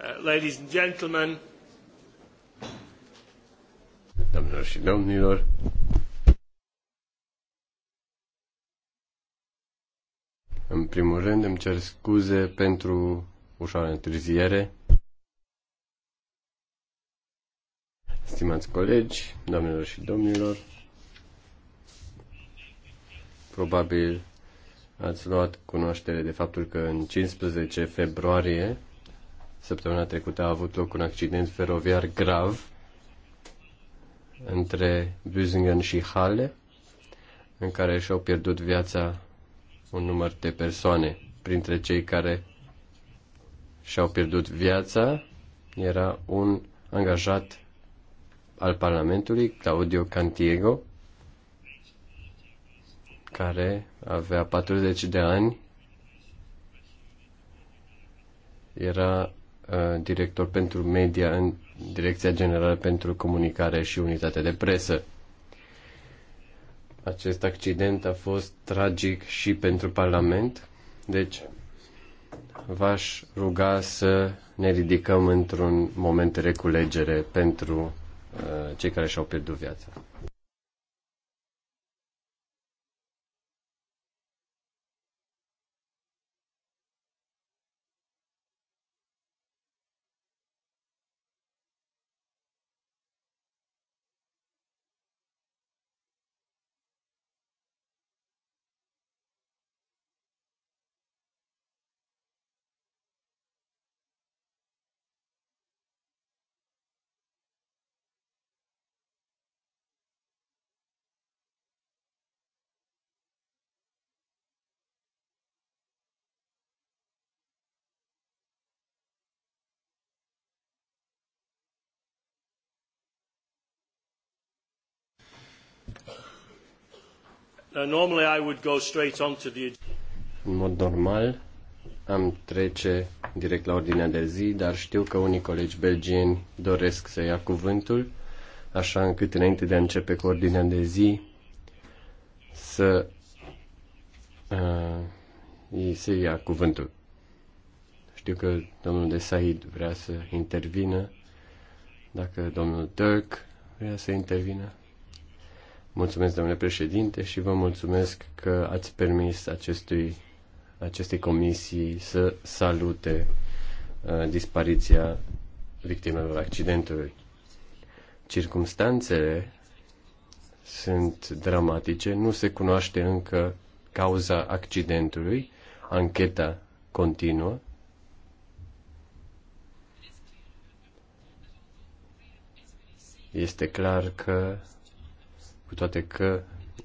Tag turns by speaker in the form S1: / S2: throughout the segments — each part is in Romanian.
S1: Uh, ladies and gentlemen.
S2: Doamnelor și domnilor. În primul rând îmi cer scuze pentru ușoară întârziere. Stimați colegi, doamnelor și domnilor, probabil ați luat cunoaștere de faptul că în 15 februarie Săptămâna trecută a avut loc un accident feroviar grav între Büsingen și Halle, în care și-au pierdut viața un număr de persoane. Printre cei care și-au pierdut viața era un angajat al Parlamentului, Claudio Cantiego, care avea 40 de ani, era Uh, director pentru media în Direcția Generală pentru Comunicare și Unitate de Presă. Acest accident a fost tragic și pentru Parlament, deci v-aș ruga să ne ridicăm într-un moment de reculegere pentru uh, cei care și-au pierdut viața. În mod normal am trece direct la ordinea de zi, dar știu că unii colegi belgieni doresc să ia cuvântul, așa încât înainte de a începe cu ordinea de zi să uh, se ia cuvântul. Știu că domnul de Said vrea să intervină, dacă domnul Dirk vrea să intervină. Mulțumesc, domnule președinte, și vă mulțumesc că ați permis acestui, acestei comisii să salute uh, dispariția victimelor accidentului. Circumstanțele sunt dramatice, nu se cunoaște încă cauza accidentului, ancheta continuă. Este clar că cu toate că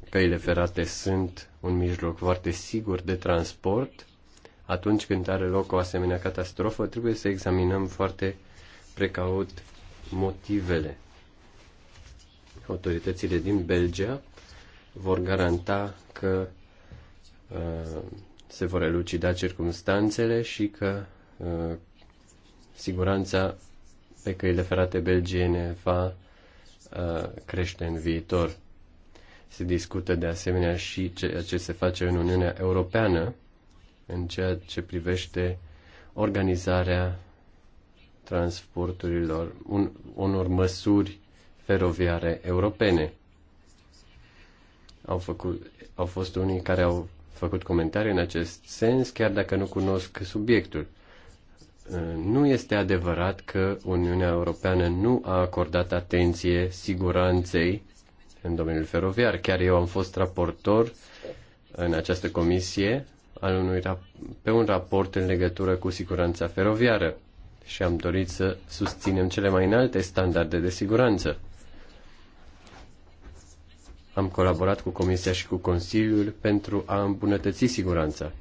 S2: căile ferate sunt un mijloc foarte sigur de transport, atunci când are loc o asemenea catastrofă, trebuie să examinăm foarte precaut motivele. Autoritățile din Belgia vor garanta că uh, se vor elucida circumstanțele și că uh, siguranța pe căile ferate belgiene va uh, crește în viitor. Se discută de asemenea și ceea ce se face în Uniunea Europeană în ceea ce privește organizarea transporturilor, un, unor măsuri feroviare europene. Au, făcut, au fost unii care au făcut comentarii în acest sens, chiar dacă nu cunosc subiectul. Ă, nu este adevărat că Uniunea Europeană nu a acordat atenție siguranței în domeniul feroviar. Chiar eu am fost raportor în această comisie al unui rap- pe un raport în legătură cu siguranța feroviară și am dorit să susținem cele mai înalte standarde de siguranță. Am colaborat cu Comisia și cu Consiliul pentru a îmbunătăți siguranța.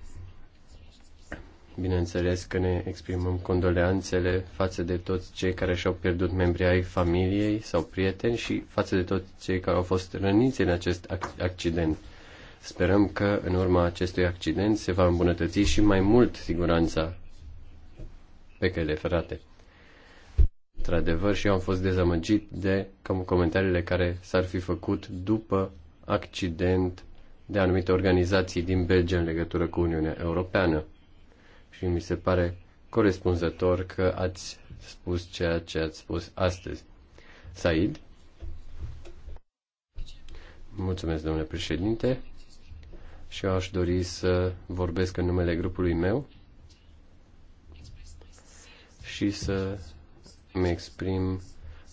S2: Bineînțeles că ne exprimăm condoleanțele față de toți cei care și-au pierdut membrii ai familiei sau prieteni și față de toți cei care au fost răniți în acest accident. Sperăm că în urma acestui accident se va îmbunătăți și mai mult siguranța pe căile ferate. Într-adevăr, și eu am fost dezamăgit de comentariile care s-ar fi făcut după accident de anumite organizații din Belgia în legătură cu Uniunea Europeană și mi se pare corespunzător că ați spus ceea ce ați spus astăzi. Said? Mulțumesc, domnule președinte. Și eu aș dori să vorbesc în numele grupului meu și să îmi exprim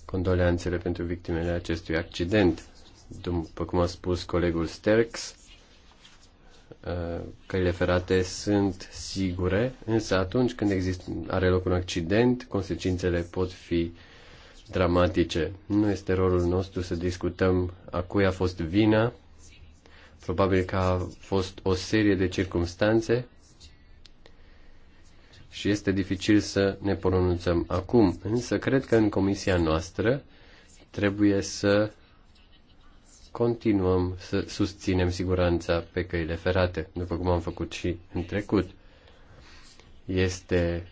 S2: condoleanțele pentru victimele acestui accident. După cum a spus colegul Sterks, Uh, căile ferate sunt sigure, însă atunci când există, are loc un accident, consecințele pot fi dramatice. Nu este rolul nostru să discutăm a cui a fost vina. Probabil că a fost o serie de circumstanțe și este dificil să ne pronunțăm acum. Însă cred că în comisia noastră trebuie să continuăm să susținem siguranța pe căile ferate, după cum am făcut și în trecut. Este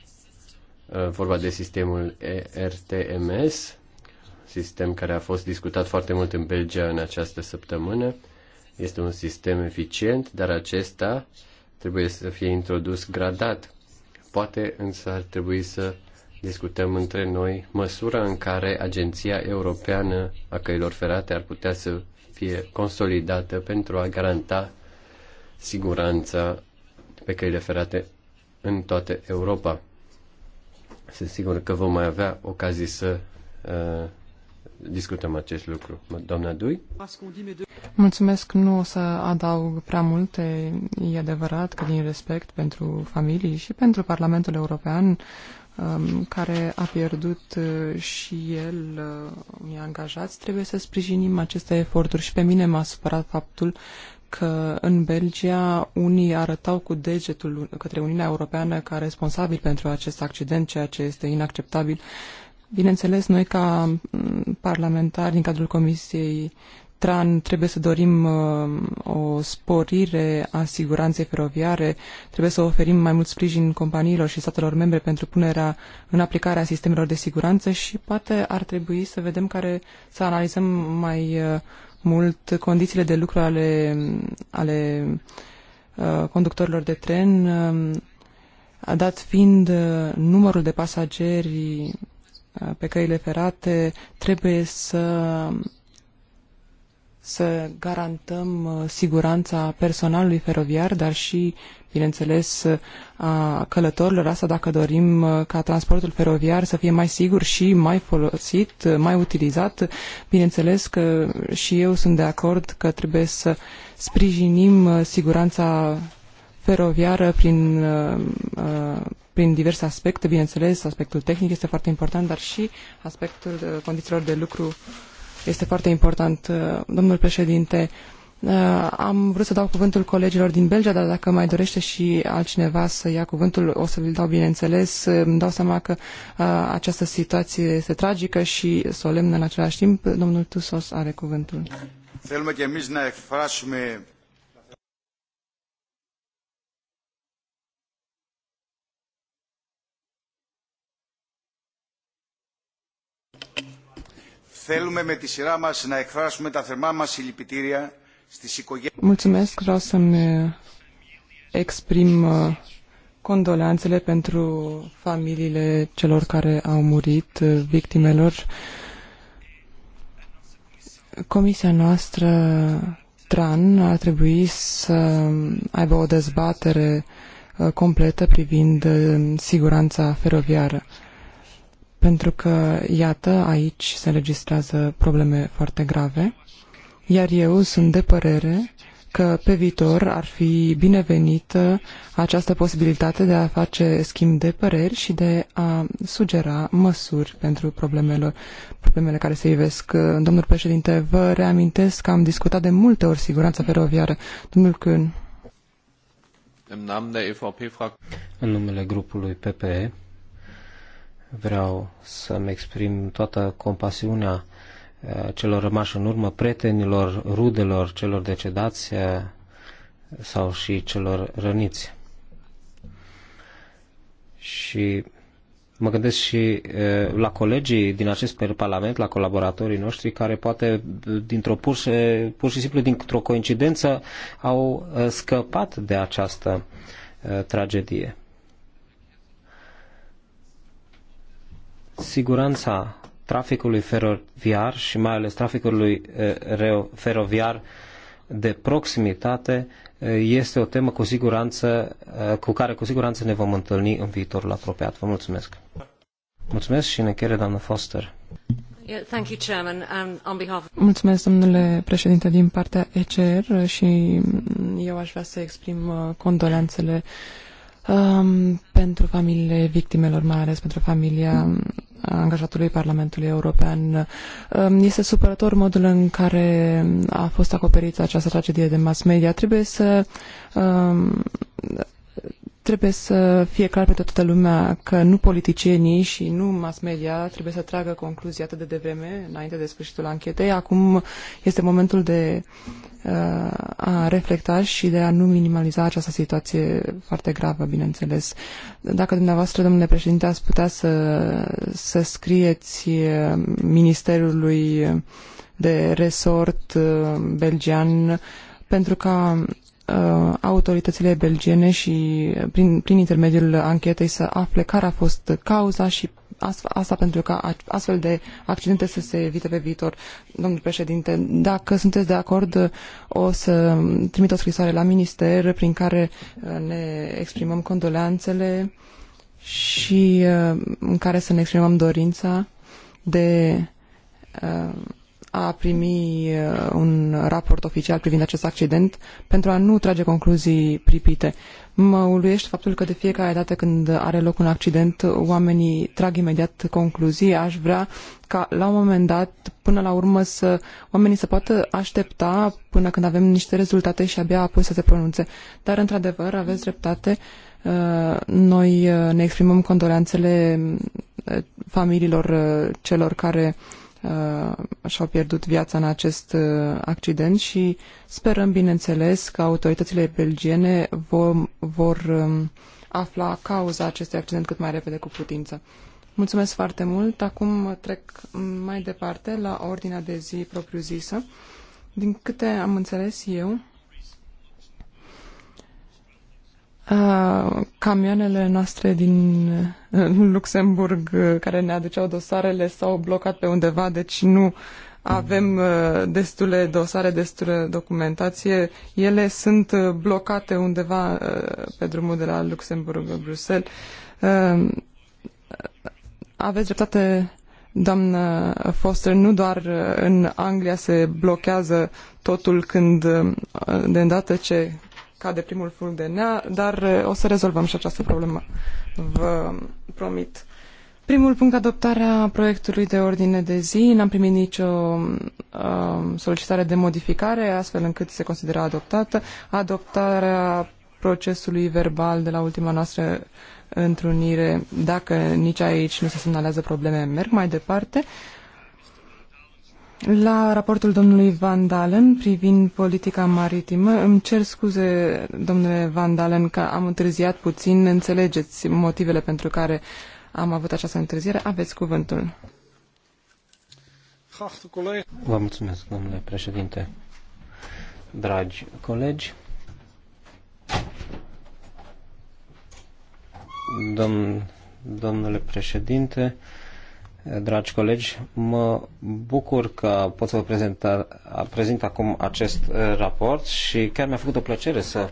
S2: uh, vorba de sistemul ERTMS, sistem care a fost discutat foarte mult în Belgia în această săptămână. Este un sistem eficient, dar acesta trebuie să fie introdus gradat. Poate însă ar trebui să discutăm între noi măsura în care Agenția Europeană a Căilor Ferate ar putea să fie consolidată pentru a garanta siguranța pe căile ferate în toată Europa. Sunt sigur că vom mai avea ocazii să uh, discutăm acest lucru. Doamna Dui?
S3: Mulțumesc, nu o să adaug prea multe. E adevărat că din respect pentru familii și pentru Parlamentul European Um, care a pierdut uh, și el uh, unii angajați, trebuie să sprijinim aceste eforturi. Și pe mine m-a supărat faptul că în Belgia unii arătau cu degetul către Uniunea Europeană ca responsabil pentru acest accident, ceea ce este inacceptabil. Bineînțeles, noi ca mm, parlamentari din cadrul Comisiei TRAN trebuie să dorim uh, o sporire a siguranței feroviare, trebuie să oferim mai mult sprijin companiilor și statelor membre pentru punerea în aplicare a sistemelor de siguranță și poate ar trebui să vedem care, să analizăm mai uh, mult condițiile de lucru ale, ale uh, conductorilor de tren, dat fiind numărul de pasageri pe căile ferate, trebuie să să garantăm uh, siguranța personalului feroviar, dar și, bineînțeles, uh, a călătorilor. Asta dacă dorim uh, ca transportul feroviar să fie mai sigur și mai folosit, mai utilizat. Bineînțeles că și eu sunt de acord că trebuie să sprijinim siguranța feroviară prin, prin diverse aspecte, bineînțeles, aspectul tehnic este foarte important, dar și aspectul condițiilor de lucru uh, este foarte important. Uh, domnul președinte, uh, am vrut să dau cuvântul colegilor din Belgia, dar dacă mai dorește și altcineva să ia cuvântul, o să vi-l dau bineînțeles. Îmi dau seama că uh, această situație este tragică și solemnă în același timp. Domnul Tusos are cuvântul.
S4: Θέλουμε με τη σειρά μας να εκφράσουμε τα θερμά μας συλληπιτήρια στις οικογένειες...
S3: să-mi exprim uh, pentru familiile celor care au murit, uh, victimelor. Comisia noastră TRAN ar trebui să aibă o dezbatere uh, completă privind siguranța feroviară pentru că, iată, aici se registrează probleme foarte grave, iar eu sunt de părere că pe viitor ar fi binevenită această posibilitate de a face schimb de păreri și de a sugera măsuri pentru problemele, problemele care se ivesc. Domnul președinte, vă reamintesc că am discutat de multe ori siguranța feroviară. Domnul Kuhn.
S5: În numele grupului PPE, Vreau să-mi exprim toată compasiunea eh, celor rămași în urmă, prietenilor, rudelor, celor decedați eh, sau și celor răniți. Și mă gândesc și eh, la colegii din acest parlament, la colaboratorii noștri, care poate dintr-o pur, pur și simplu dintr-o coincidență au scăpat de această tragedie. siguranța traficului feroviar și mai ales traficului feroviar de proximitate este o temă cu siguranță, cu care cu siguranță ne vom întâlni în viitorul apropiat. Vă mulțumesc! Mulțumesc și ne încheiere, doamnă Foster.
S3: Um, mulțumesc, domnule președinte, din partea ECR și eu aș vrea să exprim uh, condolențele um, pentru familiile victimelor, mai ales pentru familia angajatului Parlamentului European. Este supărător modul în care a fost acoperită această tragedie de mass media. Trebuie să um, Trebuie să fie clar pentru toată lumea că nu politicienii și nu mass media trebuie să tragă concluzii atât de devreme, înainte de sfârșitul anchetei. Acum este momentul de uh, a reflecta și de a nu minimaliza această situație foarte gravă, bineînțeles. Dacă dumneavoastră, domnule președinte, ați putea să, să scrieți uh, Ministerului de Resort uh, belgian pentru ca Uh, autoritățile belgiene și uh, prin, prin intermediul anchetei să afle care a fost cauza și asta pentru ca astfel de accidente să se evite pe viitor. Domnul președinte, dacă sunteți de acord, o să trimit o scrisoare la minister prin care uh, ne exprimăm condoleanțele și în care să ne exprimăm dorința de a primi uh, un raport oficial privind acest accident pentru a nu trage concluzii pripite. Mă uluiește faptul că de fiecare dată când are loc un accident, oamenii trag imediat concluzii. Aș vrea ca la un moment dat, până la urmă, să oamenii să poată aștepta până când avem niște rezultate și abia apoi să se pronunțe. Dar, într-adevăr, aveți dreptate. Uh, noi uh, ne exprimăm condoleanțele familiilor celor care Uh, și-au pierdut viața în acest uh, accident și sperăm, bineînțeles, că autoritățile belgiene vor, vor um, afla cauza acestui accident cât mai repede cu putință. Mulțumesc foarte mult. Acum trec mai departe la ordinea de zi propriu-zisă. Din câte am înțeles eu, camioanele noastre din Luxemburg care ne aduceau dosarele s-au blocat pe undeva, deci nu avem destule dosare, destule documentație. Ele sunt blocate undeva pe drumul de la Luxemburg-Bruxelles. Aveți dreptate, doamnă Foster, nu doar în Anglia se blochează totul când, de îndată ce cade primul fulg de nea, dar o să rezolvăm și această problemă, vă promit. Primul punct, adoptarea proiectului de ordine de zi. N-am primit nicio uh, solicitare de modificare, astfel încât se considera adoptată. Adoptarea procesului verbal de la ultima noastră întrunire, dacă nici aici nu se semnalează probleme, merg mai departe. Uh, la raportul domnului Van Dalen privind politica maritimă, îmi cer scuze, domnule Van Dalen, că am întârziat puțin. Înțelegeți motivele pentru care am avut această întârziere. Aveți cuvântul.
S5: Vă mulțumesc, domnule președinte. Dragi colegi, domn, domnule președinte, dragi colegi, mă bucur că pot să vă prezent, prezint acum acest uh, raport și chiar mi-a făcut o plăcere să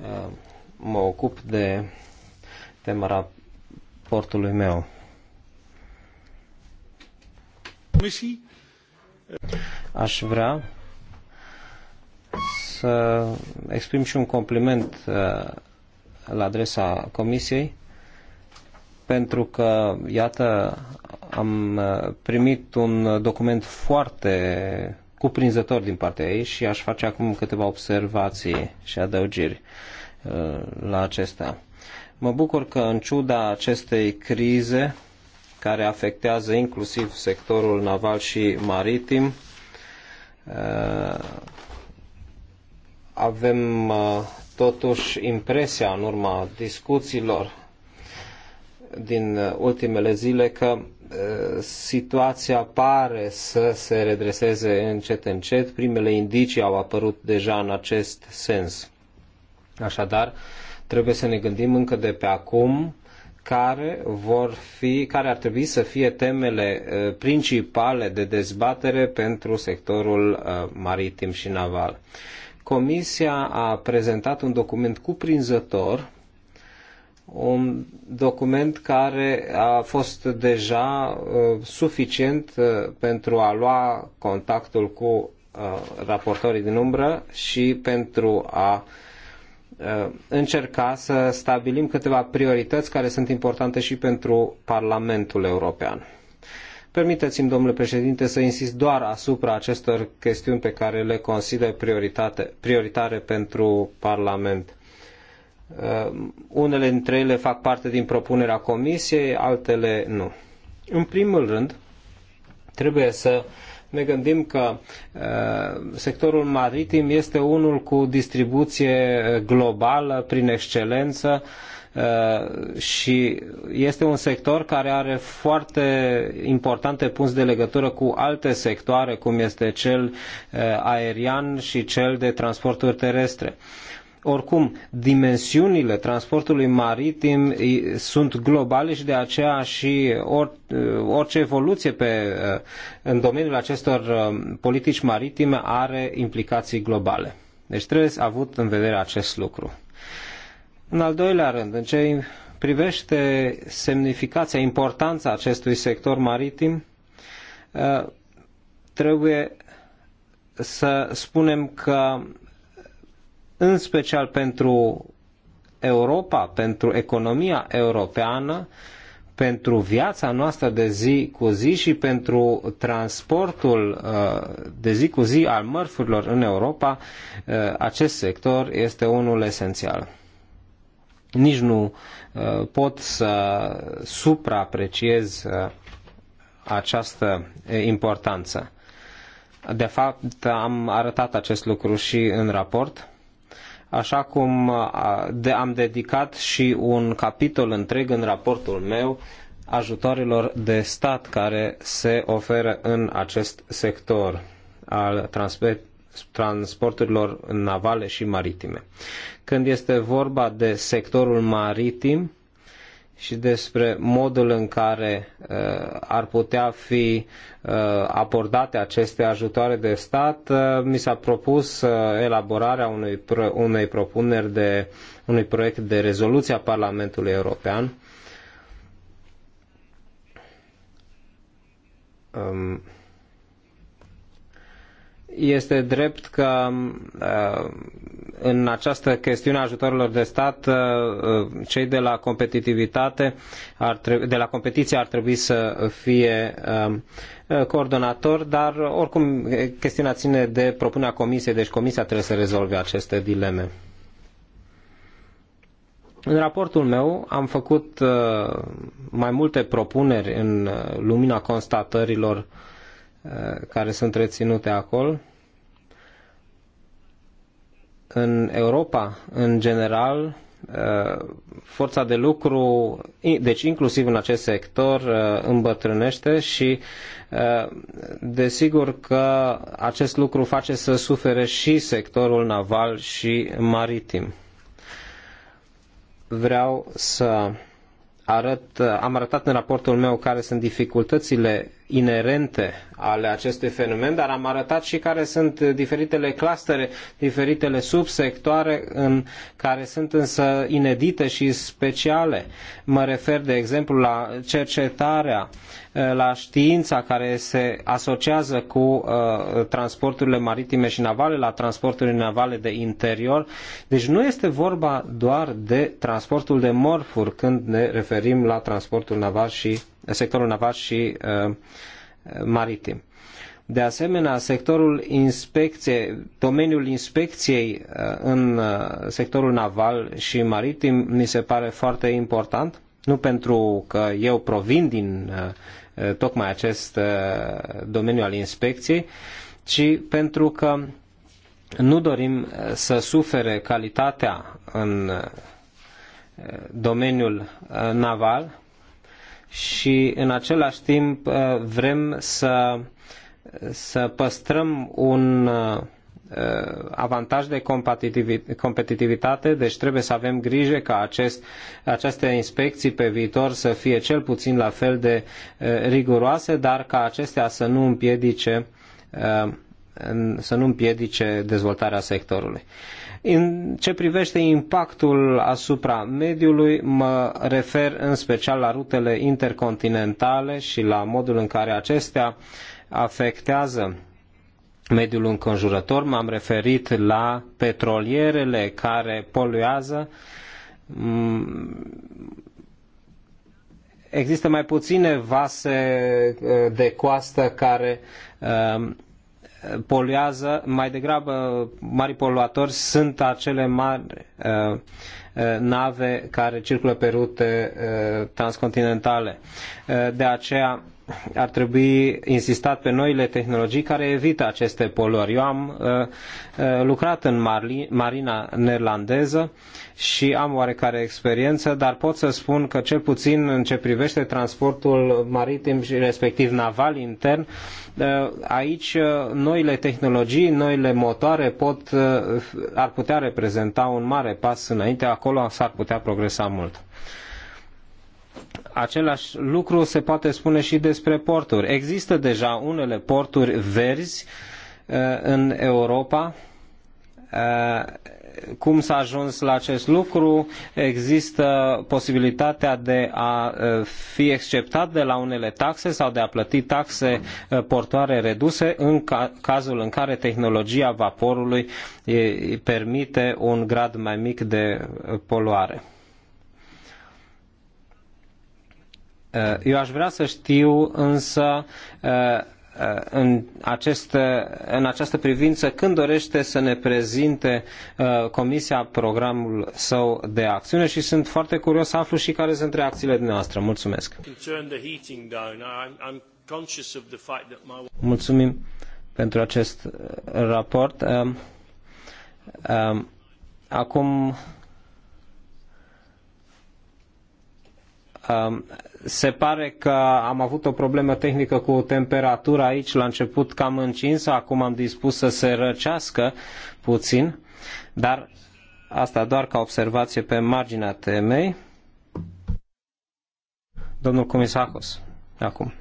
S5: uh, mă ocup de tema raportului meu. Aș vrea să exprim și un compliment uh, la adresa Comisiei pentru că, iată, am uh, primit un document foarte cuprinzător din partea ei și aș face acum câteva observații și adăugiri uh, la acestea. Mă bucur că, în ciuda acestei crize, care afectează inclusiv sectorul naval și maritim, uh, avem totuși impresia în urma discuțiilor din uh, ultimele zile că uh, situația pare să se redreseze încet încet. Primele indicii au apărut deja în acest sens. Așadar, trebuie să ne gândim încă de pe acum care vor fi, care ar trebui să fie temele uh, principale de dezbatere pentru sectorul maritim și naval. Comisia a prezentat un document cuprinzător un document care a fost deja uh, suficient uh, pentru a lua contactul cu uh, raportorii din umbră și pentru a uh, încerca să stabilim câteva priorități care sunt importante și pentru Parlamentul European. Permiteți-mi, domnule președinte, să insist doar asupra acestor chestiuni pe care le consider prioritare pentru Parlament Uh, unele dintre ele fac parte din propunerea comisiei, altele nu. În primul rând, trebuie să ne gândim că uh, sectorul maritim este unul cu distribuție uh, globală prin excelență și este un sector care are foarte importante punți de legătură cu alte sectoare, cum este cel aerian și cel de transporturi terestre. Oricum, dimensiunile transportului maritim sunt globale și de aceea și uh, orice evoluție pe, uh, în domeniul acestor uh, politici maritime are implicații globale. Deci trebuie avut în vedere acest lucru. În al doilea rând, în ce privește semnificația, importanța acestui sector maritim, trebuie să spunem că în special pentru Europa, pentru economia europeană, pentru viața noastră de zi cu zi și pentru transportul uh, de zi cu zi al mărfurilor în Europa, uh, acest sector este unul esențial. Nici nu uh, pot să supraapreciez această importanță. De fapt, am arătat acest lucru și în raport așa cum am dedicat și un capitol întreg în raportul meu ajutoarelor de stat care se oferă în acest sector al transporturilor navale și maritime. Când este vorba de sectorul maritim, și despre modul în care uh, ar putea fi uh, abordate aceste ajutoare de stat, uh, mi s-a propus uh, elaborarea unui, pro- unei propuneri de unui proiect de rezoluție a Parlamentului European. Um, este drept că uh, în această chestiune a ajutorilor de stat, uh, uh, cei de la competitivitate, de la competiție ar trebui să fie um, coordonator, dar oricum chestiunea ține de propunerea comisiei, deci comisia trebuie să rezolve aceste dileme. În raportul meu am făcut mai multe propuneri în lumina constatărilor uh, Uh, care sunt reținute acolo. În Europa, în general, uh, forța de lucru, deci inclusiv în acest sector, uh, îmbătrânește și desigur că acest lucru face să sufere și sectorul naval și maritim. Vreau să arăt, am arătat în raportul meu care sunt dificultățile inerente ale acestui fenomen, dar am arătat și care sunt diferitele clustere, diferitele subsectoare în care sunt însă inedite și speciale. Mă refer, de exemplu, la cercetarea, Eh, la știința care se asociază cu eh, transporturile maritime și navale, la transporturile navale de interior. Deci nu este vorba doar de transportul de morfuri când ne referim la transportul naval și sectorul naval și eh, maritim. De asemenea, sectorul inspecție, domeniul inspecției în sectorul naval și maritim mi se pare foarte important, nu pentru că eu provin din Eh, tocmai acest eh, domeniu al inspecției, ci pentru că nu dorim eh, să sufere calitatea în domeniul naval și în același timp vrem să, să păstrăm un Uh, avantaj de competitivitate, deci trebuie să avem grijă ca acest, aceste inspecții pe viitor să fie cel puțin la fel de uh, riguroase, dar ca acestea să nu împiedice uh, să nu împiedice dezvoltarea sectorului. În ce privește impactul asupra mediului, mă refer în special la rutele intercontinentale și la modul în care acestea afectează mediul înconjurător, m-am referit la petrolierele care poluează. Mm, există mai puține vase eh, de coastă care eh, poluează, mai degrabă mari poluatori sunt acele mari eh, nave care circulă pe rute transcontinentale. de aceea ar trebui insistat pe noile tehnologii care evită aceste poluări. Eu am uh, uh, lucrat în Marli, marina neerlandeză și am oarecare experiență, dar pot să spun că cel puțin în ce privește transportul maritim și respectiv naval intern, uh, aici uh, noile tehnologii, noile motoare pot, uh, ar putea reprezenta un mare pas înainte, acolo s-ar putea progresa mult. Același lucru se poate spune și despre porturi. Există deja unele porturi verzi uh, în Europa. Uh, cum s-a ajuns la acest lucru? Există posibilitatea de a uh, fi exceptat de la unele taxe sau de a plăti taxe portoare reduse în cazul în care tehnologia vaporului permite un grad mai mic de poluare. Eh, eu aș vrea să știu însă eh, în, aceste, în această privință când dorește să ne prezinte eh, Comisia programul său de acțiune și sunt foarte curios să aflu și care sunt reacțiile noastre. Mulțumesc! Mulțumim pentru acest raport. Acum Um, se pare că am avut o problemă tehnică cu temperatura aici, la început cam încinsă, acum am dispus să se răcească puțin, dar asta doar ca observație pe marginea temei. Domnul Comisacos, acum.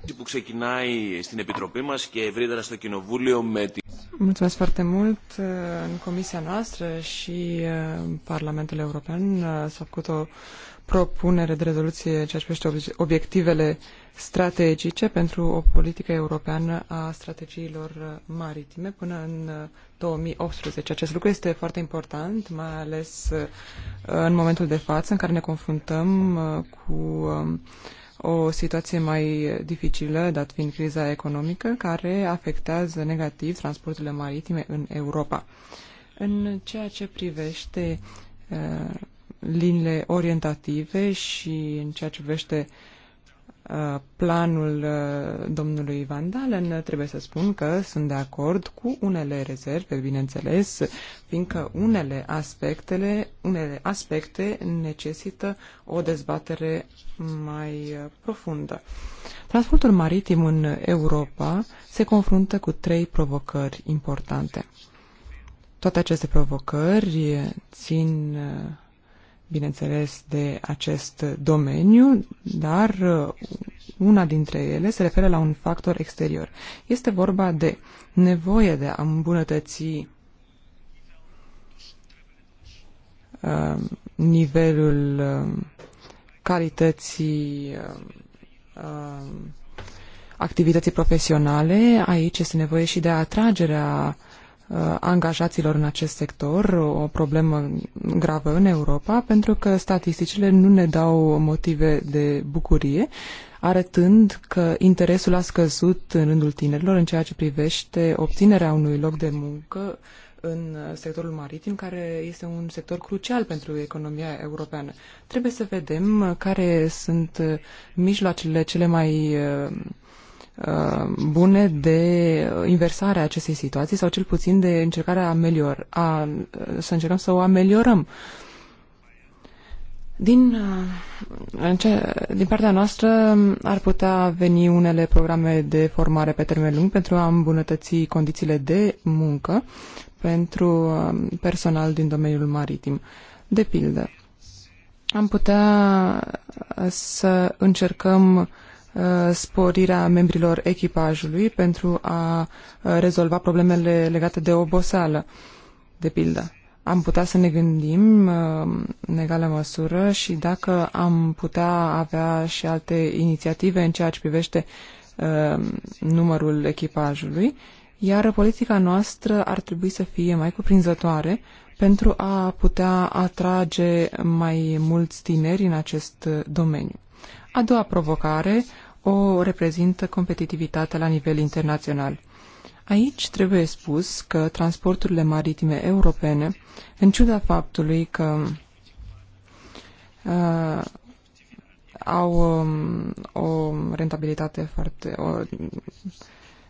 S3: Mulțumesc foarte mult. Uh, în comisia noastră și uh, Parlamentul European uh, s-a făcut o propunere de rezoluție ceea ce privește obiectivele strategice pentru o politică europeană a strategiilor uh, maritime până în 2018. Uh, Acest lucru este foarte important, mai ales uh, în momentul de față în care ne confruntăm cu um, o situație mai dificilă, dat fiind criza economică, care afectează negativ transporturile maritime în Europa. În ceea ce privește liniile orientative și în ceea ce privește uh, planul uh, domnului Van Dalen, trebuie să spun că sunt de acord cu unele rezerve, bineînțeles, fiindcă unele aspectele, unele aspecte necesită o dezbatere mai uh, profundă. Transportul maritim în Europa se confruntă cu trei provocări importante. Toate aceste provocări țin bineînțeles, de acest domeniu, dar uh, una dintre ele se referă la un factor exterior. Este vorba de nevoie de a îmbunătăți uh, nivelul uh, calității activității profesionale. Aici este nevoie și de atragerea Uh, angajaților în acest sector, o problemă gravă în Europa, pentru că statisticile nu ne dau motive de bucurie, arătând că interesul a scăzut în rândul tinerilor în ceea ce privește obținerea unui loc de muncă în sectorul maritim, care este un sector crucial pentru economia europeană. Trebuie să vedem care sunt mijloacele cele mai uh, Uh, bune de inversarea acestei situații sau cel puțin de încercarea amelior, a, uh, să încercăm să o ameliorăm. Din, uh, din partea noastră ar putea veni unele programe de formare pe termen lung pentru a îmbunătăți condițiile de muncă pentru personal din domeniul maritim. De pildă, am putea să încercăm Uh, sporirea membrilor echipajului pentru a uh, rezolva problemele legate de oboseală, de pildă. Am putea să ne gândim uh, în egală măsură și dacă am putea avea și alte inițiative în ceea ce privește numărul echipajului, iar politica noastră ar trebui să fie mai cuprinzătoare pentru a putea atrage mai mulți tineri în acest domeniu. A doua provocare o reprezintă competitivitatea la nivel internațional. Aici trebuie spus că transporturile maritime europene, în ciuda faptului că uh, au um, o rentabilitate foarte o,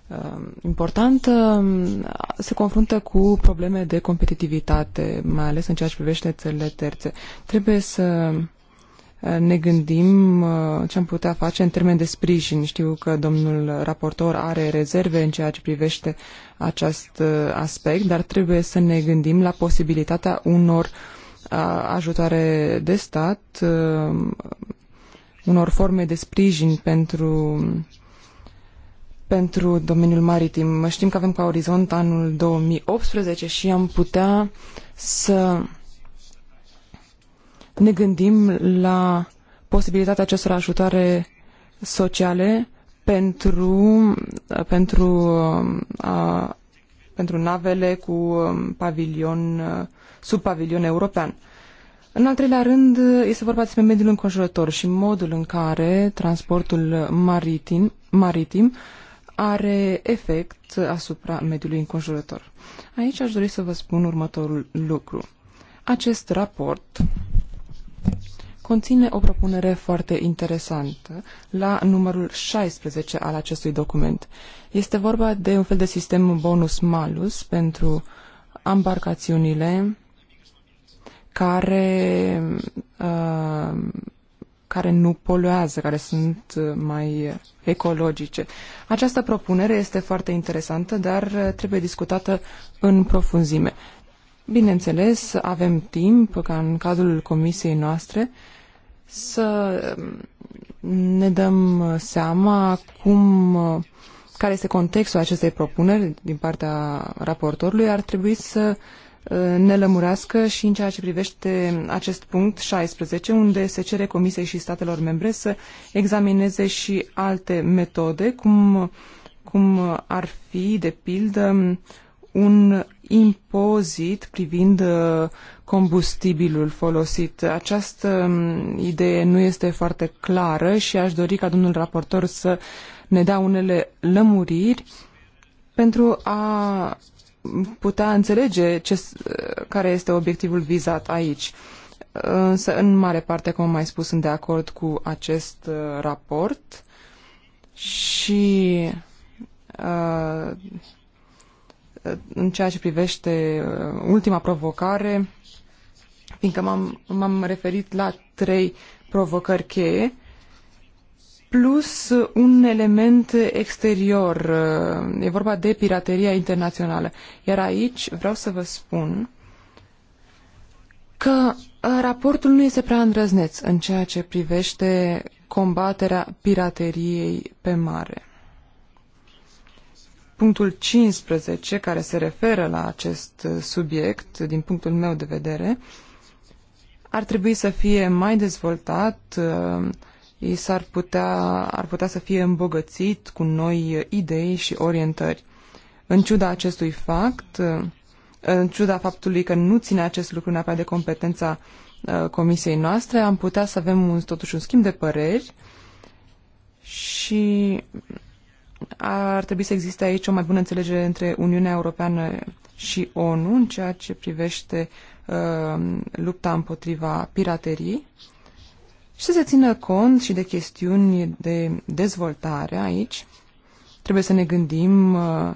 S3: uh, importantă, um, se confruntă cu probleme de competitivitate, mai ales în ceea ce privește țările terțe. Trebuie să Eh, ne gândim eh, ce am putea face în termen de sprijin. Știu că domnul raportor are rezerve în ceea ce privește acest eh, aspect, dar trebuie să ne gândim la posibilitatea unor ajutoare de stat, unor forme de sprijin pentru pentru domeniul maritim. Știm că avem ca orizont anul 2018 și am putea să ne gândim la posibilitatea acestor ajutoare sociale pentru, pentru, a, pentru navele cu um, pavilion, sub pavilion european. În al treilea rând, este vorba despre mediul înconjurător și modul în care transportul maritim, maritim are efect asupra mediului înconjurător. Aici aș dori să vă spun următorul lucru. Acest raport conține o propunere foarte interesantă la numărul 16 al acestui document. Este vorba de un fel de sistem bonus-malus pentru ambarcațiunile care, uh, care nu poluează, care sunt mai ecologice. Această propunere este foarte interesantă, dar trebuie discutată în profunzime. Bineînțeles, avem timp ca în cadrul comisiei noastre să um, ne dăm seama cum, care este contextul acestei propuneri din partea raportorului. Ar trebui să uh, ne lămurească și în ceea ce privește acest punct 16, unde se cere Comisiei și statelor membre să examineze și alte metode, cum, cum ar fi, de pildă, un impozit privind uh, combustibilul folosit. Această um, idee nu este foarte clară și aș dori ca domnul raportor să ne dea unele lămuriri pentru a putea înțelege ce, uh, care este obiectivul vizat aici. Însă, în mare parte, cum am mai spus, sunt de acord cu acest uh, raport și uh, în ceea ce privește uh, ultima provocare, fiindcă m-am, m-am referit la trei provocări cheie, plus un element exterior. Uh, e vorba de pirateria internațională. Iar aici vreau să vă spun că uh, raportul nu este prea îndrăzneț în ceea ce privește combaterea pirateriei pe mare punctul 15, care se referă la acest uh, subiect, din punctul meu de vedere, ar trebui să fie mai dezvoltat, uh, i s-ar putea, ar putea să fie îmbogățit cu noi idei și orientări. În ciuda acestui fapt, uh, în ciuda faptului că nu ține acest lucru neapărat de competența comisiei noastre, am putea să avem un, totuși un schimb de păreri și ar trebui să existe aici o mai bună înțelegere între Uniunea Europeană și ONU în ceea ce privește uh, lupta împotriva pirateriei și să se țină cont și de chestiuni de dezvoltare aici. Trebuie să ne gândim uh,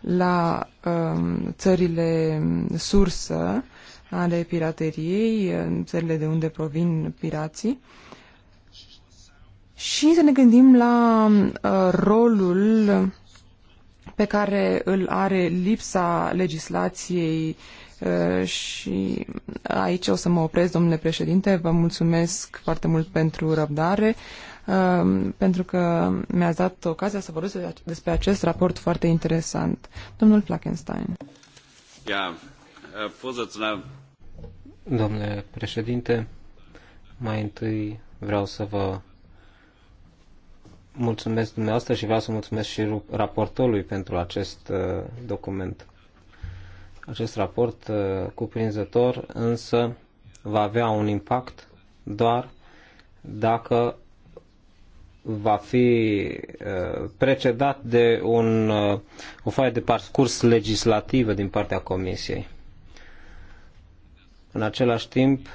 S3: la uh, țările sursă ale pirateriei, uh, țările de unde provin pirații și să ne gândim la uh, rolul pe care îl are lipsa legislației uh, și aici o să mă opresc, domnule președinte, vă mulțumesc foarte mult pentru răbdare, uh, pentru că mi-ați dat ocazia să vorbesc despre acest raport foarte interesant. Domnul Flakenstein.
S5: Ja, yeah. Domnule președinte, mai întâi vreau să vă mulțumesc dumneavoastră și vreau să mulțumesc și raportorului pentru acest uh, document. Acest raport uh, cuprinzător însă va avea un impact doar dacă va fi uh, precedat de un, o foaie de parcurs legislativă din partea Comisiei. În același timp,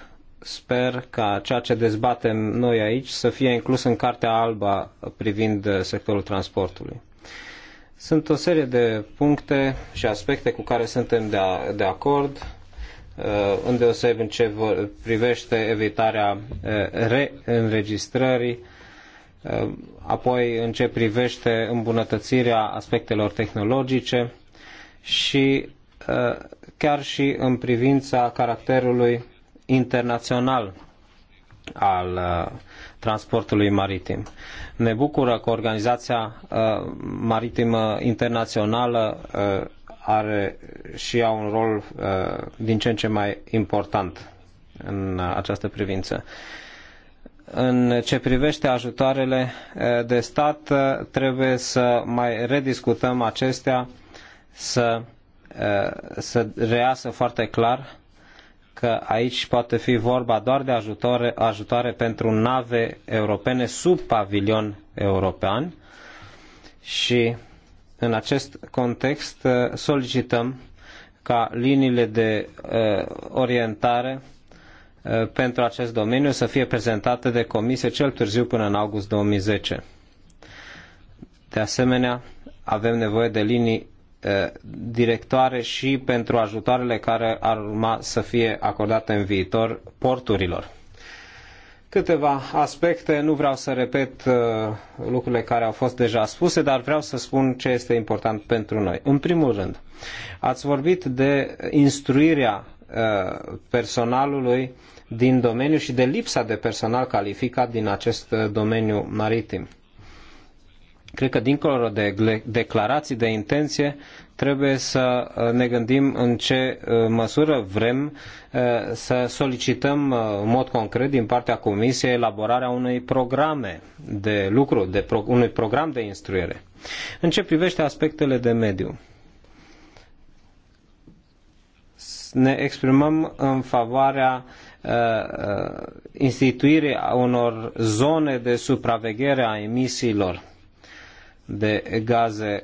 S5: sper ca ceea ce dezbatem noi aici să fie inclus în Cartea Albă privind uh, sectorul transportului. Sunt o serie de puncte și aspecte cu care suntem de, a, de acord, uh, îndeoseb în ce privește evitarea uh, reînregistrării, apoi în ce privește îmbunătățirea aspectelor tehnologice și chiar și în privința caracterului internațional al uh, transportului maritim. Ne bucură că Organizația uh, Maritimă Internațională uh, are și ea un rol din ce în ce mai important în această privință. În ce privește ajutoarele de stat, trebuie să mai rediscutăm acestea, să, să reasă foarte clar că aici poate fi vorba doar de ajutoare, ajutoare pentru nave europene sub pavilion european și în acest context uh, solicităm ca liniile de uh, orientare uh, pentru acest domeniu să fie prezentate de comisie cel târziu până în august 2010. De asemenea, avem nevoie de linii Uh, directoare și pentru ajutoarele care ar urma să fie acordate în viitor porturilor. Câteva aspecte, nu vreau să repet uh, lucrurile care au fost deja spuse, dar vreau să spun ce este important pentru noi. În primul rând, ați vorbit de instruirea uh, personalului din domeniu și de lipsa de personal calificat din acest domeniu maritim Cred că dincolo de declarații de intenție, trebuie să uh, ne gândim în ce uh, măsură vrem uh, să solicităm în mod concret din partea Comisiei elaborarea unei programe de lucru, de pro, unui program de instruire. În ce privește aspectele de mediu, ne exprimăm în favoarea instituirii unor zone de supraveghere a emisiilor de gaze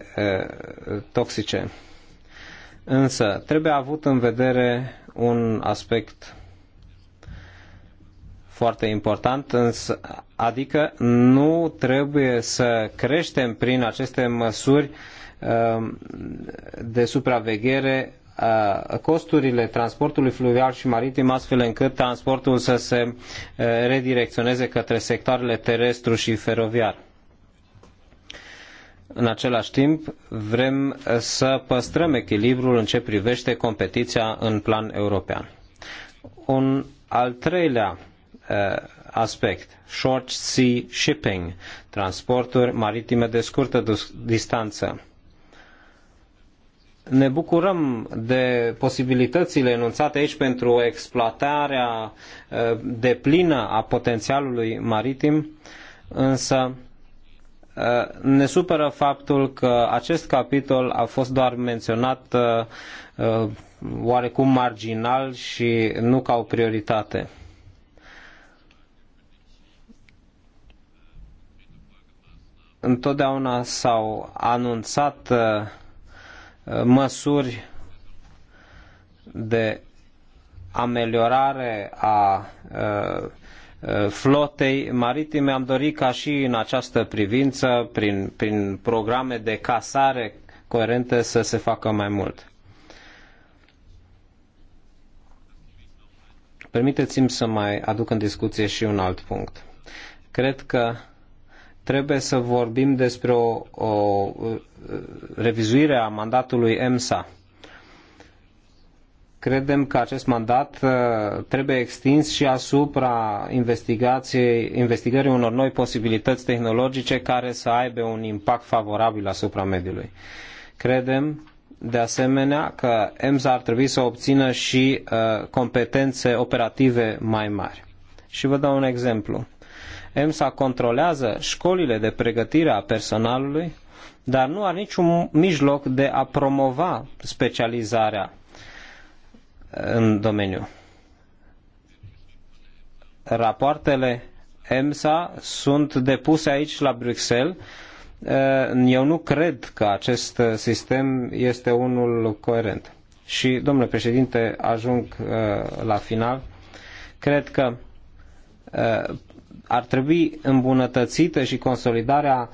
S5: toxice. Însă, trebuie avut în vedere un aspect foarte important, însă, adică nu trebuie să creștem prin aceste măsuri de supraveghere costurile transportului fluvial și maritim astfel încât transportul să se redirecționeze către sectoarele terestru și feroviar. În același timp, vrem să păstrăm echilibrul în ce privește competiția în plan european. Un al treilea eh, aspect, short sea shipping, transporturi maritime de scurtă distanță. Ne bucurăm de posibilitățile enunțate aici pentru exploatarea eh, deplină a potențialului maritim, însă Uh, ne supără faptul că acest capitol a fost doar menționat uh, uh, oarecum marginal și nu ca o prioritate. Întotdeauna s-au anunțat măsuri de ameliorare a uh, Uh, flotei maritime. Am dorit ca și în această privință, prin, prin programe de casare coerente, să se facă mai mult. Permiteți-mi să mai aduc în discuție și un alt punct. Cred că trebuie să vorbim despre o, o uh, revizuire a mandatului EMSA Credem că acest mandat uh, trebuie extins și asupra investigației, investigării unor noi posibilități tehnologice care să aibă un impact favorabil asupra mediului. Credem de asemenea că EMSA ar trebui să obțină și uh, competențe operative mai mari. Și vă dau un exemplu. EMSA controlează școlile de pregătire a personalului, dar nu are niciun mijloc de a promova specializarea în domeniu. Rapoartele EMSA sunt depuse aici la Bruxelles. Eh, eu nu cred că acest sistem este unul coerent. Și, domnule președinte, ajung eh, la final. Cred că eh, ar trebui îmbunătățită și consolidarea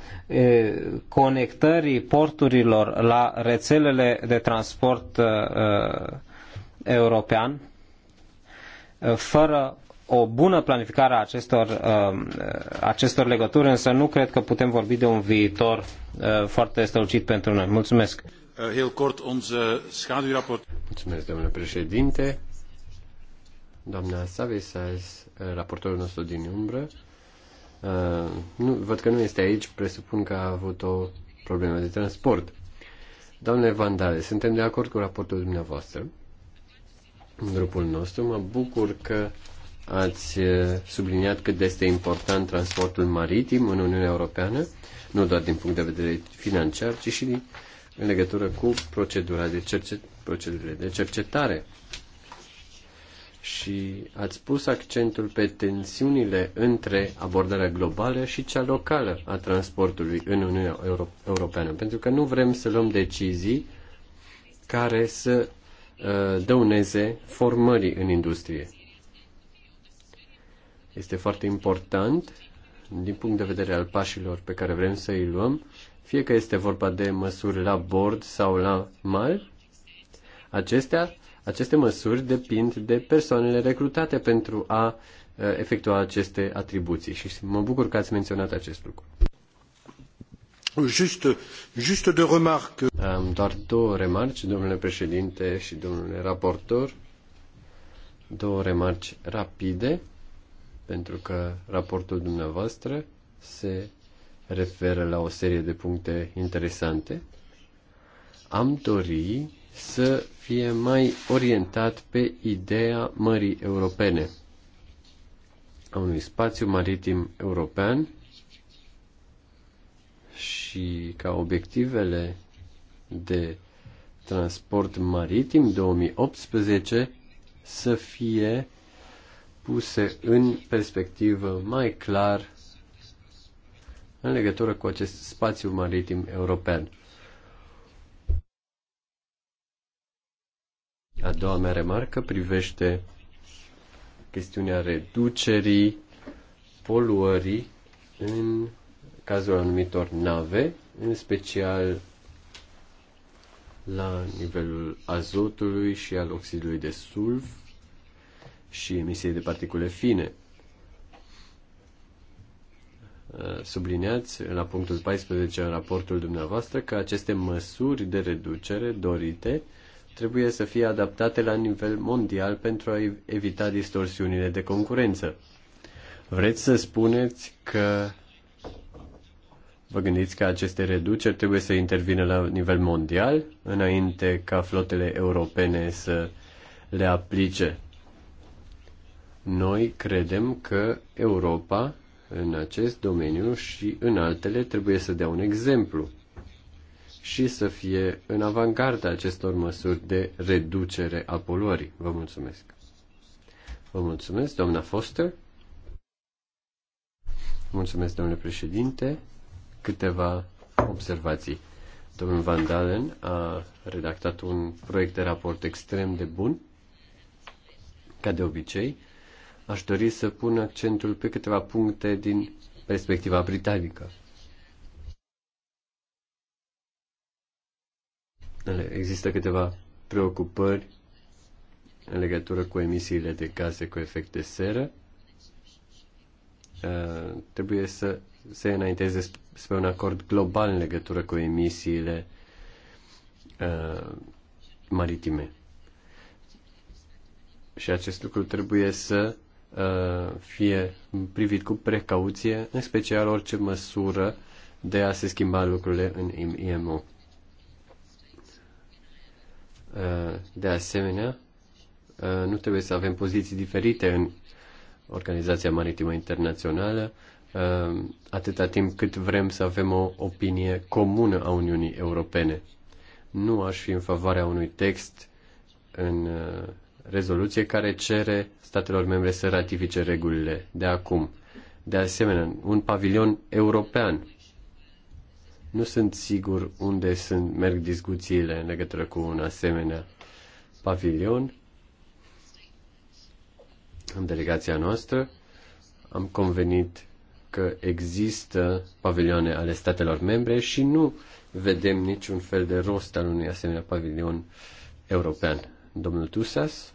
S5: conectării porturilor la rețelele de transport european, uh, fără o bună planificare a acestor, uh, acestor legături, însă nu cred că putem vorbi de un viitor uh, foarte strălucit pentru noi. Mulțumesc!
S2: Heel kort, onze schaduwrapport... Mulțumesc, domnule președinte. Doamna Savisas, raportorul nostru din umbră, nu, văd că nu este aici, presupun că a avut o problemă de transport. Doamne Vandale, suntem de acord cu raportul dumneavoastră grupul nostru. Mă bucur că ați eh, subliniat cât de este important transportul maritim în Uniunea Europeană, nu doar din punct de vedere financiar, ci și în legătură cu procedura de cercet, procedurile de cercetare. Și ați pus accentul pe tensiunile între abordarea globală și cea locală a transportului în Uniunea Euro- Europeană, pentru că nu vrem să luăm decizii care să Uh, dăuneze formării în industrie. Este foarte important din punct de vedere al pașilor pe care vrem să îi luăm, fie că este vorba de măsuri la bord sau la mal, acestea, aceste măsuri depind de persoanele recrutate pentru a uh, efectua aceste atribuții și mă bucur că ați menționat acest lucru. Just, just de remarque. Am doar două remarci, domnule președinte și domnule raportor. Două remarci rapide, pentru că raportul dumneavoastră se referă la o serie de puncte interesante. Am dori să fie mai orientat pe ideea mării europene, a unui spațiu maritim european și ca obiectivele de transport maritim 2018 să fie puse în perspectivă mai clar în legătură cu acest spațiu maritim european. A doua mea remarcă privește chestiunea reducerii poluării în cazul anumitor nave, în special la nivelul azotului și al oxidului de sulf și emisiei de particule fine. Uh, subliniați la punctul 14 în raportul dumneavoastră că aceste măsuri de reducere dorite trebuie să fie adaptate la nivel mondial pentru a evita distorsiunile de concurență. Vreți să spuneți că Vă gândiți că aceste reduceri trebuie să intervină la nivel mondial înainte ca flotele europene să le aplice. Noi credem că Europa în acest domeniu și în altele trebuie să dea un exemplu și să fie în avangarda acestor măsuri de reducere a poluării. Vă mulțumesc. Vă mulțumesc, doamna Foster. Mulțumesc, domnule președinte câteva observații. Domnul Van Dalen a redactat un proiect de raport extrem de bun. Ca de obicei, aș dori să pun accentul pe câteva puncte din perspectiva britanică. Există câteva preocupări în legătură cu emisiile de gaze cu efect de seră Uh, trebuie să se înainteze spre un acord global în legătură cu emisiile uh, maritime. Și acest lucru trebuie să uh, fie privit cu precauție, în special orice măsură de a se schimba lucrurile în IMO. De asemenea, nu trebuie să avem poziții diferite în Organizația Maritimă Internațională, uh, atâta timp cât vrem să avem o opinie comună a Uniunii Europene. Nu aș fi în favoarea unui text în uh, rezoluție care cere statelor membre să ratifice regulile de acum. De asemenea, un pavilion european. Nu sunt sigur unde sunt, merg discuțiile în legătură cu un asemenea pavilion în delegația noastră, am convenit că există pavilioane ale statelor membre și nu vedem niciun fel de rost al unui asemenea pavilion european. Domnul Tusas.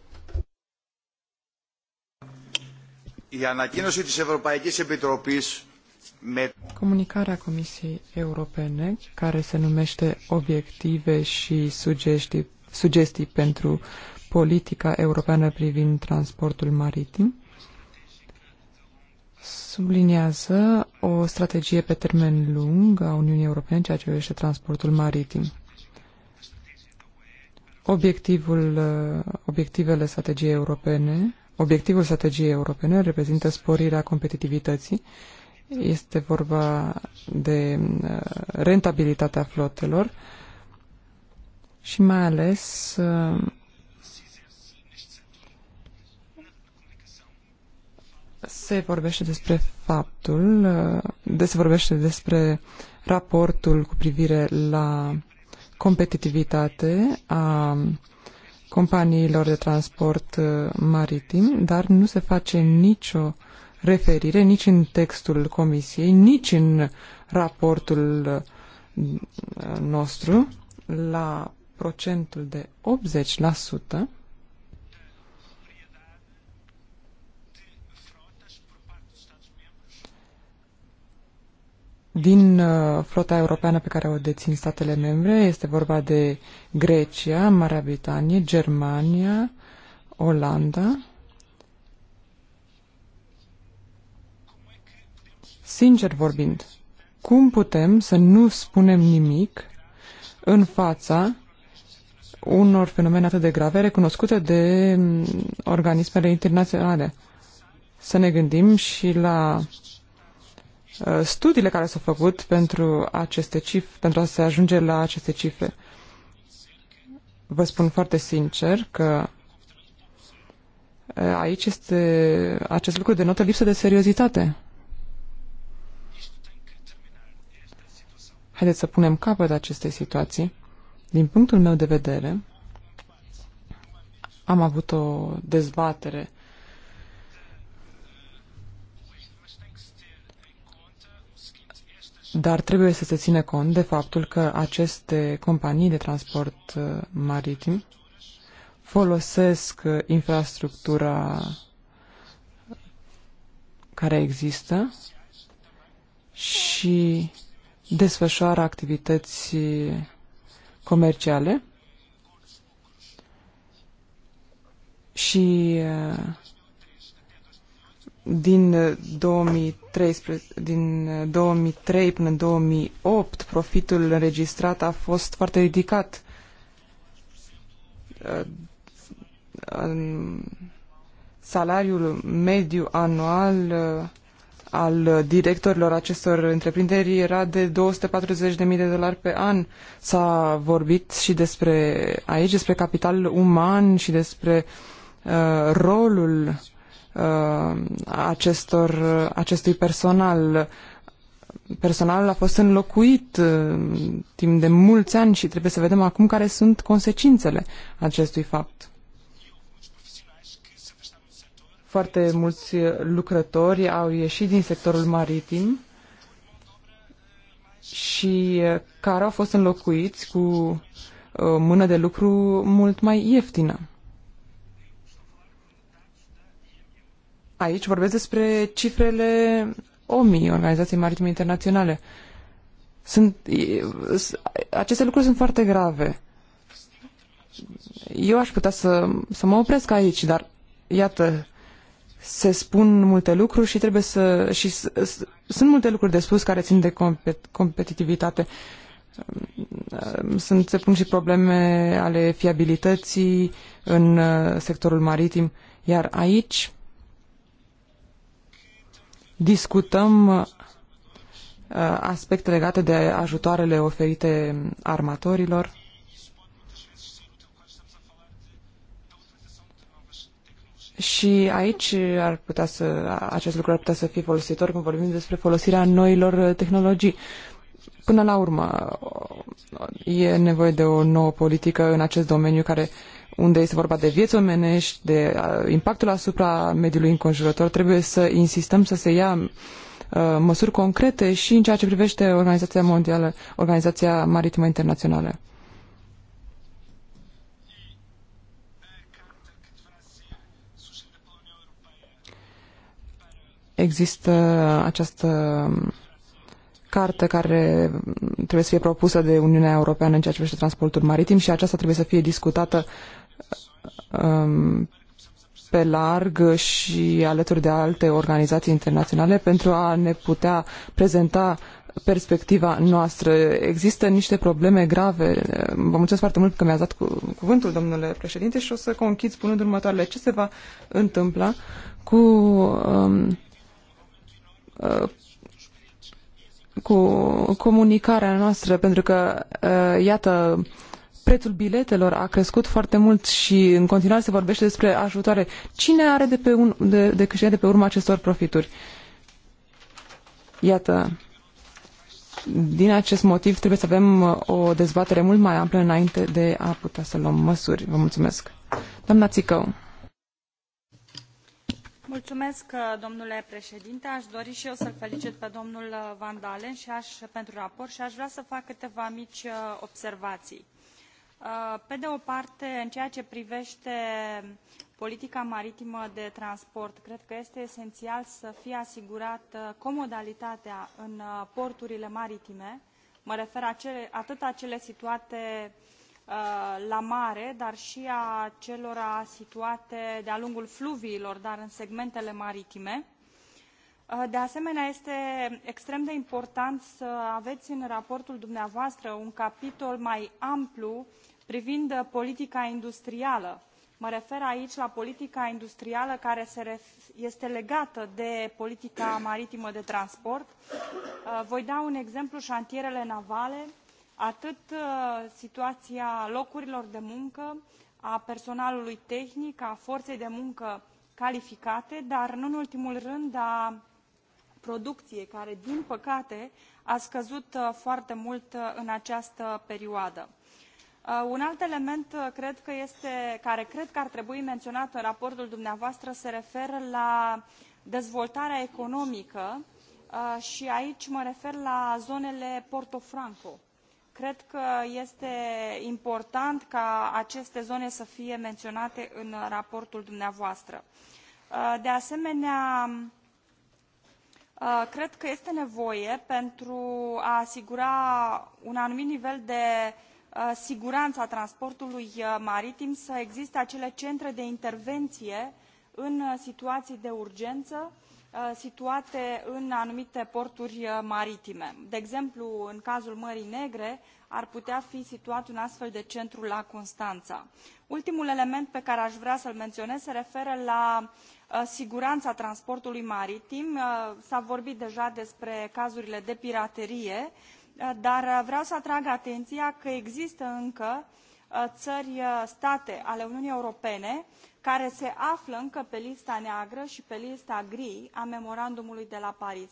S3: Comunicarea Comisiei Europene, care se numește Obiective și sugestii, sugestii pentru politica europeană privind transportul maritim subliniază o strategie pe termen lung a Uniunii Europene ceea ce privește transportul maritim. Obiectivul, obiectivele strategiei europene, obiectivul strategiei europene reprezintă sporirea competitivității. Este vorba de rentabilitatea flotelor și mai ales se vorbește despre faptul, de se vorbește despre raportul cu privire la competitivitate a companiilor de transport uh, maritim, dar nu se face nicio referire nici în textul comisiei, nici în raportul uh, nostru la procentul de 80% din uh, flota europeană pe care o dețin statele membre. Este vorba de Grecia, Marea Britanie, Germania, Olanda. Sincer vorbind, cum putem să nu spunem nimic în fața unor fenomene atât de grave recunoscute de mm, organismele internaționale? Să ne gândim și la Uh, studiile care s-au făcut pentru aceste cifre, pentru a se ajunge la aceste cifre. Vă spun foarte sincer că uh, aici este acest lucru notă lipsă de seriozitate. Haideți să punem capăt acestei situații. Din punctul meu de vedere, am avut o dezbatere dar trebuie să se ține cont de faptul că aceste companii de transport uh, maritim folosesc uh, infrastructura care există și desfășoară activități comerciale și uh, din 2013, uh, din 2003 uh, până în 2008 profitul înregistrat a fost foarte ridicat. Uh, salariul mediu anual al directorilor acestor întreprinderi era de 240.000 de dolari pe an. S-a vorbit și despre aici, despre capital uman și despre uh, rolul uh, Uh, acestor, acestui personal. Personalul a fost înlocuit uh, timp de mulți ani și trebuie să vedem acum care sunt consecințele acestui fapt. Foarte mulți lucrători au ieșit din sectorul maritim și care au fost înlocuiți cu uh, mână de lucru mult mai ieftină. Aici vorbesc despre cifrele OMI, Organizației Maritime Internaționale. Sunt, aceste lucruri sunt foarte grave. Eu aș putea să, să mă opresc aici, dar iată, se spun multe lucruri și trebuie să... și s, s, sunt multe lucruri de spus care țin de compet, competitivitate. Ehm, sunt, se pun și probleme ale fiabilității în uh, sectorul maritim, iar aici discutăm uh, aspecte legate de ajutoarele oferite armatorilor. Și aici ar putea să, acest lucru ar putea să fie folositor când vorbim despre folosirea noilor uh, tehnologii. Până la urmă, uh, e nevoie de o nouă politică în acest domeniu care unde este vorba de vieți omenești, de impactul asupra mediului înconjurător, trebuie să insistăm să se ia măsuri concrete și în ceea ce privește Organizația Mondială, Organizația Maritimă Internațională. Există această carte care trebuie să fie propusă de Uniunea Europeană în ceea ce privește transportul maritim și aceasta trebuie să fie discutată uh, Um, pe larg și alături de alte organizații internaționale pentru a ne putea prezenta perspectiva noastră. Există niște probleme grave. Vă mulțumesc foarte mult că mi-ați dat cu, cuvântul, domnule președinte, și o să conchid spunând următoarele. Ce se va întâmpla cu um, uh, cu comunicarea noastră, pentru că, uh, iată, uh, prețul biletelor a crescut foarte mult și în continuare se vorbește despre ajutoare. Cine are de, pe un, de, de câștigat de pe urma acestor profituri? Iată, din acest motiv trebuie să avem uh, o dezbatere mult mai amplă înainte de a putea să luăm măsuri. Vă mulțumesc. Doamna Țicău.
S4: Mulțumesc, uh, domnule președinte. Aș dori și eu să-l felicit pe domnul uh, Vandalen și aș, pentru raport și aș vrea să fac câteva mici observații Uh, pe de o parte, în ceea ce privește politica maritimă de transport, cred că este esențial să fie asigurată comodalitatea în uh, porturile maritime. Mă refer atât la cele situate uh, la mare, dar și a celor situate de-a lungul fluviilor, dar în segmentele maritime. Uh, de asemenea, este extrem de important să aveți în raportul dumneavoastră un capitol mai amplu privind politica industrială. Mă refer aici la politica industrială care este legată de politica maritimă de transport. Uh, voi da un exemplu, șantierele navale, atât uh, situația locurilor de muncă, a personalului tehnic, a forței de muncă calificate, dar nu în ultimul rând a producție care, din păcate, a scăzut uh, foarte mult uh, în această perioadă. Uh, un alt element cred că este, care cred că ar trebui menționat în raportul dumneavoastră se referă la dezvoltarea economică și aici mă refer la zonele Portofranco. Cred că este important ca aceste zone să fie menționate în raportul dumneavoastră. De asemenea, cred că este nevoie pentru a asigura un anumit nivel de sigurană a transportului maritim să existe acele centre de intervenie în situaii de urgenă Uh, situate în anumite porturi uh, maritime. De exemplu, în cazul Mării Negre, ar putea fi situat un astfel de centru la Constanța. Ultimul element pe care aș vrea să-l menționez se referă la uh, siguranța transportului maritim. S-a vorbit deja despre cazurile de piraterie, dar vreau să atrag atenția că există încă țări, state ale Uniunii Europene care se află încă pe lista neagră și pe lista gri a memorandumului de la Paris.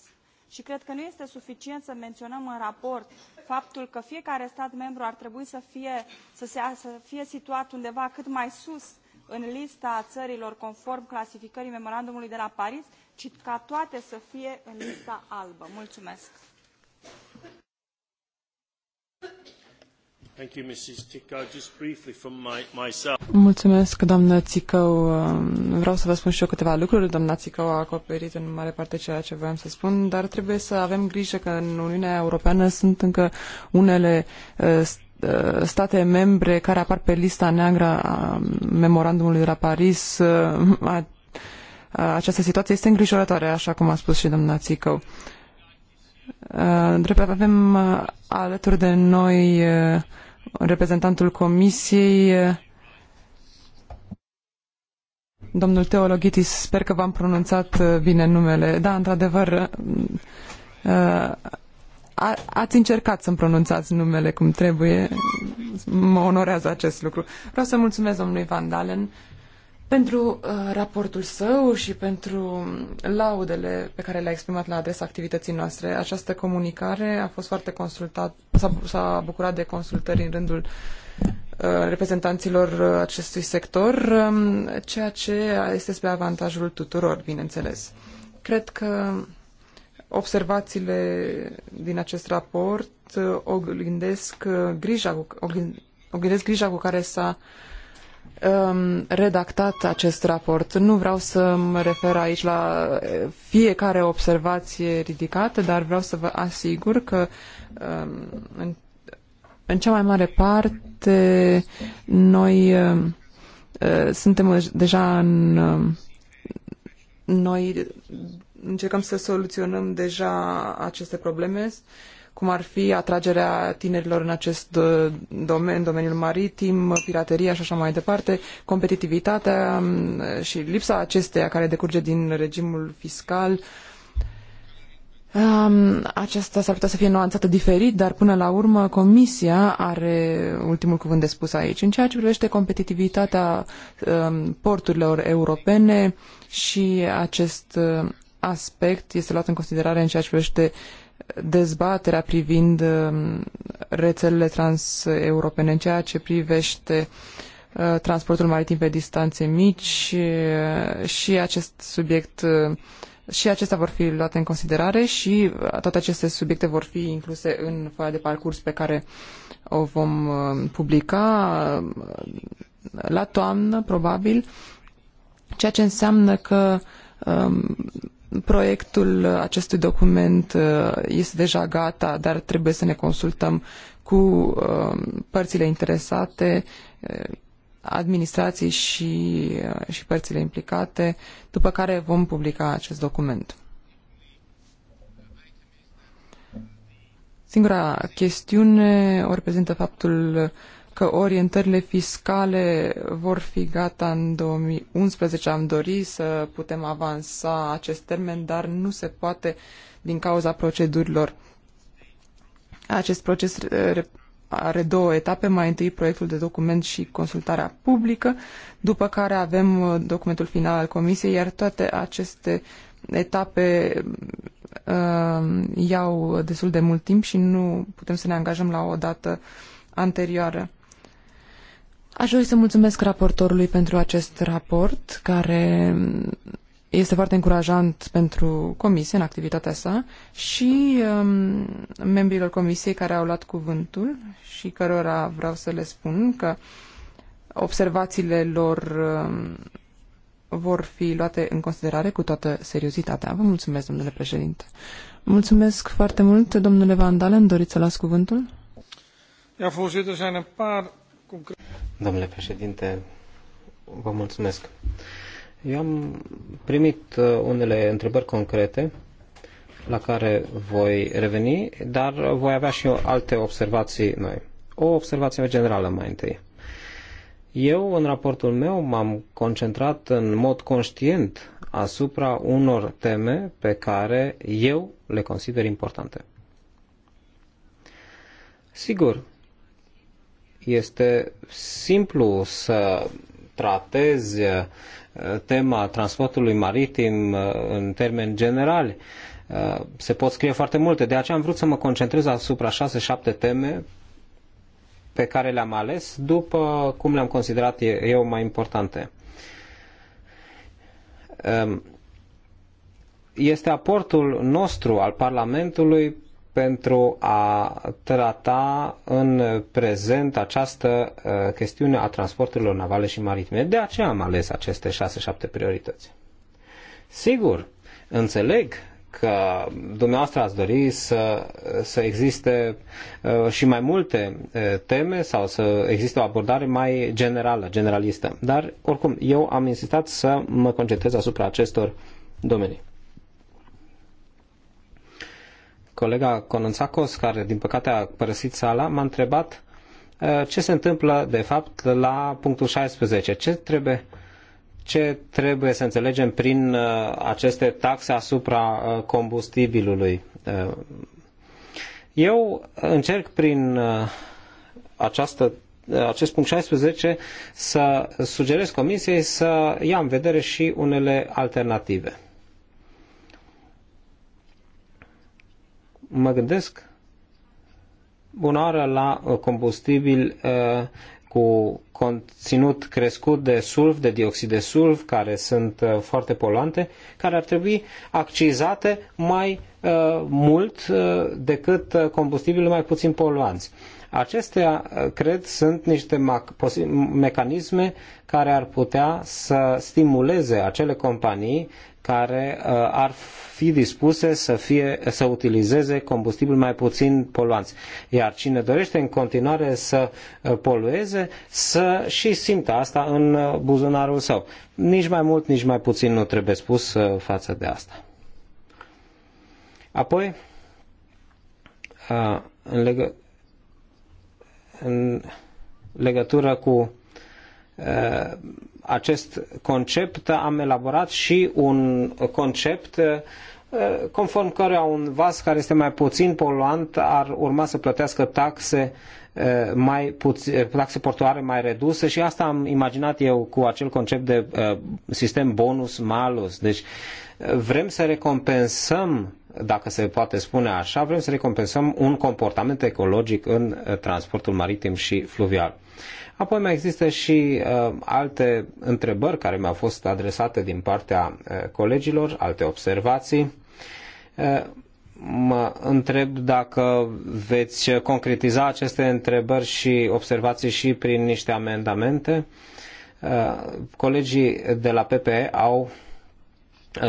S4: Și cred că nu este suficient să menționăm în raport faptul că fiecare stat membru ar trebui să fie, să se, să fie situat undeva cât mai sus în lista țărilor conform clasificării memorandumului de la Paris, ci ca toate să fie în lista albă. Mulțumesc!
S1: Thank you, Mrs. Just briefly from my, myself.
S3: Mulțumesc, doamnă Țicău. Vreau să vă spun și eu câteva lucruri. Doamna Țicău a acoperit în mare parte ceea ce voiam să spun, dar trebuie să avem grijă că în Uniunea Europeană sunt încă unele uh, uh, state membre care apar pe lista neagră a memorandumului de la Paris. Uh, această situație este îngrijorătoare, așa cum a spus și doamna Țicău. Drept avem alături de noi reprezentantul Comisiei Domnul Teologhitis, sper că v-am pronunțat uh, bine numele. Da, într-adevăr, uh, ați încercat să-mi pronunțați numele cum trebuie. Mă onorează acest lucru. Vreau să mulțumesc domnului Van Dalen pentru uh, raportul său și pentru laudele pe care le-a exprimat la adresa activității noastre. Această comunicare a fost foarte consultat, s-a, bucurat de consultări în rândul Uh, reprezentanților uh, acestui sector, um, ceea ce este spre avantajul tuturor, bineînțeles. Cred că observațiile din acest raport uh, oglindesc grija cu, oglindesc grija cu care s-a um, redactat acest raport. Nu vreau să mă refer aici la fiecare observație ridicată, dar vreau să vă asigur că um, în în cea mai mare parte, noi uh, uh, suntem deja în. Uh, noi încercăm să soluționăm deja aceste probleme, cum ar fi atragerea tinerilor în acest uh, domeniu, domeniul maritim, pirateria și așa mai departe, competitivitatea mm, și lipsa acesteia care decurge din regimul fiscal uh, Um, aceasta s-ar putea să fie nuanțată diferit, dar până la urmă Comisia are ultimul cuvânt de spus aici. În ceea ce privește competitivitatea um, porturilor europene și acest uh, aspect este luat în considerare în ceea ce privește dezbaterea privind um, rețelele transeuropene, în ceea ce privește uh, transportul maritim pe distanțe mici uh, și acest subiect uh, și acestea vor fi luate în considerare și uh, toate aceste subiecte vor fi incluse în foaia de parcurs pe care o vom uh, publica uh, la toamnă, probabil, ceea ce înseamnă că um, proiectul acestui document este deja gata, dar trebuie să ne consultăm cu părțile interesate Administrației și, uh, și părțile implicate, după care vom publica acest document. Singura chestiune o reprezintă faptul că orientările fiscale vor fi gata în 2011. Am dori să putem avansa acest termen, dar nu se poate din cauza procedurilor. Acest proces are două etape. Mai întâi proiectul de document și consultarea publică, după care avem uh, documentul final al Comisiei, iar toate aceste etape uh, iau destul de mult timp și nu putem să ne angajăm la o dată anterioară. Aș dori să mulțumesc raportorului pentru acest raport care este foarte încurajant pentru comisie în activitatea sa și um, membrilor comisiei care au luat cuvântul și cărora vreau să le spun că observațiile lor um, vor fi luate în considerare cu toată seriozitatea. Vă mulțumesc, domnule președinte. Mulțumesc foarte mult, domnule Van Dalen. Doriți să las cuvântul?
S1: Ja, voorzitter, zijn een paar
S5: Domnule președinte, vă mulțumesc. Eu am primit uh, unele întrebări concrete la care voi reveni, dar voi avea și alte observații noi. O observație generală mai întâi. Eu, în raportul meu, m-am concentrat în mod conștient asupra unor teme pe care eu le consider importante. Sigur, este simplu să tratezi tema transportului maritim uh, în termeni generali. Uh, se pot scrie foarte multe, de aceea am vrut să mă concentrez asupra 6-7 teme pe care le-am ales după cum le-am considerat eu mai importante. Um, este aportul nostru al Parlamentului pentru a trata în prezent această uh, chestiune a transporturilor navale și maritime. De aceea am ales aceste 6-7 priorități. Sigur, înțeleg că dumneavoastră ați dori să, să existe uh, și mai multe uh, teme sau să existe o abordare mai generală, generalistă. Dar, oricum, eu am insistat să mă concentrez asupra acestor domenii colega Cononțacos, care din păcate a părăsit sala, m-a întrebat eh, ce se întâmplă de fapt la punctul 16. Ce trebuie, ce trebuie să înțelegem prin eh, aceste taxe asupra eh, combustibilului? Eu încerc prin această acest punct 16 să sugerez comisiei să ia în vedere și unele alternative. mă gândesc bună oară la uh, combustibil uh, cu conținut crescut de sulf, de dioxid de sulf, care sunt uh, foarte poluante, care ar trebui accizate mai mult decât combustibilul mai puțin poluanți. Acestea, uh, cred, sunt niște mecanisme care ar putea să stimuleze acele companii care uh, ar fi dispuse să, fie, să utilizeze combustibili mai puțin poluanți. Iar cine dorește în continuare să uh, polueze, să și simtă asta în buzunarul său. Nici mai mult, nici mai puțin nu trebuie spus față de asta. Apoi, în legătură în legătură cu acest concept, am elaborat și un concept conform căruia un vas care este mai puțin poluant ar urma să plătească taxe mai puțin, taxe portoare mai reduse și asta am imaginat eu cu acel concept de sistem bonus-malus. Deci vrem să recompensăm dacă se poate spune așa, vrem să recompensăm un comportament ecologic în uh, transportul maritim și fluvial. Apoi mai există și uh, alte întrebări care mi-au fost adresate din partea uh, colegilor, alte observații. Uh, mă întreb dacă veți concretiza aceste întrebări și observații și prin niște amendamente. Uh, colegii de la PPE au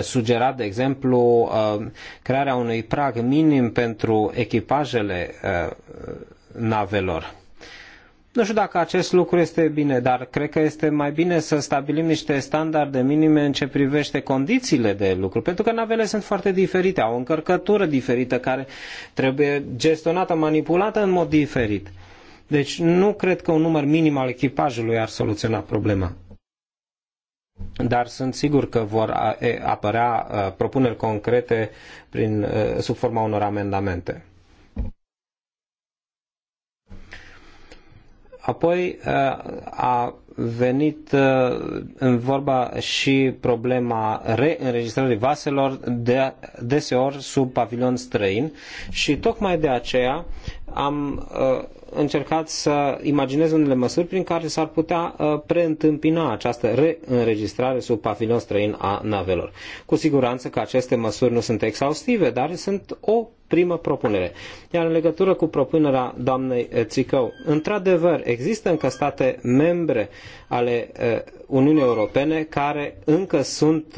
S5: sugerat, de exemplu, crearea unui prag minim pentru echipajele navelor. Nu știu dacă acest lucru este bine, dar cred că este mai bine să stabilim niște standarde minime în ce privește condițiile de lucru, pentru că navele sunt foarte diferite, au o încărcătură diferită care trebuie gestionată, manipulată în mod diferit. Deci nu cred că un număr minim al echipajului ar soluționa problema dar sunt sigur că vor apărea propuneri concrete prin, sub forma unor amendamente. Apoi a venit în vorba și problema reînregistrării vaselor de, deseori sub pavilion străin și tocmai de aceea am uh, încercat să imaginez unele măsuri prin care s-ar putea uh, preîntâmpina această reînregistrare sub pavilion străin a navelor. Cu siguranță că aceste măsuri nu sunt exhaustive, dar sunt o primă propunere. Iar în legătură cu propunerea doamnei uh, Țicău, într-adevăr, există încă state membre ale Uniunii Europene care încă sunt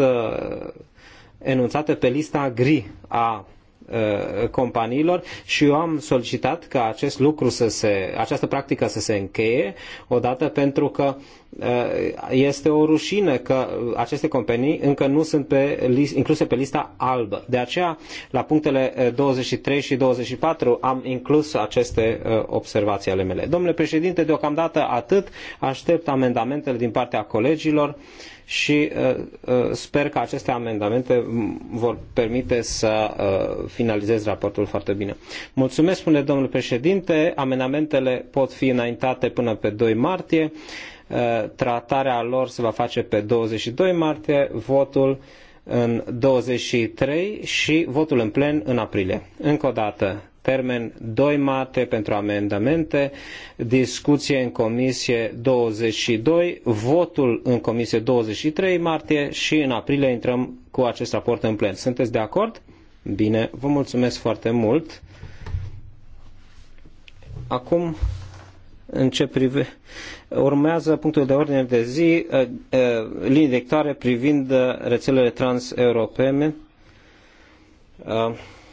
S5: enunțate pe lista gri a Uh, companiilor și eu am solicitat ca acest lucru să se, această practică să se încheie odată pentru că uh, este o rușine că aceste companii încă nu sunt pe, incluse pe lista albă. De aceea, la punctele 23 uh, și 24 am inclus aceste observații ale mele. Domnule președinte, deocamdată atât. Aștept amendamentele din partea colegilor. Uh, și uh, uh, sper că aceste amendamente vor permite să uh, finalizez raportul foarte bine. Mulțumesc, spune domnul președinte. Amendamentele pot fi înaintate până pe 2 martie. Tratarea lor se va face pe 22 martie, votul în 23 și votul în plen în aprilie. Încă o dată, termen 2 mate pentru amendamente, discuție în comisie 22, votul în comisie 23 martie și în aprilie intrăm cu acest raport în plen. Sunteți de acord? Bine, vă mulțumesc foarte mult. Acum, în ce prive... Urmează punctul de ordine de zi, eh, eh, linii directoare privind eh, rețelele transeuropene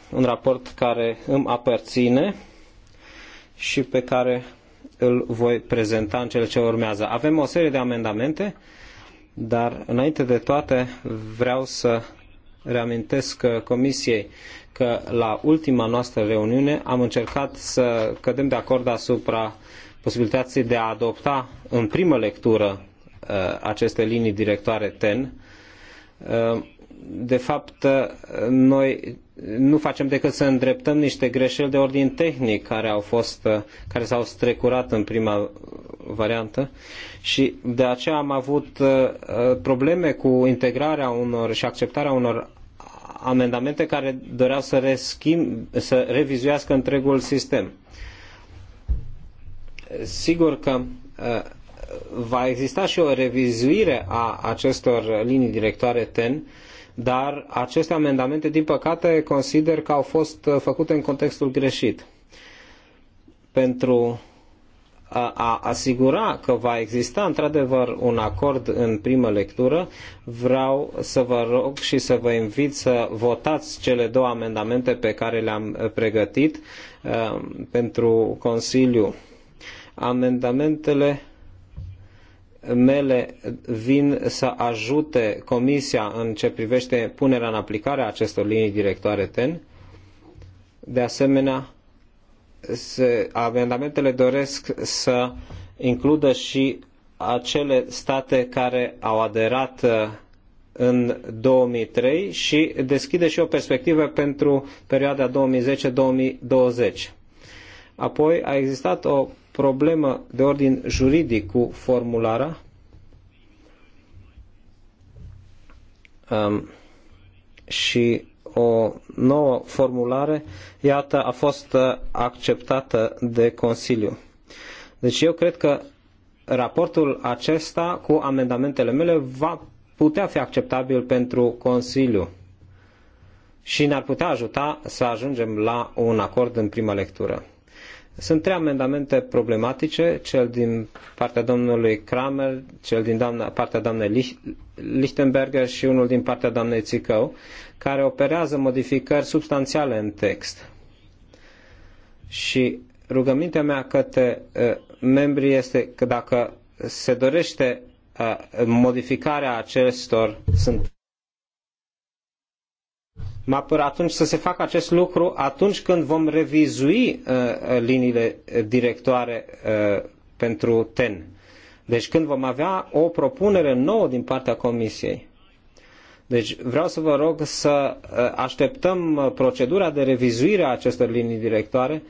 S5: un raport care îmi aparține și pe care îl voi prezenta în cele ce urmează. Avem o serie de amendamente, dar înainte de toate vreau să reamintesc Comisiei că la ultima noastră reuniune am încercat să cădem de acord asupra posibilității de a adopta în primă lectură uh, aceste linii directoare TEN uh, de fapt, ă, noi nu facem decât să îndreptăm niște greșeli de ordin tehnic care au fost, ă, care s-au strecurat în prima variantă și de aceea am avut ă, probleme cu integrarea unor și acceptarea unor amendamente care doreau să, reschim, să revizuiască întregul sistem. Sigur că va exista și o revizuire a acestor linii directoare TEN dar aceste amendamente, din păcate, consider că au fost uh, făcute în contextul greșit. Pentru a asigura că va exista într-adevăr un acord în primă lectură, vreau să vă rog și să vă invit să votați cele două amendamente pe care le-am uh, pregătit uh, pentru Consiliu. Amendamentele mele vin să ajute Comisia în ce privește punerea în aplicare a acestor linii directoare TEN. De asemenea, se, amendamentele doresc să includă și acele state care au aderat uh, în 2003 și deschide și o perspectivă pentru perioada 2010-2020. Apoi a existat o problemă de ordin juridic cu formularea. Um, și o nouă formulare, iată, a fost uh, acceptată de Consiliu. Deci eu cred că raportul acesta cu amendamentele mele va putea fi acceptabil pentru Consiliu și ne-ar putea ajuta să ajungem la un acord în prima lectură. Sunt trei amendamente problematice, cel din partea domnului Kramer, cel din doamna, partea doamnei Lichtenberger și unul din partea doamnei Țicău, care operează modificări substanțiale în text. Și rugămintea mea către uh, membrii este că dacă se dorește uh, modificarea acestor sunt Mă apăr atunci să se facă acest lucru atunci când vom revizui uh, liniile directoare uh, pentru TEN. Deci când vom avea o propunere nouă din partea Comisiei. Deci vreau să vă rog să uh, așteptăm uh, procedura de revizuire a acestor linii directoare.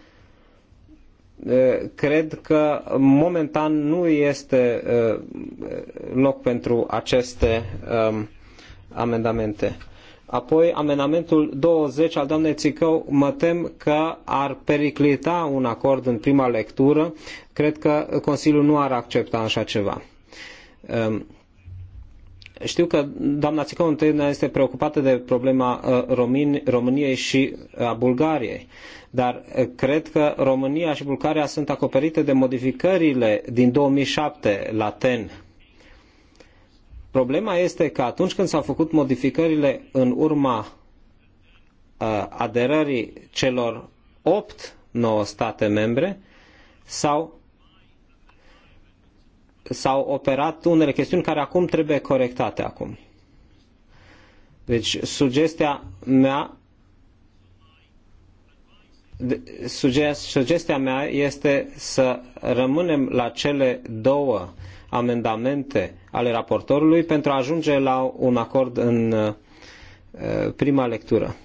S5: Uh, cred că momentan nu este loc pentru aceste um, amendamente. Apoi, amenamentul 20 al doamnei Țicău, mă tem că ar periclita un acord în prima lectură. Cred că Consiliul nu ar accepta așa ceva. Ehm, știu că doamna Țicău întâi este preocupată de problema ă, României și a Bulgariei, dar ă, cred că România și Bulgaria sunt acoperite de modificările din 2007 la TEN Problema este că atunci când s-au făcut modificările în urma uh, aderării celor opt 9 state membre s-au operat unele chestiuni care acum trebuie corectate acum. Deci sugestia mea sugestia mea este să rămânem la cele două amendamente ale raportorului pentru a ajunge la un acord în uh, prima lectură.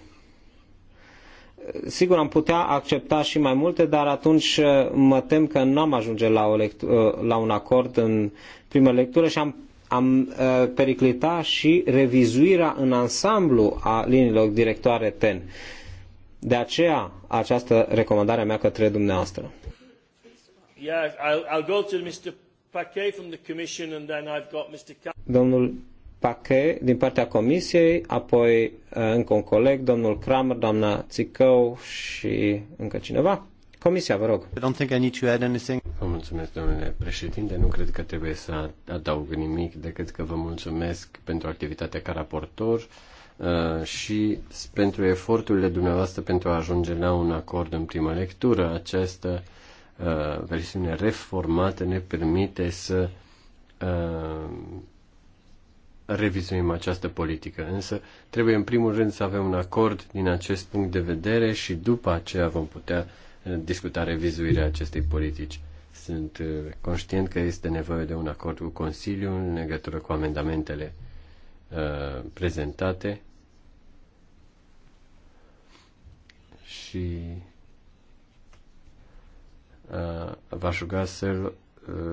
S5: Sigur, am putea accepta și mai multe, dar atunci uh, mă tem că nu am ajunge la, o uh, la un acord în prima lectură și am, am periclita și revizuirea în ansamblu a liniilor directoare TEN. De aceea, această recomandare a mea către dumneavoastră.
S1: Yeah, I'll, I'll go to Mr.
S5: Domnul Paquet din partea Comisiei, apoi uh, încă un coleg, domnul Kramer, doamna Țicău și încă cineva. Comisia, vă rog. I don't think
S2: I need to add anything. Vă mulțumesc, domnule președinte. Nu cred că trebuie să adaug nimic decât că vă mulțumesc pentru activitatea ca raportor uh, și pentru eforturile dumneavoastră pentru a ajunge la un acord în primă lectură. Această Uh, versiune reformată ne permite să uh, revizuim această politică. Însă trebuie în primul rând să avem un acord din acest punct de vedere și după aceea vom putea uh, discuta revizuirea acestei politici. Sunt conștient că este nevoie de un acord cu Consiliul în legătură cu amendamentele uh, prezentate și Uh, v-aș ruga să uh,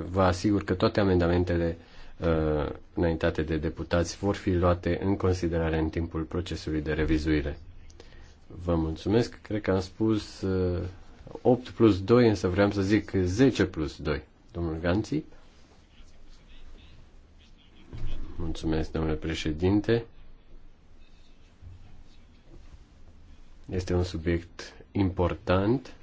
S2: vă asigur că toate amendamentele uh, înaintate de deputați vor fi luate în considerare în timpul procesului de revizuire. Vă mulțumesc, cred că am spus 8 plus 2, însă vreau să zic 10 plus 2. Domnul Ganții? Mulțumesc, domnule președinte. Este un subiect important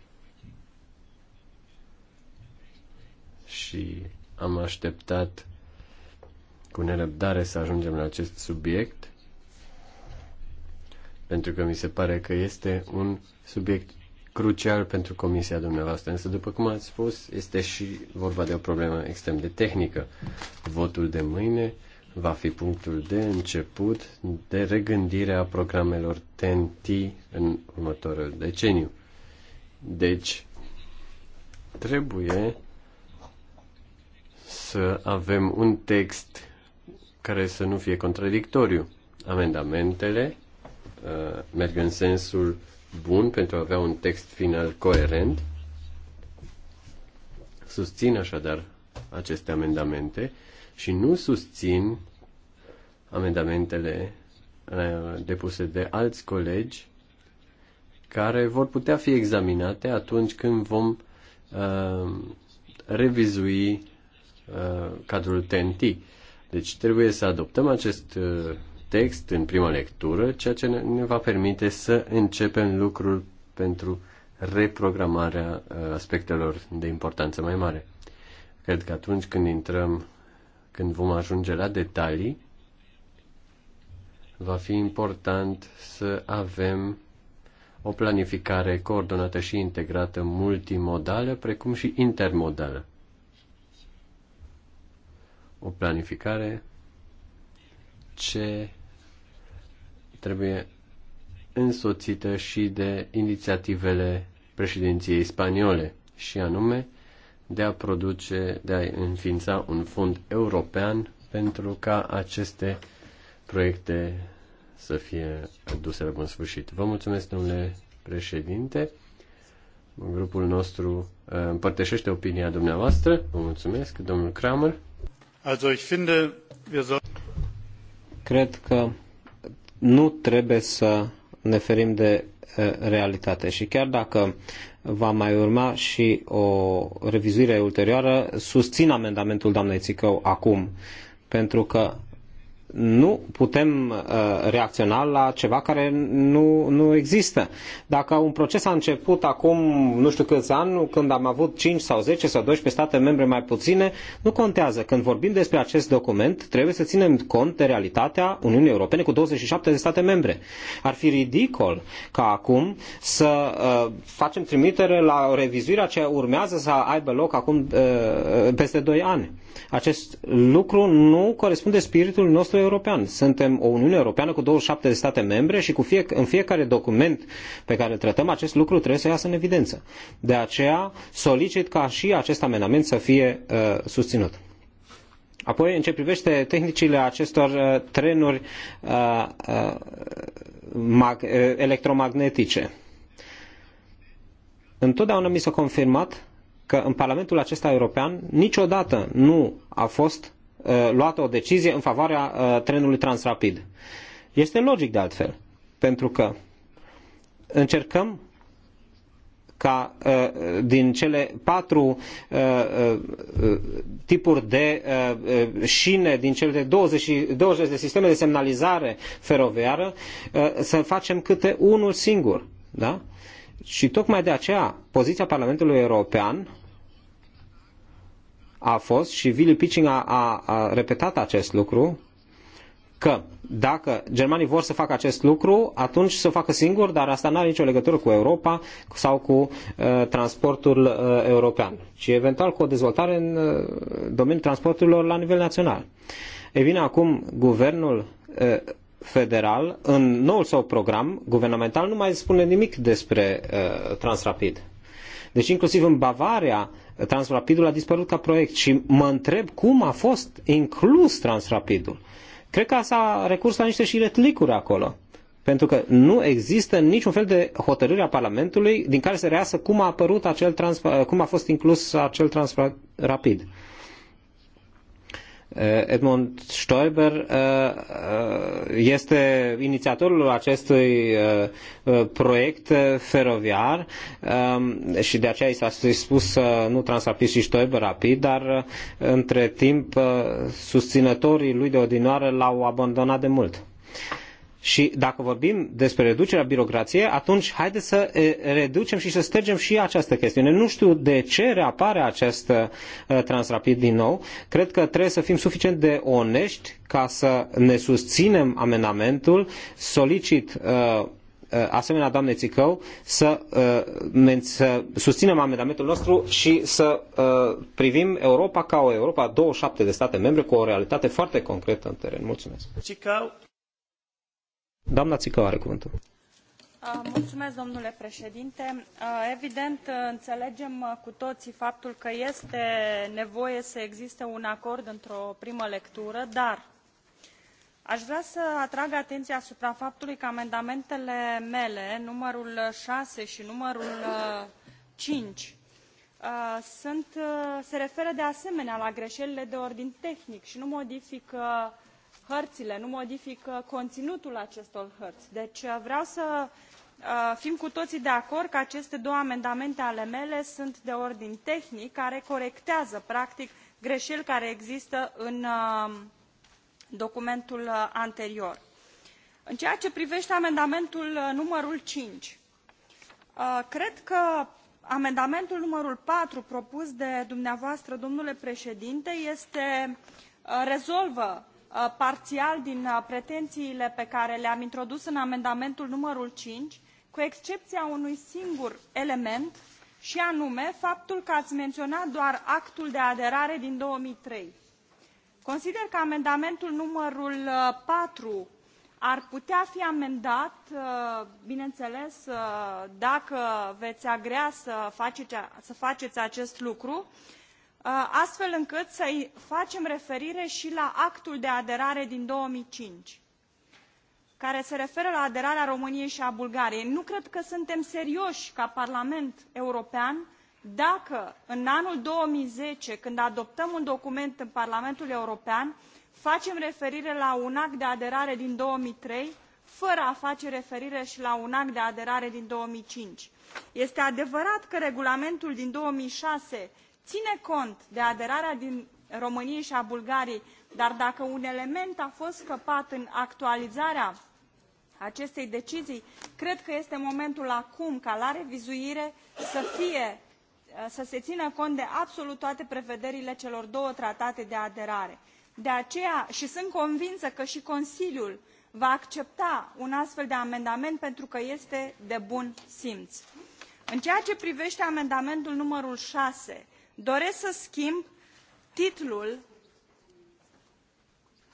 S2: și am așteptat cu nerăbdare să ajungem la acest subiect, pentru că mi se pare că este un subiect crucial pentru comisia dumneavoastră. Însă, după cum ați spus, este și vorba de o problemă extrem de tehnică. Votul de mâine va fi punctul de început de regândire a programelor TNT în următorul deceniu. Deci, trebuie să avem un text care să nu fie contradictoriu. Amendamentele uh, merg în sensul bun pentru a avea un text final coerent. Susțin așadar aceste amendamente și nu susțin amendamentele uh, depuse de alți colegi care vor putea fi examinate atunci când vom uh, revizui Uh, cadrul TNT. Deci trebuie să adoptăm acest uh, text în prima lectură, ceea ce ne va permite să începem lucrul pentru reprogramarea uh, aspectelor de importanță mai mare. Cred că atunci când intrăm, când vom ajunge la detalii, va fi important să avem o planificare coordonată și integrată multimodală, precum și intermodală o planificare ce trebuie însoțită și de inițiativele președinției spaniole, și anume de a produce, de a înființa un fond european pentru ca aceste proiecte să fie duse la bun sfârșit. Vă mulțumesc, domnule președinte. Grupul nostru uh, împărtășește opinia dumneavoastră. Vă mulțumesc, domnul Kramer. Cred că nu trebuie să ne
S5: ferim de realitate. Și chiar dacă va mai urma și o revizuire ulterioară, susțin amendamentul doamnei Țicău acum, pentru că nu putem uh, reacționa la ceva care nu, nu există. Dacă un proces a început acum nu știu câți ani, când am avut 5 sau 10 sau 12 state membre mai puține, nu contează. Când vorbim despre acest document, trebuie să ținem cont de realitatea Uniunii Europene cu 27 de state membre. Ar fi ridicol ca acum să uh, facem trimitere la revizuirea ce urmează să aibă loc acum uh, peste 2 ani. Acest lucru nu corespunde spiritului nostru european. Suntem o Uniune Europeană cu 27 de state membre și cu fie, în fiecare document pe care îl tratăm acest lucru trebuie să iasă în evidență. De aceea solicit ca și acest amendament să fie uh, susținut. Apoi, în ce privește tehnicile acestor uh, trenuri uh, uh, uh electromagnetice, întotdeauna mi s-a confirmat că în Parlamentul acesta european niciodată nu a fost Uh, luată o decizie în favoarea uh, trenului transrapid. Este logic de altfel, pentru că încercăm ca uh, din cele patru tipuri de șine, din cele 20, 20 de sisteme de semnalizare feroviară, să facem câte unul singur. Da? Și tocmai de aceea poziția Parlamentului European a fost, și Willy Pitching a, a, a repetat acest lucru, că dacă germanii vor să facă acest lucru, atunci să o facă singur, dar asta nu are nicio legătură cu Europa sau cu uh, transportul uh, european, ci eventual cu o dezvoltare în uh, domeniul transporturilor la nivel național. E bine, acum guvernul uh, federal, în noul său program guvernamental, nu mai spune nimic despre uh, Transrapid. Deci inclusiv în Bavaria, uh, Transrapidul a dispărut ca proiect și mă întreb cum a fost inclus Transrapidul. Cred că s-a recurs la niște șiretlicuri acolo. Pentru că nu există niciun fel de hotărâre a Parlamentului din care se reasă cum a apărut acel trans, cum a fost inclus acel transrapid. Eh, Edmund Stoiber eh, eh, este inițiatorul acestui proiect feroviar și de aceea i s-a spus să nu transapis și Stoiber rapid, dar între timp susținătorii lui de odinoară l-au abandonat de mult. Și dacă vorbim despre reducerea birocrației, atunci haideți să reducem și să stergem și această chestiune. Nu știu de ce reapare acest transrapid din nou. Cred că trebuie să fim suficient de onești ca să ne susținem amendamentul. Solicit asemenea doamnei Țicău să, să susținem amendamentul nostru și să privim Europa ca o Europa 27 de state membre cu o realitate foarte concretă în teren. Mulțumesc! Doamna Țică are cuvântul.
S4: Mulțumesc, domnule președinte. Evident, înțelegem uh, cu toții faptul că este nevoie să existe un acord într-o primă lectură, dar Aș vrea să atrag atenția asupra faptului că amendamentele mele, numărul 6 și numărul 5, uh, uh, sunt, se referă de asemenea la greșelile de ordin tehnic și nu modifică hărțile, nu modifică conținutul acestor hărți. Deci uh, vreau să uh, fim cu toții de acord că aceste două amendamente ale mele sunt de ordin tehnic, care corectează, practic, greșeli care există în uh, documentul anterior. În ceea ce privește amendamentul numărul cinci, cred că amendamentul numărul patru propus de dumneavoastră, domnule președinte, este, rezolvă Uh, parial din uh, pretențiile pe care le-am introdus în amendamentul numărul cinci, cu excepția unui singur element și anume faptul că ați menționat doar actul de aderare din 2003. Consider că amendamentul numărul uh, patru ar putea fi amendat, bineînțeles, dacă veți agrea să faceți, acest lucru, uh, Uh, astfel încât să i facem referire și la actul de aderare din două mii cinci care se referă la aderarea româniei și a bulgariei. nu cred că suntem serioi ca parlament european dacă în anul două mii zece când adoptăm un document în parlamentul european facem referire la un act de aderare din două mii trei fără a face referire și la un act de aderare din. două mii cinci este adevărat că regulamentul din două mii șase ține cont de aderarea din României și a Bulgariei, dar dacă un element a fost scăpat în actualizarea acestei decizii, cred că este momentul acum ca la revizuire să fie să se țină cont de absolut toate prevederile celor două tratate de aderare. De aceea, și sunt convinsă că și Consiliul va accepta un astfel de amendament pentru că este de bun simț. În ceea ce privește amendamentul numărul 6, doresc să schimb titlul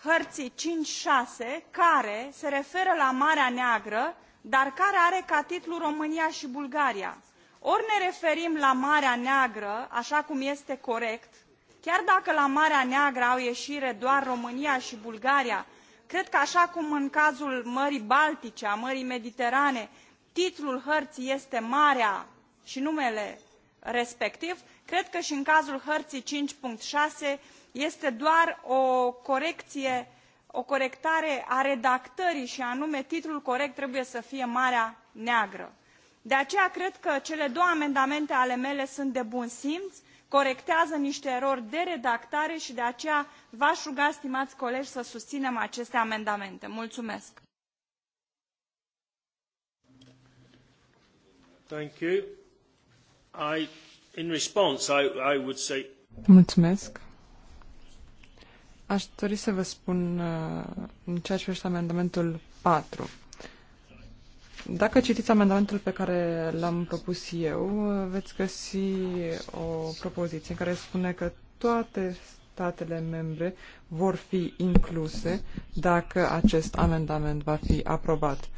S4: hărții cinci șase care se referă la marea neagră dar care are ca titlu românia și bulgaria. ori ne referim la marea neagră așa cum este corect chiar dacă la marea neagră au ieșire doar românia și bulgaria cred că așa cum în cazul mării baltice a mării mediterane titlul hărții este marea și numele respectiv cred că și în cazul hărții cinci șase este doar o corectare a redactării și anume titlul corect trebuie să fie marea neagră. de aceea cred că cele două amendamente ale mele sunt de bun simț corectează niște erori de redactare și de aceea v a ruga stimai colegi să susținem aceste amendamente. mulțumesc.
S1: I,
S3: Mulțumesc. Aș dori să vă spun uh, în ceea ce privește amendamentul 4. Dacă citiți amendamentul pe care l-am propus eu, uh, veți găsi o propoziție în care spune că toate statele membre vor fi incluse dacă acest amendament va fi aprobat.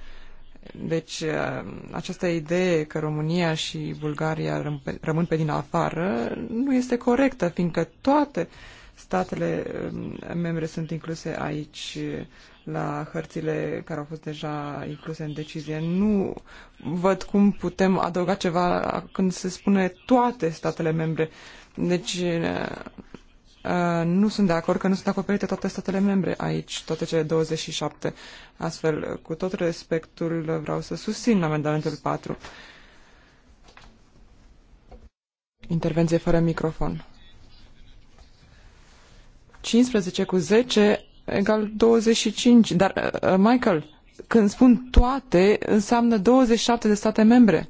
S3: Deci, uh, această idee că România și Bulgaria rămân pe din afară nu este corectă, fiindcă toate statele um, membre sunt incluse aici uh, la hărțile care au fost deja incluse în decizie. Nu văd cum putem adăuga ceva când se spune toate statele membre. Deci uh, Uh, nu sunt de acord că nu sunt acoperite toate statele membre aici, toate cele 27. Astfel, cu tot respectul, vreau să susțin amendamentul 4. Intervenție fără microfon. 15 cu 10 egal 25. Dar, uh, uh, Michael, când spun toate, înseamnă 27 de state membre.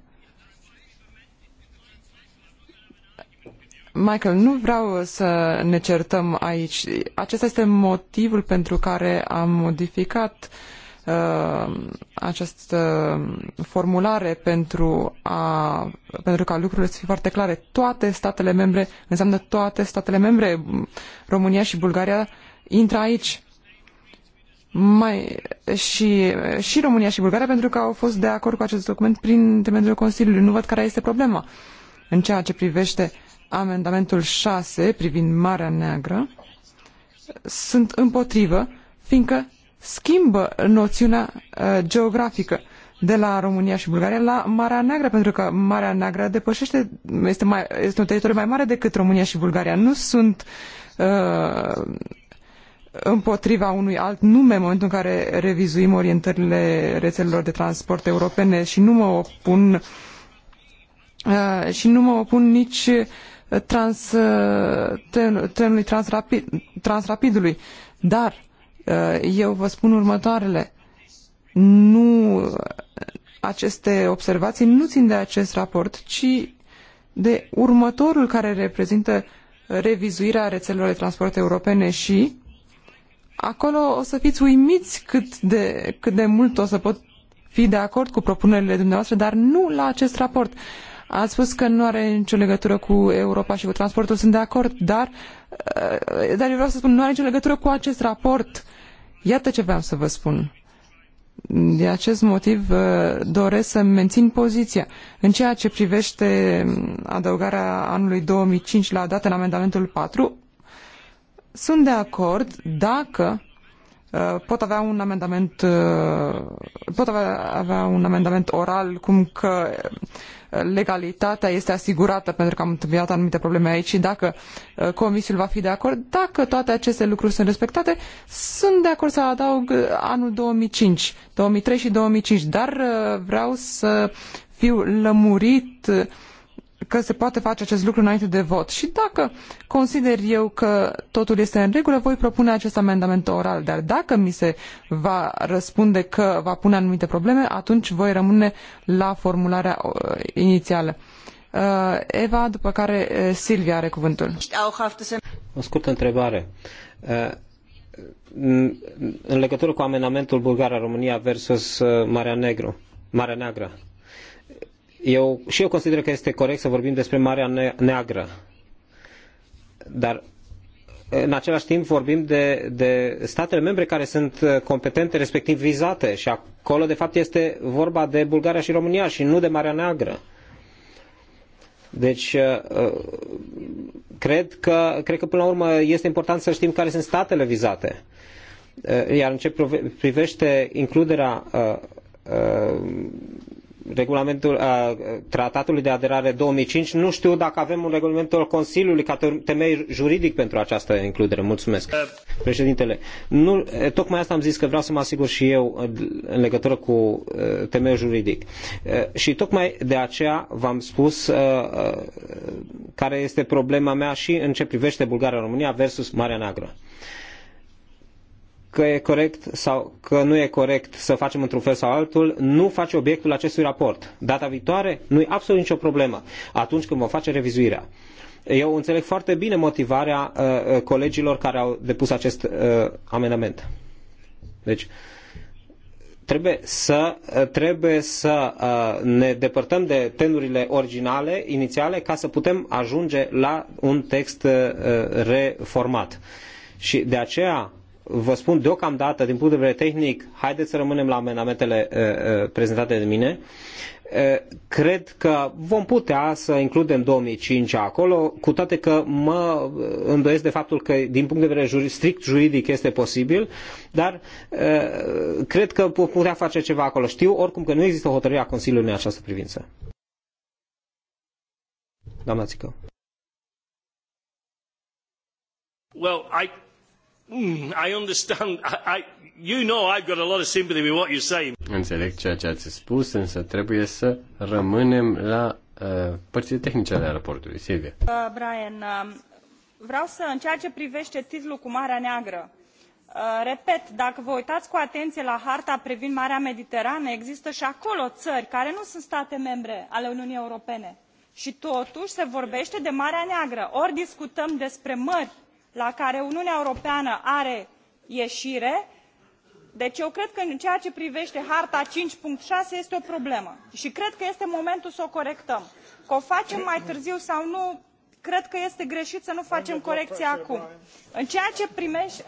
S3: Michael, nu vreau să ne certăm aici. Acesta este motivul pentru care am modificat uh, această formulare pentru, a, pentru ca lucrurile să fie foarte clare. Toate statele membre înseamnă toate statele membre. România și Bulgaria intră aici. Mai, și, și România și Bulgaria pentru că au fost de acord cu acest document prin intermediul Consiliului. Nu văd care este problema în ceea ce privește uh, amendamentul șase privind Marea Neagră sunt împotrivă, fiindcă schimbă noțiunea uh, geografică de la România și Bulgaria la Marea Neagră, pentru că Marea Neagră depășește, este, mai, este un teritoriu mai mare decât România și Bulgaria. Nu sunt uh, împotriva unui alt nume în momentul în care revizuim orientările rețelelor de transport europene și nu mă opun uh, și nu mă opun nici uh, trans, uh, trenului transrapid, transrapidului. Dar uh, eu vă spun următoarele. Nu, aceste observații nu țin de acest raport, ci de următorul care reprezintă revizuirea rețelelor de transport europene și acolo o să fiți uimiți cât de, cât de mult o să pot fi de acord cu propunerile dumneavoastră, dar nu la acest raport. Ați spus că nu are nicio legătură cu Europa și cu transportul, sunt de acord, dar, eh, dar eu vreau să spun, nu are nicio legătură cu acest raport. Iată ce vreau să vă spun. De acest motiv eh, doresc să mențin poziția. În ceea ce privește mm, adăugarea anului 2005 la dată în amendamentul 4, sunt de acord dacă eh, pot avea un amendament pot avea, avea un amendament oral cum că legalitatea este asigurată pentru că am întâmpinat anumite probleme aici și dacă uh, comisiul va fi de acord, dacă toate aceste lucruri sunt respectate, sunt de acord să adaug uh, anul 2005, 2003 și 2005, dar uh, vreau să fiu lămurit că se poate face acest lucru înainte de vot. Și dacă consider eu că totul este în regulă, voi propune acest amendament oral. Dar dacă mi se va răspunde că va pune anumite probleme, atunci voi rămâne la formularea uh, inițială. Uh, Eva, după care uh, Silvia are cuvântul.
S5: O scurtă întrebare în legătură cu amendamentul Bulgaria-România versus Marea Negru, Marea Neagră. Eu, și eu consider că este corect să vorbim despre Marea Neagră. Dar în același timp vorbim de, de statele membre care sunt uh, competente, respectiv vizate. Și acolo, de fapt, este vorba de Bulgaria și România și nu de Marea Neagră. Deci, uh, uh, cred că, cred că până la urmă este important să știm care sunt statele vizate. Iar în ce privește includerea regulamentul, tratatului de aderare 2005. Nu știu dacă avem un regulament al Consiliului ca temei juridic pentru această includere. Mulțumesc. Uh. Președintele, nu, tocmai asta am zis că vreau să mă asigur și eu în legătură cu uh, temeiul juridic. Uh, și tocmai de aceea v-am spus care este problema mea și în ce privește Bulgaria-România versus Marea Neagră că e corect sau că nu e corect să facem într-un fel sau altul, nu face obiectul acestui raport. Data viitoare nu e absolut nicio problemă atunci când vom face revizuirea. Eu înțeleg foarte bine motivarea uh, uh colegilor care au depus acest uh, amendament. Deci, trebuie să, uh, trebuie să uh, ne depărtăm de tenurile originale, inițiale, ca să putem ajunge la un text reformat. Și de aceea vă spun deocamdată, din punct de vedere tehnic, haideți să rămânem la amendamentele uh, uh prezentate de mine. Uh, cred că vom putea să includem 2005 acolo, cu toate că mă uh, îndoiesc de faptul că din punct de vedere juridic, strict juridic este posibil, dar cred că putea face ceva acolo. Știu oricum că nu există hotărâre a Consiliului în această privință. Doamna Țică.
S1: Well, I Hmm, I understand. I, I, you know I've got a lot of sympathy with what you're saying.
S2: Înțeleg ceea ce ați spus, însă trebuie să rămânem la uh, părțile tehnice ale raportului. Silvia.
S4: Uh, Brian, uh, vreau să, în ceea ce privește titlul cu Marea Neagră, uh, repet, dacă vă uitați cu atenție la harta privind Marea Mediterană, există și acolo țări care nu sunt state membre ale Uniunii Europene. Și totuși se vorbește de Marea Neagră. Ori discutăm despre mări la care uniunea europeană are ieire deci eu cred că în ceea ce privete harta cinci șase este o problemă i cred că este momentul să o corectăm. că o facem mai târziu sau nu cred că este greit să nu facem corecia acum. în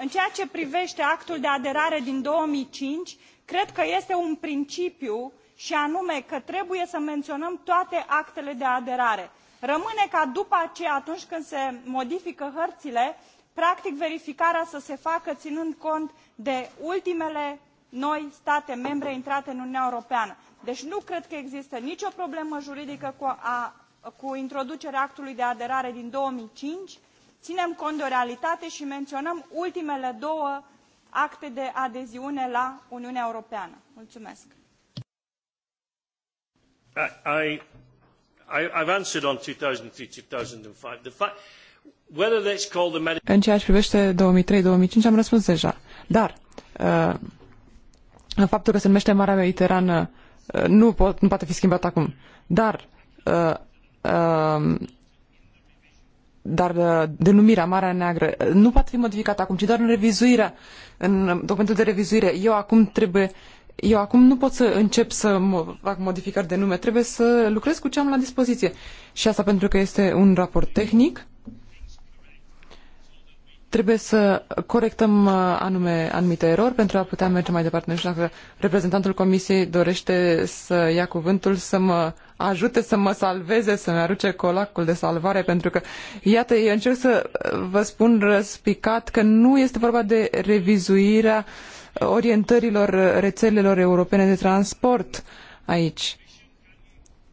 S4: ceea ce privete actul de aderare din două mii cinci cred că este un principiu i anume că trebuie să menionăm toate actele de aderare. rămâne ca după aceea atunci când se modifică hările practic verificarea să se facă ținând cont de ultimele noi state membre intrate în uniunea europeană. deci nu cred că există nicio problemă juridică cu, a, cu introducerea actului de aderare din două mii cinci ținem cont de o realitate și menționăm ultimele două acte de adeziune la uniunea europeană. mulțumesc.
S1: I, I, I've answered on 2003, 2005. The fact,
S3: în ceea ce privește 2003-2005 am răspuns deja. Dar uh, faptul că se numește Marea Mediterană uh, nu, pot, nu poate fi schimbat acum. Dar uh, uh, dar uh, denumirea Marea Neagră uh, nu poate fi modificată acum, ci doar în revizuirea, în documentul de revizuire. Eu acum trebuie eu acum nu pot să încep să fac modificări de nume, trebuie să lucrez cu ce am la dispoziție. Și asta pentru că este un raport tehnic trebuie să corectăm uh, anume, anumite erori pentru a putea merge mai departe. Nu știu dacă reprezentantul comisiei dorește să ia cuvântul, să mă ajute să mă salveze, să-mi aruce colacul de salvare, pentru că, iată, eu încerc să uh, vă spun răspicat că nu este vorba de revizuirea orientărilor rețelelor europene de transport aici.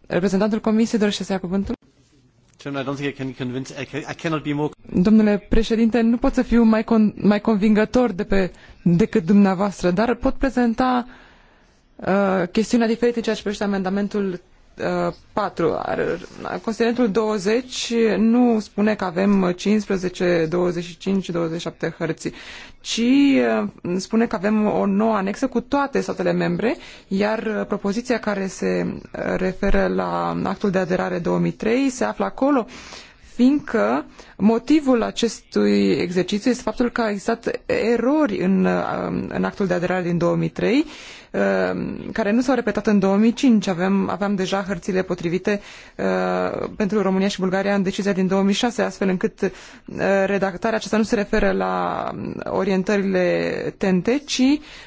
S3: Reprezentantul comisiei dorește să ia cuvântul? Domnule președinte, nu pot să fiu mai, con- mai convingător de pe, decât dumneavoastră, dar pot prezenta uh, chestiunea diferită în ceea ce privește amendamentul 4. Considerentul 20 nu spune că avem 15, 25, 27 hărți, ci eh, spune că avem o nouă anexă cu toate statele membre, iar propoziția care se referă la actul de aderare 2003 se află acolo. Uh, fiindcă motivul acestui exercițiu este faptul că a existat erori în, um, în actul de aderare din 2003, um, care nu s-au repetat în 2005. Aveam, aveam deja hărțile potrivite uh, pentru România și Bulgaria în decizia din 2006, astfel încât uh, redactarea aceasta nu se referă la um, orientările tente, ci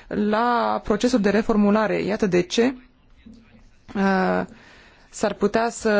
S3: la procesul de reformulare. Iată de ce uh, s-ar putea să,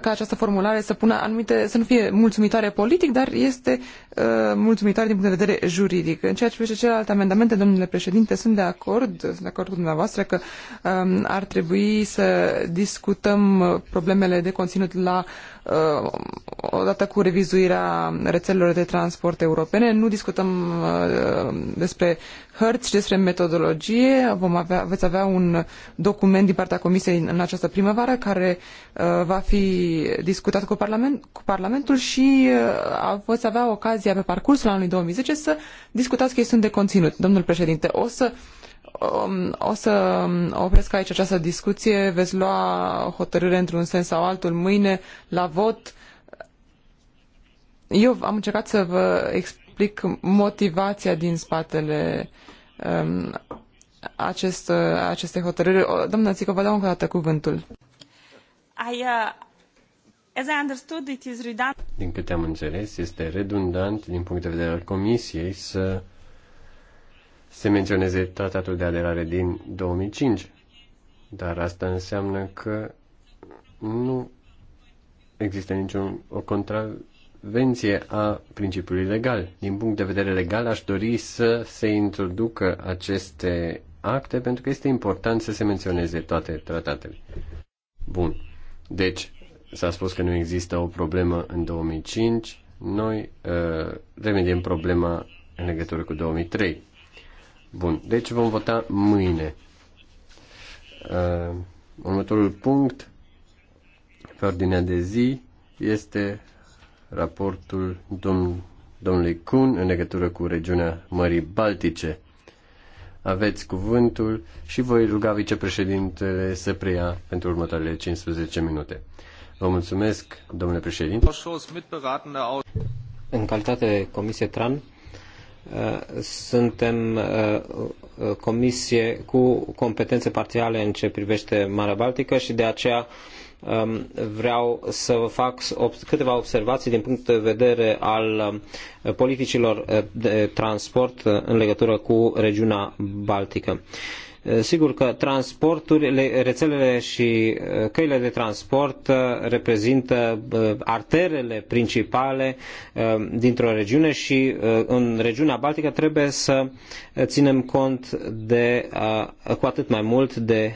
S3: ca această formulare să pună anumite, să nu fie mulțumitoare politic, dar este uh, mulțumitoare din punct de vedere juridic. În ceea ce privește celelalte amendamente, domnule președinte, sunt de acord, sunt de acord cu dumneavoastră că um, ar trebui să discutăm problemele de conținut la uh, odată cu revizuirea rețelelor de transport europene. Nu discutăm uh, despre hărți, despre metodologie. Vom avea, veți avea un document din partea Comisiei în această primăvară care care uh, va fi discutat cu, parlament, cu Parlamentul și uh, avea ocazia pe parcursul anului 2010 să discutați chestiuni de conținut. Domnul președinte, o să um, o să um, opresc aici această discuție. Veți lua hotărâre într-un sens sau altul mâine la vot. Eu am încercat să vă explic motivația din spatele um, acest, uh, acestei hotărâri. Doamna Țică, vă dau încă o dată cuvântul.
S4: I, uh, as I understood, it is redundant.
S3: Din
S2: câte am înțeles, este redundant din punct de vedere al Comisiei să se menționeze tratatul de aderare din 2005. Dar asta înseamnă că nu există niciun o contravenție a principiului legal. Din punct de vedere legal, aș dori să se introducă aceste acte pentru că este important să se menționeze toate tratatele. Bun. Deci, s-a spus că nu există o problemă în 2005, noi uh, remediem problema în legătură cu 2003. Bun, deci vom vota mâine. Uh, următorul punct pe ordinea de zi este raportul domn, domnului Kuhn în legătură cu regiunea Mării Baltice aveți cuvântul și voi ruga vicepreședintele să preia pentru următoarele 15 minute. Vă mulțumesc, domnule președinte. În calitate de Comisie TRAN, uh, suntem uh,
S5: comisie cu competențe parțiale în ce privește Marea Baltică și de aceea Um, vreau să fac câteva observații din punct de vedere al um, politicilor uh, de transport uh, în legătură cu regiunea Baltică. Uh, sigur că transporturile, rețelele și căile de transport reprezintă arterele principale um, dintr-o regiune și în regiunea Baltică trebuie să ținem cont de, cu atât mai mult de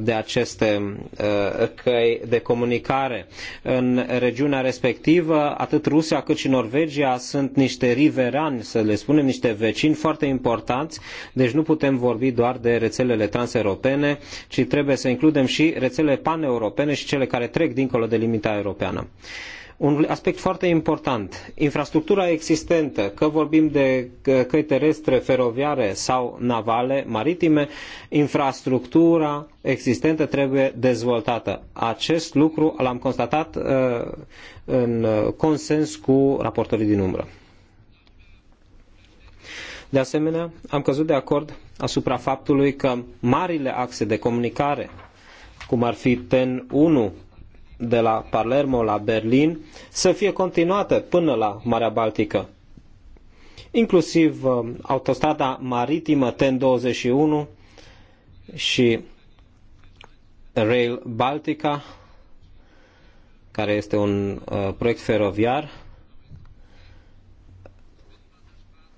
S5: de aceste uh, căi de comunicare. În regiunea respectivă, atât Rusia cât și Norvegia sunt niște riverani, să le spunem, niște vecini foarte importanți, deci nu putem vorbi doar de rețelele transeuropene, ci trebuie să includem și rețelele paneuropene și cele care trec dincolo de limita europeană. Uh, un aspect foarte important. Infrastructura existentă, că vorbim de căi terestre, feroviare sau navale, maritime, infrastructura existentă trebuie dezvoltată. Acest lucru l-am constatat uh, în consens cu raportorii din umbră. De asemenea, am căzut de acord asupra faptului că marile axe de comunicare, cum ar fi TEN 1, de la Palermo la Berlin să fie continuată până la Marea Baltică. Inclusiv uh, autostrada maritimă TEN-21 și Rail Baltica, care este un uh, proiect feroviar,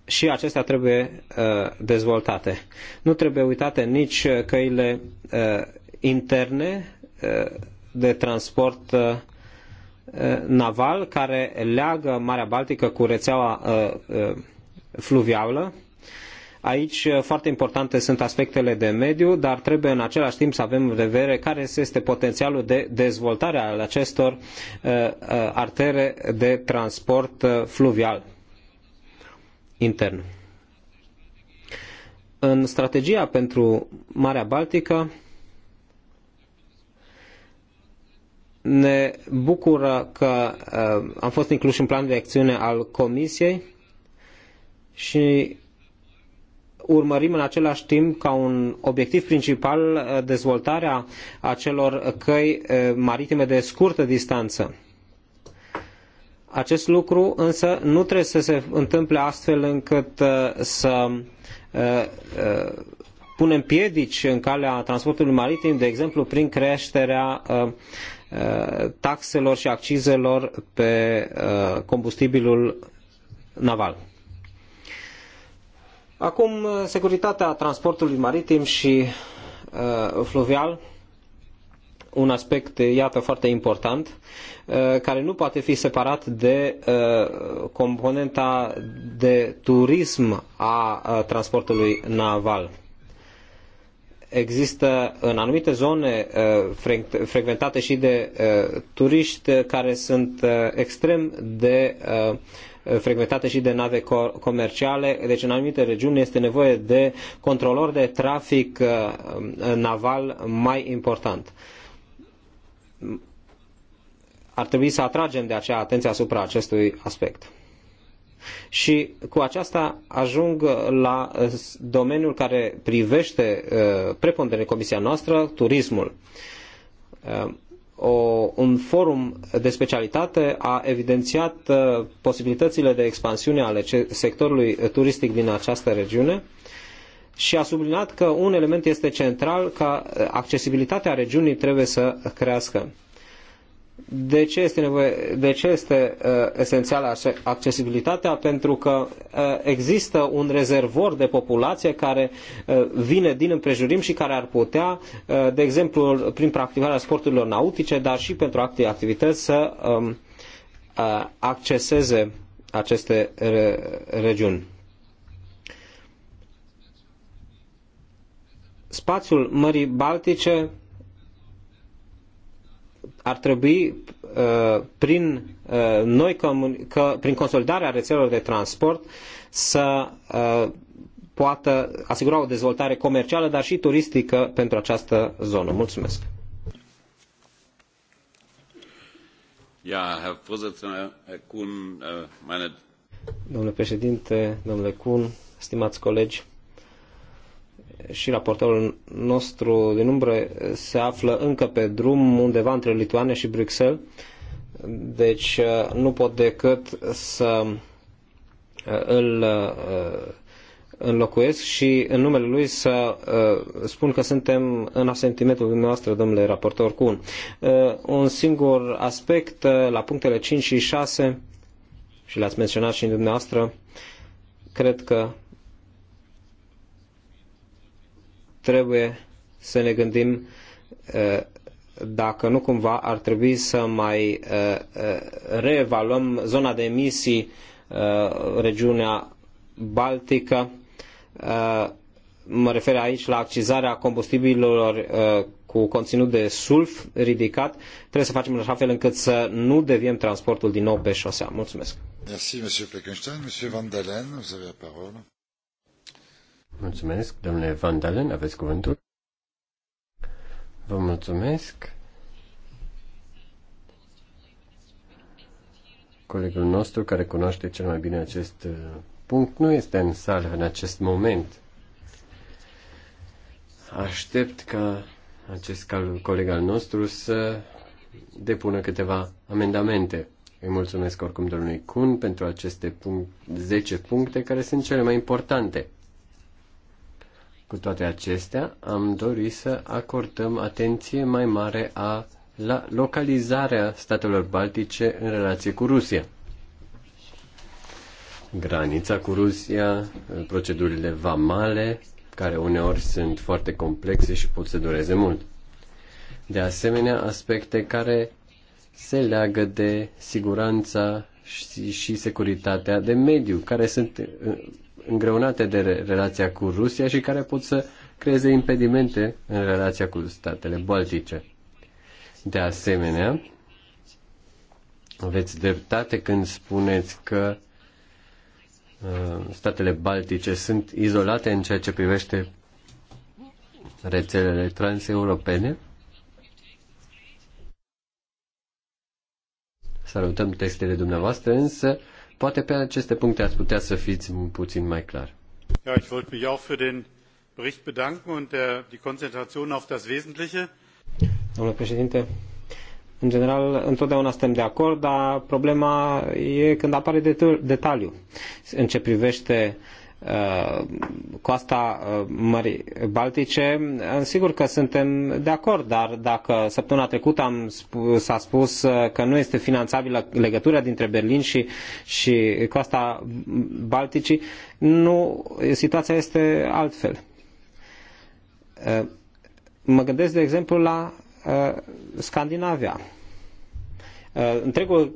S5: și acestea trebuie uh, dezvoltate. Nu trebuie uitate nici uh, căile uh, interne uh, de transport uh, uh, naval care leagă Marea Baltică cu rețeaua uh, fluvială. Aici foarte importante sunt aspectele de mediu, dar trebuie în același timp să avem în vedere care este potențialul de dezvoltare al acestor artere de transport fluvial intern. În strategia pentru Marea Baltică, ne bucură că uh, am fost incluși în planul de acțiune al Comisiei și urmărim în același timp ca un obiectiv principal uh, dezvoltarea acelor căi uh, maritime de scurtă distanță. Acest lucru însă nu trebuie să se întâmple astfel încât să punem piedici în calea transportului maritim, de exemplu prin creșterea Uh, taxelor și accizelor pe uh, combustibilul naval. Acum, uh, securitatea transportului maritim și fluvial, un aspect, iată, foarte important, care nu poate fi separat de componenta de turism a transportului naval Există în anumite zone uh, frecventate și de uh, turiști uh, care sunt extrem de frecventate și de nave comerciale, deci în anumite regiuni este nevoie de controlor de trafic naval mai important ar trebui să atragem de aceea atenția asupra acestui aspect. Și cu aceasta ajung la eh, domeniul care privește eh, preponderent comisia noastră, turismul. Eh, o, un forum de specialitate a evidențiat posibilitățile de expansiune ale sectorului turistic din această regiune și a subliniat că un element este central, că accesibilitatea regiunii trebuie să crească. De ce este, nevoie, de ce este uh, esențială accesibilitatea? Pentru că uh, există un rezervor de populație care uh, vine din împrejurim și care ar putea, uh, de exemplu, prin practicarea sporturilor nautice, dar și pentru alte activități, să um, uh, acceseze aceste re regiuni. Spațiul Mării Baltice ar trebui uh, prin, uh, noi că, prin consolidarea rețelelor de transport să uh, poată asigura o dezvoltare comercială, dar și turistică pentru această zonă. Mulțumesc!
S2: Ja, Herr Vorsitzender, Herr Kuhn, äh, meine...
S5: Domnule președinte, domnule Kuhn, stimați colegi, și raportorul nostru din umbră se află încă pe drum undeva între Lituania și Bruxelles, deci uh, nu pot decât să uh, îl uh, înlocuiesc și în numele lui să spun că suntem în asentimentul dumneavoastră, domnule raportor Cun. Un singur aspect la punctele 5 și 6 și le-ați menționat și dumneavoastră, cred că trebuie să ne gândim uh, dacă nu cumva ar trebui să mai uh, uh, reevaluăm zona de emisii, regiunea Baltică. Mă refer aici la accizarea combustibililor cu conținut de sulf ridicat. Trebuie să facem în așa fel încât să nu deviem transportul din nou pe șosea.
S2: Mulțumesc! Merci, monsieur Fleckenstein. Monsieur Van Dalen, vous avez la parole. Mulțumesc, domnule Van Dalen, aveți cuvântul. Vă mulțumesc. Colegul nostru care cunoaște cel mai bine acest uh, punct nu este în sală în acest moment. Aștept ca acest coleg al nostru să depună câteva amendamente. Îi mulțumesc oricum domnului Kun pentru aceste punct, 10 puncte care sunt cele mai importante. Cu toate acestea, am dorit să acordăm atenție mai mare a la localizarea statelor baltice în relație cu Rusia. Granița cu Rusia, procedurile vamale, care uneori sunt foarte complexe și pot să dureze mult. De asemenea, aspecte care se leagă de siguranța și, și securitatea de mediu, care sunt îngreunate de relația cu Rusia și care pot să creeze impedimente în relația cu statele baltice. De asemenea, aveți dreptate când spuneți că uh, statele baltice sunt izolate în ceea ce privește rețelele transeuropene. Salutăm textele dumneavoastră, însă Poate pe aceste puncte ați putea să fiți puțin mai clar.
S1: Ja, ich wollte mich auch für den Bericht bedanken und der, äh, die Konzentration auf das Wesentliche.
S5: Domnule președinte, în general, întotdeauna suntem de acord, dar problema e când apare detaliu. În ce privește Uh, coasta uh, Mării Baltice, uh, sigur că suntem de acord, dar dacă săptămâna trecută am s-a spus că nu este finanțabilă legătura dintre Berlin și, și coasta Balticii, nu, situația este altfel. Mă gândesc, de exemplu, la Scandinavia. Întregul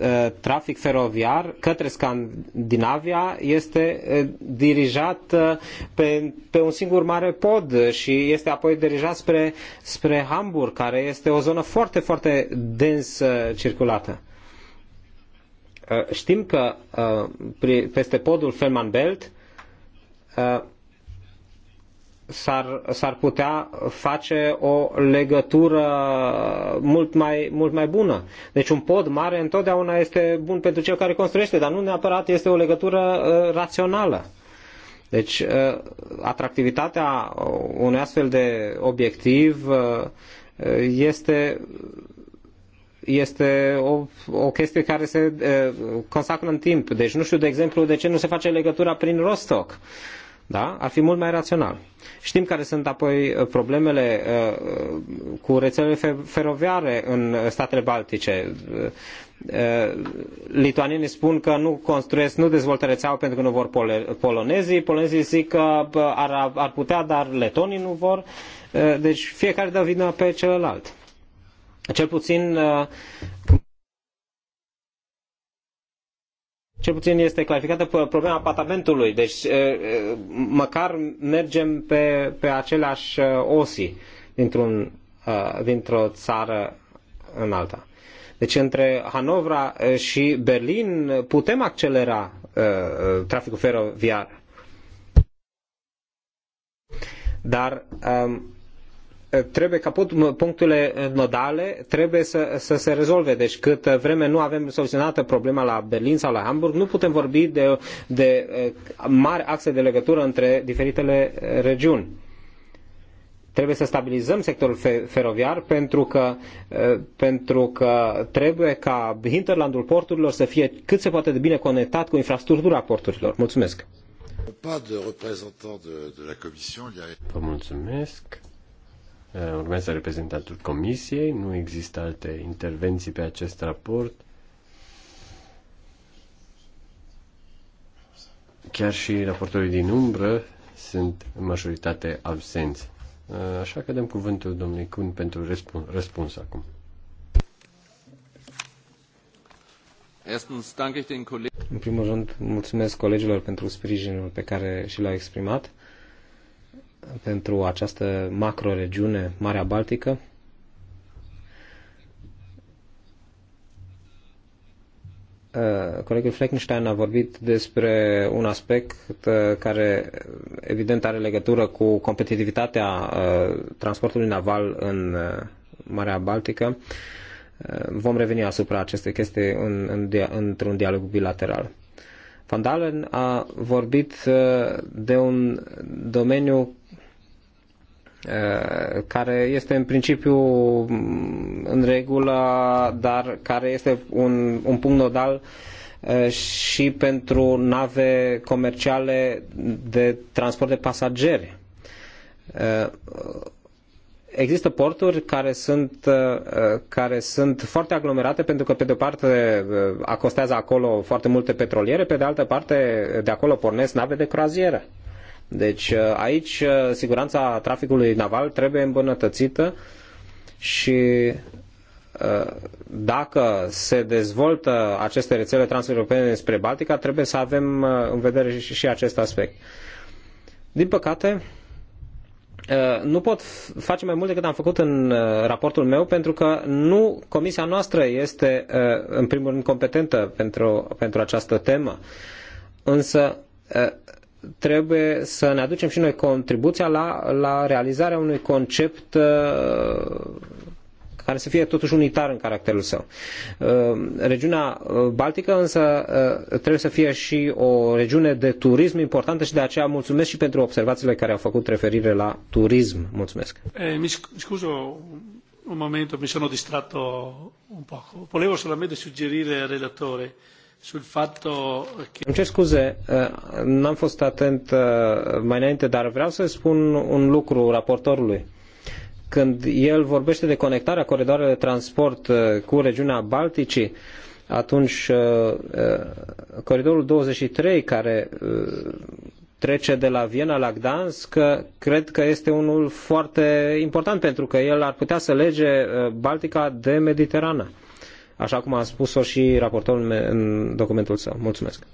S5: Uh, trafic feroviar către Scandinavia este uh, dirijat uh, pe, pe un singur mare pod și este apoi dirijat spre, spre Hamburg, care este o zonă foarte, foarte dens circulată. Știm că peste podul Fehmarn Belt s-ar, s-ar putea face o legătură mult mai, mult mai bună. Deci un pod mare întotdeauna este bun pentru cel care construiește, dar nu neapărat este o legătură uh, rațională. Deci uh, atractivitatea unui astfel de obiectiv uh, este este o, o chestie care se consacră în timp. Deci nu știu, de exemplu, de ce nu se face legătura prin Rostock. Uh, da? Ar fi mult mai rațional. Știm care sunt apoi uh, problemele uh, uh, cu rețelele feroviare în statele baltice. Lituanienii spun că nu construiesc, nu dezvoltă rețeaua pentru că nu vor polonezii, polonezii zic că ar, ar putea, dar letonii nu vor. Deci fiecare dă vina pe celălalt. Cel puțin cel puțin este clarificată problema patamentului, deci măcar mergem pe, pe aceleași osi dintr-un, dintr-o țară în alta. Deci între Hanovra și Berlin putem accelera traficul feroviar. Dar trebuie ca punctele eh, nodale trebuie să, să se rezolve. Deci cât eh, vreme nu avem soluționată problema la Berlin sau la Hamburg, nu putem vorbi de, de eh, mari axe de legătură între diferitele regiuni. Trebuie să stabilizăm sectorul feroviar pentru că, pentru că trebuie ca hinterlandul porturilor să fie cât se poate de bine conectat cu infrastructura porturilor. Mulțumesc!
S2: Vă mulțumesc! Eh, urmează reprezentantul Comisiei. Nu există alte intervenții pe acest raport. Chiar și raportorii din umbră sunt în majoritate absenți. Eh, așa că dăm cuvântul domnului Cun pentru răspuns, răspuns acum.
S5: În primul rând, mulțumesc colegilor pentru sprijinul pe care și l-au exprimat pentru această macroregiune Marea Baltică. Uh, colegul Fleckenstein a vorbit despre un aspect uh, care evident are legătură cu competitivitatea uh, transportului naval în Marea Baltică. Vom reveni asupra acestei chestii în, în, într-un dialog bilateral. Van Dalen a vorbit de un domeniu Eh, care este în principiu mm, în regulă, dar care este un, un punct nodal eh, și pentru nave comerciale de transport de pasageri. Eh, există porturi care sunt, care sunt foarte aglomerate pentru că, pe de o parte, acostează acolo foarte multe petroliere, pe de altă parte, de acolo pornesc nave de croazieră. Uh, deci uh, aici uh, siguranța traficului naval trebuie îmbunătățită și uh, dacă se dezvoltă aceste rețele transeuropene spre Baltica, trebuie să avem în vedere și acest aspect. Din păcate, nu pot face mai mult decât am făcut în raportul meu, pentru că nu comisia noastră este, în primul rând, competentă pentru, pentru această temă. Însă, trebuie să ne aducem și noi contribuția la, la realizarea unui concept uh, care să fie totuși unitar în caracterul său. Uh, regiunea uh, Baltică însă trebuie să fie și o regiune de turism importantă și de aceea mulțumesc și pentru observațiile care au făcut referire la turism. Mulțumesc.
S1: Eh, mi un momento, mi sono distratto un poco. Volevo solamente suggerire al relatore sul fatto che...
S5: Îmi cer scuze, uh, n-am fost atent uh, mai înainte, dar vreau să spun un lucru raportorului. Când el vorbește de conectarea coridoarelor de transport uh, cu regiunea Balticii, atunci coridorul 23 care trece de la Viena la Gdansk, cred că este unul foarte important pentru că el ar putea să lege Baltica de Mediterana așa cum a spus-o și raportorul în documentul său. Mulțumesc!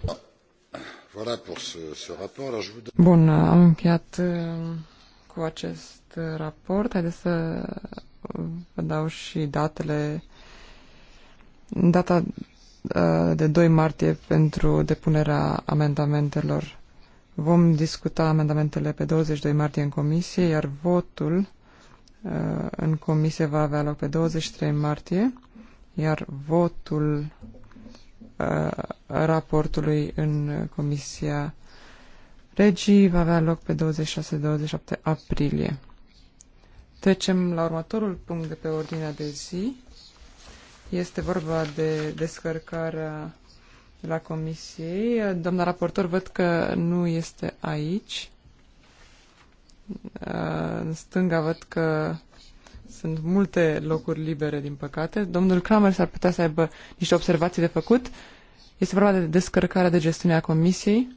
S5: Bun, am încheiat
S3: uh, cu acest raport. Haideți să vă dau și datele. Data uh, de 2 martie pentru depunerea amendamentelor. Vom discuta amendamentele pe 22 martie în comisie, iar votul uh, în comisie va avea loc pe 23 martie iar votul uh, raportului în Comisia Regii va avea loc pe 26-27 aprilie. Trecem la următorul punct de pe ordinea de zi. Este vorba de descărcarea la Comisiei. Doamna raportor, văd că nu este aici. În stânga văd că sunt multe locuri libere, din păcate. Domnul Kramer s-ar putea să aibă niște observații de făcut. Este vorba de descărcarea de gestiune a comisiei.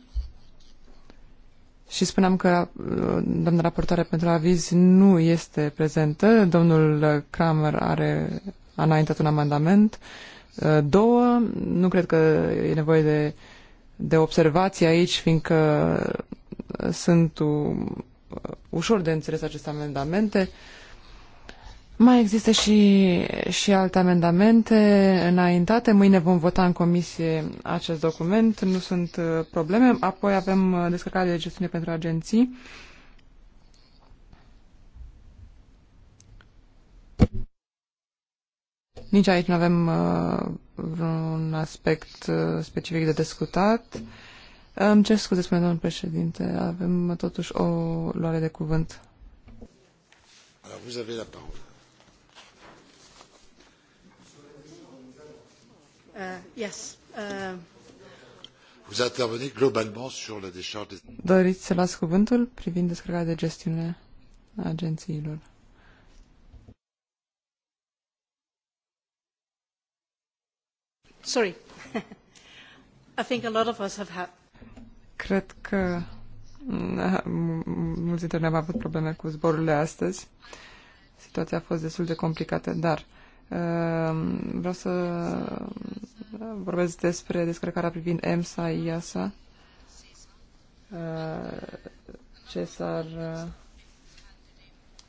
S3: Și spuneam că uh, doamna raportoare pentru aviz nu este prezentă. Domnul Kramer are a înaintat un amendament. Uh, două, nu cred că e nevoie de, de observații aici, fiindcă sunt ușor de înțeles aceste amendamente. Uh, mai există și, și alte amendamente înaintate. Mâine vom vota în comisie acest document. Nu sunt uh, probleme. Apoi avem uh, descărcarea de gestiune pentru agenții. Nici aici nu avem uh, aspect uh, specific de discutat. Îmi cer scuze, spune domnul președinte, avem uh, totuși o luare de cuvânt.
S2: Alors, vous avez la parole.
S1: Uh, uh,
S4: Vous intervenez globalement sur la décharge des...
S3: Doriți să las cuvântul privind descărcarea de gestiune a agențiilor.
S5: Sorry.
S1: I think a lot of us have had...
S3: Cred că mm, mulți dintre noi am avut probleme cu zborurile astăzi. Situația a fost destul de complicată, dar Ehm, vreau să vorbesc despre descărcarea privind EMSA, IASA, ehm, CESAR,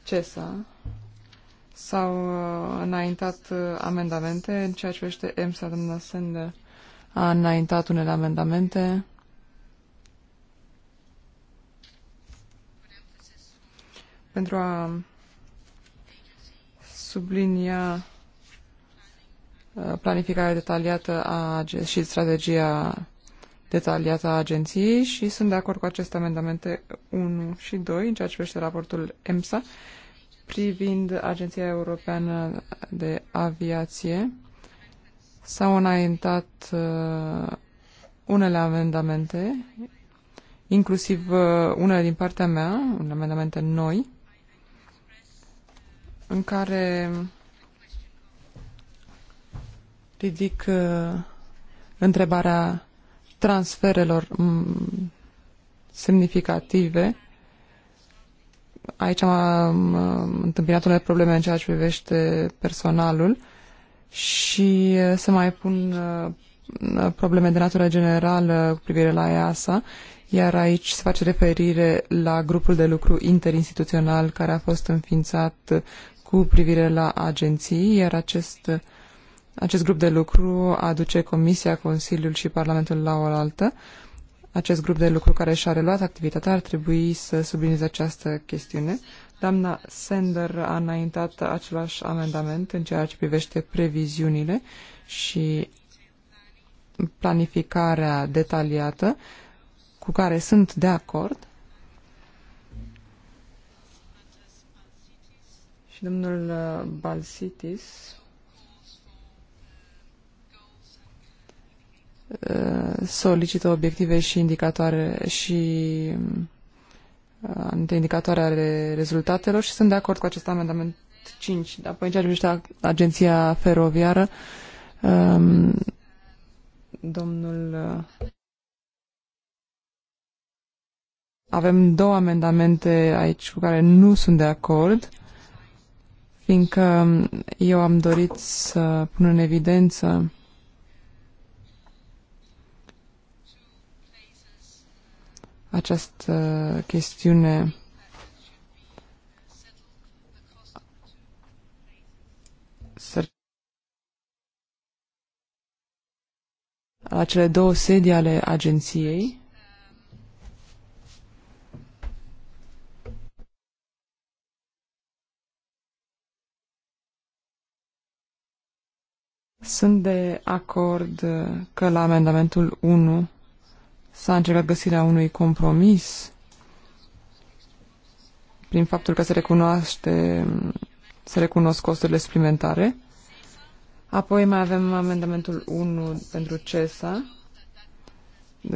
S3: CESA. S-au uh, înaintat uh, amendamente în ceea ce vește EMSA, doamna Sender, a înaintat unele amendamente. pentru a sublinia planificarea detaliată a, și strategia detaliată a agenției și sunt de acord cu aceste amendamente 1 și 2 în ceea ce privește raportul EMSA privind Agenția Europeană de Aviație. S-au înaintat uh, unele amendamente, inclusiv uh, unele din partea mea, un amendamente noi, în care ridic uh, întrebarea transferelor semnificative. Aici am întâmpinat unele probleme în ceea ce privește personalul și uh, se mai pun uh, probleme de natură generală cu privire la EASA, iar aici se face referire la grupul de lucru interinstituțional care a fost înființat cu privire la agenții, iar acest acest grup de lucru aduce Comisia, Consiliul și Parlamentul la oaltă. Acest grup de lucru care și-a reluat activitatea ar trebui să sublinieze această chestiune. Doamna Sender a înaintat același amendament în ceea ce privește previziunile și planificarea detaliată cu care sunt de acord. Și domnul uh, Balsitis solicită obiective și indicatoare și uh, anumite indicatoare ale rezultatelor și sunt de acord cu acest amendament 5. Apoi în ceea ce privește agenția feroviară, um, domnul... Uh, avem două amendamente aici cu care nu sunt de acord, fiindcă um, eu am dorit să pun în evidență această chestiune la cele două sedi ale agenției. Sunt de acord că la amendamentul 1 s-a încercat găsirea unui compromis prin faptul că se recunoaște, se recunosc costurile suplimentare. Apoi mai avem amendamentul 1 pentru CESA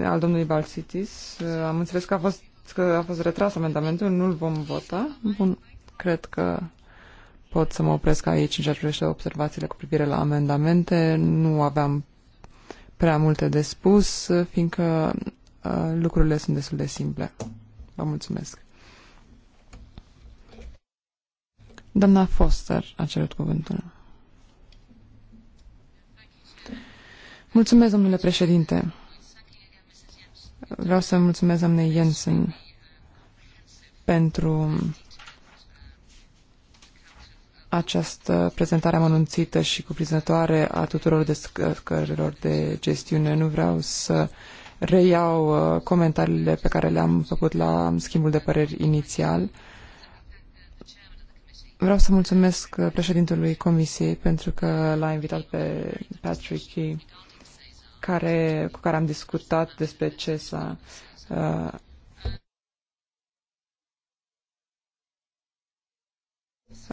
S3: al domnului Balsitis. Uh, am înțeles că a fost, că a fost retras amendamentul, nu-l vom vota. Bun, cred că pot să mă opresc aici în ceea ce privește observațiile cu privire la amendamente. Nu aveam prea multe de spus, fiindcă uh, lucrurile sunt destul de simple. Vă mulțumesc. Doamna Foster a cerut cuvântul. Mulțumesc, domnule președinte. Vreau să mulțumesc doamnei Jensen pentru această prezentare amănunțită și cuprinzătoare a tuturor descărcărilor de gestiune. Nu vreau să reiau uh, comentariile pe care le-am făcut la schimbul de păreri inițial. Vreau să mulțumesc uh, președintelui Comisiei pentru că l-a invitat pe Patrick Key, care, cu care am discutat despre CESA uh,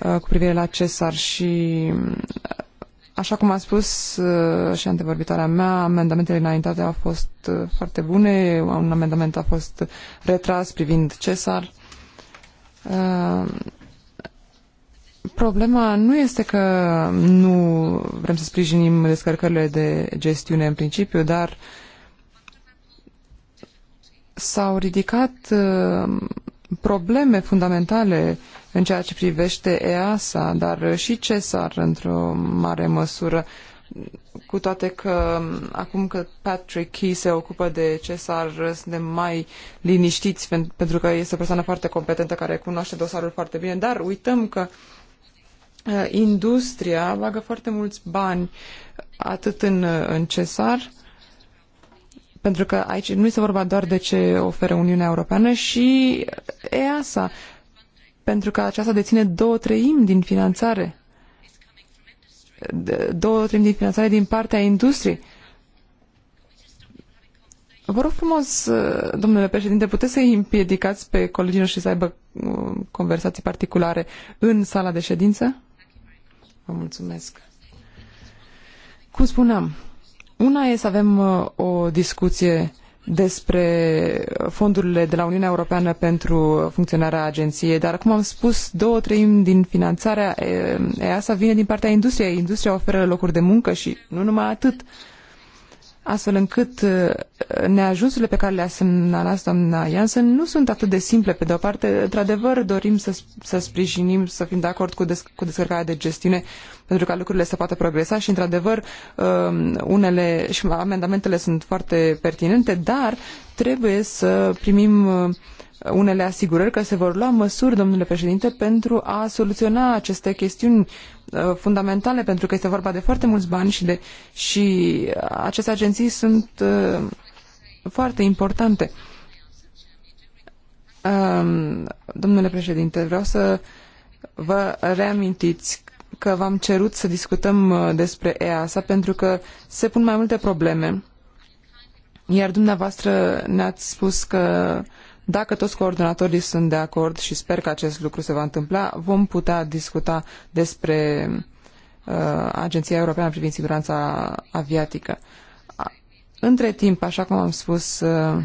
S3: Uh, cu privire la Cesar și uh, Așa cum a spus uh, și antevorbitoarea mea, amendamentele înaintate au fost foarte bune, un amendament a fost retras privind Cesar. Problema nu este că nu vrem să sprijinim descărcările de gestiune în principiu, dar s-au ridicat probleme fundamentale în ceea ce privește EASA, dar și CESAR într-o mare măsură. Cu toate că um, acum că Patrick Key se ocupă de CESAR, suntem mai liniștiți pentru că este o persoană foarte competentă care cunoaște dosarul foarte bine, dar uităm că uh, industria bagă foarte mulți bani uh, atât în, uh, în CESAR pentru că aici nu este vorba doar de ce oferă Uniunea Europeană și EASA, pentru că aceasta deține două treimi din finanțare. Două treimi din finanțare din partea industriei. Vă rog frumos, domnule președinte, puteți să-i împiedicați pe colegii noștri să aibă uh, conversații particulare în sala de ședință? Vă mulțumesc. Cum spuneam, una e să avem uh, o discuție despre uh, fondurile de la Uniunea Europeană pentru funcționarea agenției, dar cum am spus, două treimi din finanțarea uh, EASA vine din partea industriei. Industria oferă locuri de muncă și nu numai atât astfel încât uh, neajunsurile pe care le-a semnalat doamna Jansen nu sunt atât de simple. Pe de o parte, într-adevăr, dorim să, să sprijinim, să fim de acord cu, desc- cu descărcarea de gestiune pentru ca lucrurile să poată progresa și, într-adevăr, um, unele și amendamentele sunt foarte pertinente, dar trebuie să primim uh, unele asigurări că se vor lua măsuri, domnule președinte, pentru a soluționa aceste chestiuni uh, fundamentale, pentru că este vorba de foarte mulți bani și, de, și uh, aceste agenții sunt uh, foarte importante. Um, domnule președinte, vreau să vă reamintiți că v-am cerut să discutăm despre EASA pentru că se pun mai multe probleme, iar dumneavoastră ne-ați spus că uh, dacă toți coordonatorii sunt de acord și sper că acest lucru se va întâmpla, vom putea discuta despre uh, Agenția Europeană privind siguranța aviatică. Între timp, așa cum am spus, uh,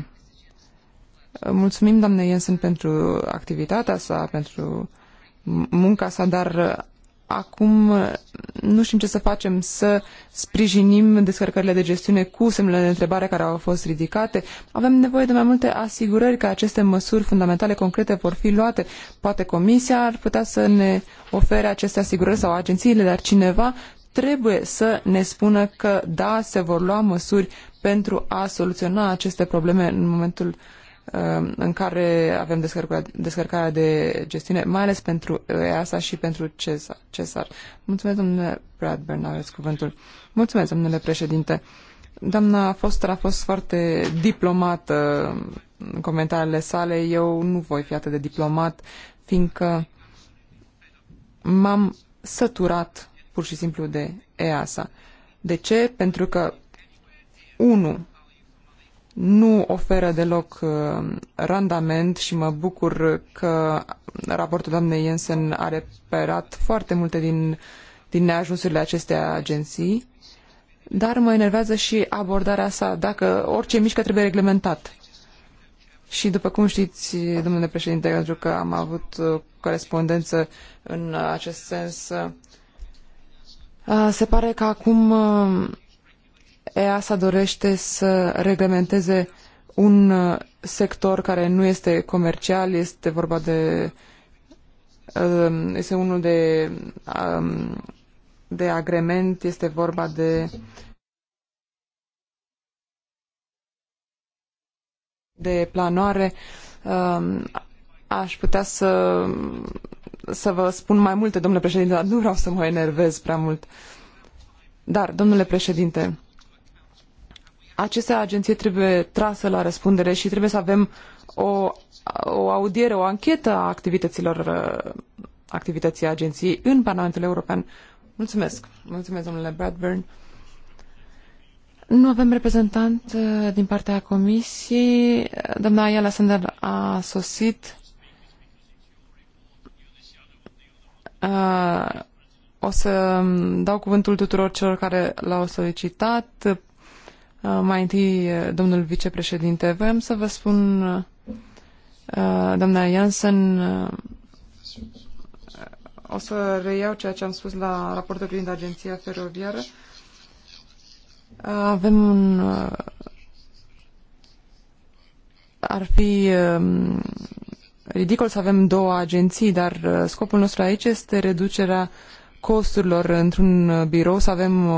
S3: mulțumim doamnei Jensen pentru activitatea sa, pentru munca sa, dar acum nu știm ce să facem, să sprijinim descărcările de gestiune cu semnele de întrebare care au fost ridicate. Avem nevoie de mai multe asigurări că aceste măsuri fundamentale concrete vor fi luate. Poate Comisia ar putea să ne ofere aceste asigurări sau agențiile, dar cineva trebuie să ne spună că da, se vor lua măsuri pentru a soluționa aceste probleme în momentul Um, în care avem descărcarea, de gestiune, mai ales pentru EASA și pentru CESAR. CESAR. Mulțumesc, domnule Bradburn, aveți cuvântul. Mulțumesc, domnule președinte. Doamna Foster a fost foarte diplomată în comentariile sale. Eu nu voi fi atât de diplomat, fiindcă m-am săturat pur și simplu de EASA. De ce? Pentru că, unu, nu oferă deloc uh, randament și mă bucur că raportul doamnei Jensen a reperat foarte multe din, din neajunsurile acestei agenții, dar mă enervează și abordarea sa, dacă orice mișcă trebuie reglementat. Și după cum știți, domnule președinte, pentru că am avut uh, corespondență în acest sens, uh, se pare că acum EASA dorește să reglementeze un uh, sector care nu este comercial, este vorba de um, este unul de um, de agrement, este vorba de de planoare. Um, aș putea să să vă spun mai multe, domnule președinte, dar nu vreau să mă enervez prea mult. Dar, domnule președinte, aceste agenții trebuie trase la răspundere și trebuie să avem o, o audiere, o anchetă a activităților uh, activității agenției în Parlamentul European. Mulțumesc. Mulțumesc, domnule Bradburn. Nu avem reprezentant uh, din partea comisiei. Doamna Ayala Sander a sosit. Uh, o să dau cuvântul tuturor celor care l-au solicitat. Uh, mai întâi, uh, domnul vicepreședinte, voiam să vă spun, uh, doamna janssen o să reiau ceea ce am spus la raportul privind agenția feroviară. Avem un... Ar fi um, ridicol să avem două agenții, dar scopul nostru aici este reducerea costurilor într-un birou, să avem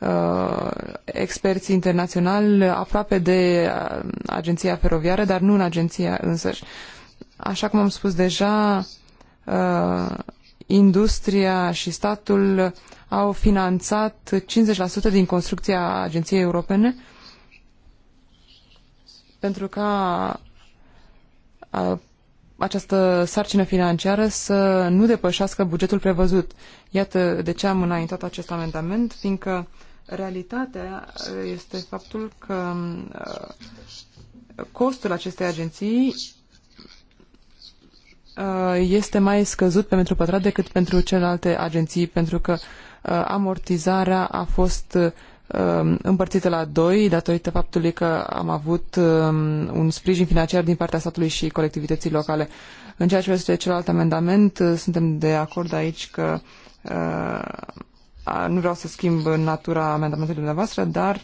S3: uh, experți internaționali aproape de uh, agenția feroviară, dar nu în agenția însăși. Așa cum am spus deja, uh, industria și statul au finanțat 50% din construcția agenției europene pentru ca uh, această sarcină financiară să nu depășească bugetul prevăzut. Iată de ce am înaintat acest amendament, fiindcă uh, Realitatea uh, este faptul că uh, costul acestei agenții uh, este mai scăzut pe metru pătrat decât pentru celelalte agenții, pentru că amortizarea a fost um, împărțită la doi datorită faptului că am avut um, un sprijin financiar din partea statului și colectivității locale. În ceea ce privește celălalt amendament, suntem de acord aici că nu vreau să schimb natura amendamentului dumneavoastră, dar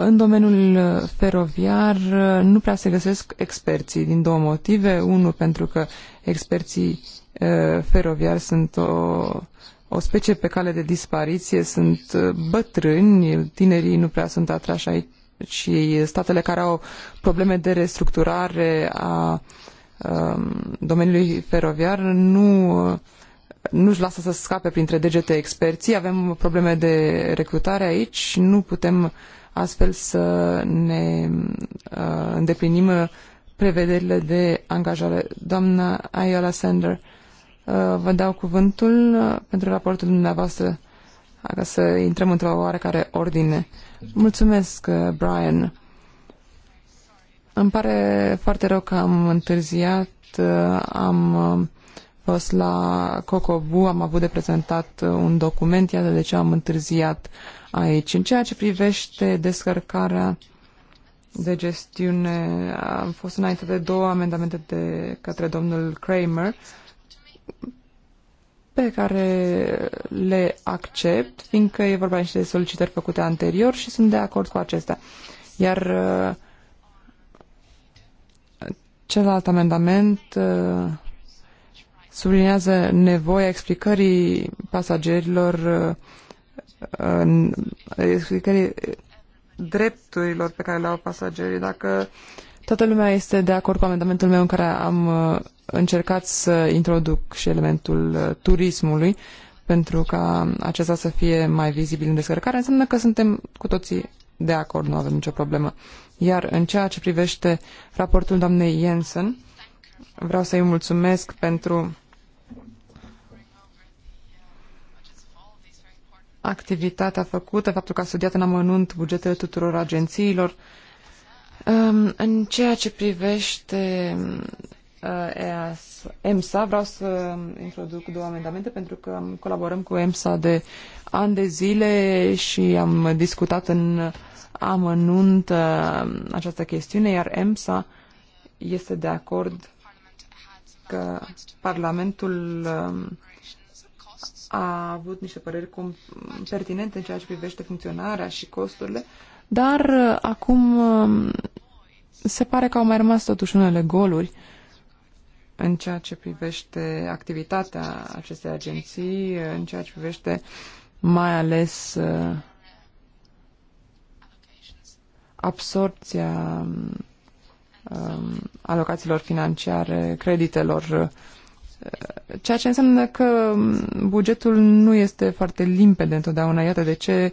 S3: în domeniul feroviar nu prea se găsesc experții din două motive. Unul pentru că experții feroviari sunt o, o specie pe cale de dispariție, sunt bătrâni, tinerii nu prea sunt atrași aici și statele care au probleme de restructurare a, a domeniului feroviar nu nu-și lasă să scape printre degete experții, avem probleme de recrutare aici, nu putem astfel să ne uh, îndeplinim prevederile de angajare. Doamna Ayala Sander, uh, vă dau cuvântul uh, pentru raportul dumneavoastră ca să intrăm într-o oarecare ordine. Mulțumesc, uh, Brian. Îmi pare foarte rău că am întârziat, uh, am fost la Cocobu, am avut de prezentat uh, un document, iată de ce am întârziat aici. În ceea ce privește descărcarea de gestiune, am fost înainte de două amendamente de către domnul Kramer, pe care le accept, fiindcă e vorba niște solicitări făcute anterior și sunt de acord cu acestea. Iar uh, celălalt amendament uh, sublinează nevoia explicării pasagerilor uh, uh, explicării drepturilor pe care le au pasagerii. Dacă toată lumea este de acord cu amendamentul meu în care am uh, încercat să introduc și elementul turismului pentru ca acesta să fie mai vizibil în descărcare, înseamnă că suntem cu toții de acord, nu avem nicio problemă. Iar în ceea ce privește raportul doamnei Jensen, vreau să-i mulțumesc pentru activitatea făcută, faptul că a studiat în amănunt bugetele tuturor agențiilor. Um, în ceea ce privește uh, EMSA, vreau să introduc două amendamente pentru că colaborăm cu EMSA de ani de zile și am discutat în amănunt uh, această chestiune, iar EMSA este de acord că Parlamentul um, a avut niște păreri pertinente în ceea ce privește funcționarea și costurile, dar uh, acum um, se pare că au mai rămas totuși unele goluri în ceea ce privește activitatea acestei agenții, uh, în ceea ce privește mai ales uh, absorpția um, um, alocațiilor financiare, creditelor Ceea ce înseamnă că bugetul nu este foarte limpede întotdeauna. Iată de ce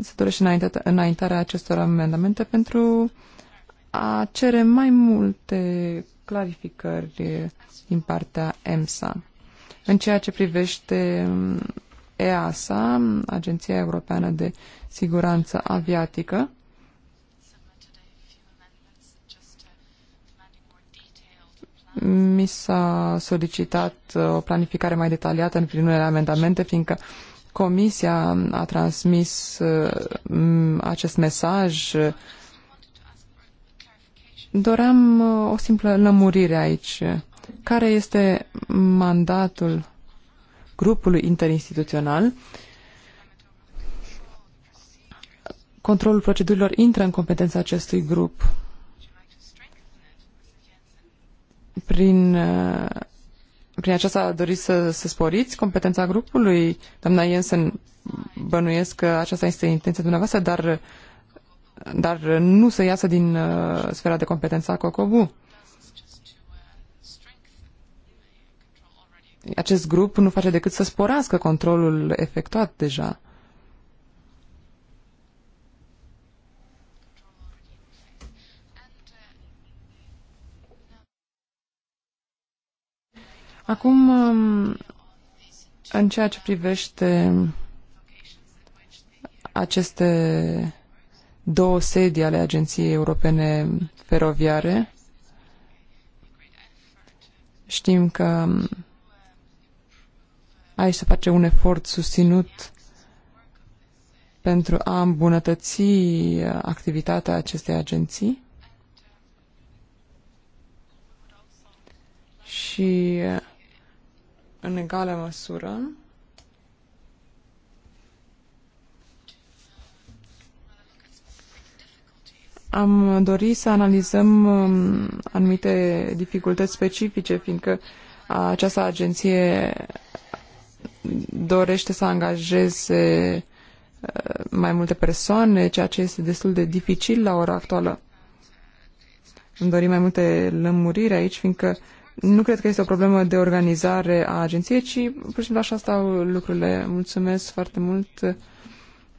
S3: se dorește înaintarea acestor amendamente pentru a cere mai multe clarificări din partea EMSA. În ceea ce privește EASA, Agenția Europeană de Siguranță Aviatică, mi s-a solicitat uh, o planificare mai detaliată în primul unele amendamente, fiindcă Comisia a transmis uh, acest mesaj. Doream uh, o simplă lămurire aici. Care este mandatul grupului interinstituțional? Controlul procedurilor intră în competența acestui grup prin, uh, prin aceasta doriți să, să sporiți competența grupului? Doamna Jensen, bănuiesc că aceasta este intenția dumneavoastră, dar, dar nu să iasă din uh, sfera de competență a COCOBU. Acest grup nu face decât să sporească controlul efectuat deja. Acum, um, în ceea ce privește aceste două sedii ale Agenției Europene Feroviare, știm că um, aici se face un efort susținut pentru a îmbunătăți uh, activitatea acestei agenții și uh, în egală măsură am dorit să analizăm um, anumite dificultăți specifice, fiindcă această agenție dorește să angajeze uh, mai multe persoane, ceea ce este destul de dificil la ora actuală. Îmi dorim mai multe lămuriri aici, fiindcă uh, nu cred că este o problemă de organizare a agenției, ci pur și simplu așa stau lucrurile. Mulțumesc foarte mult.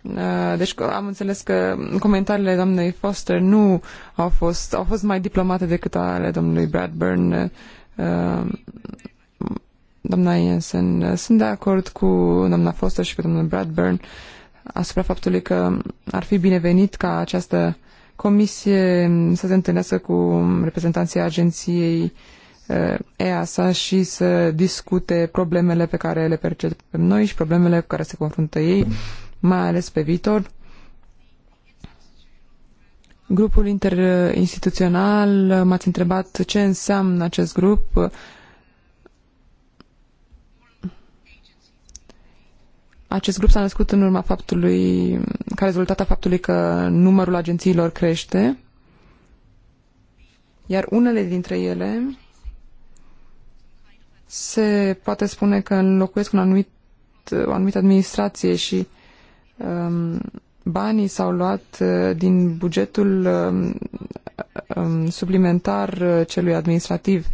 S3: Uh, deci am înțeles că comentariile doamnei Foster nu au fost, au fost mai diplomate decât ale domnului Bradburn. Uh, doamna Jensen, uh, sunt de acord cu doamna Foster și cu domnul Bradburn asupra faptului că ar fi binevenit ca această comisie să se întâlnească cu reprezentanții agenției uh, Uh, EASA și să discute problemele pe care le percepem noi și problemele cu care se confruntă ei, mai ales pe viitor. Grupul interinstituțional, m-ați întrebat ce înseamnă acest grup. Acest grup s-a născut în urma faptului, ca rezultat a faptului că numărul agențiilor crește, iar unele dintre ele se poate spune că înlocuiesc un anumit, o anumită administrație și um, banii s-au luat uh, din bugetul um, um, suplimentar uh, celui administrativ.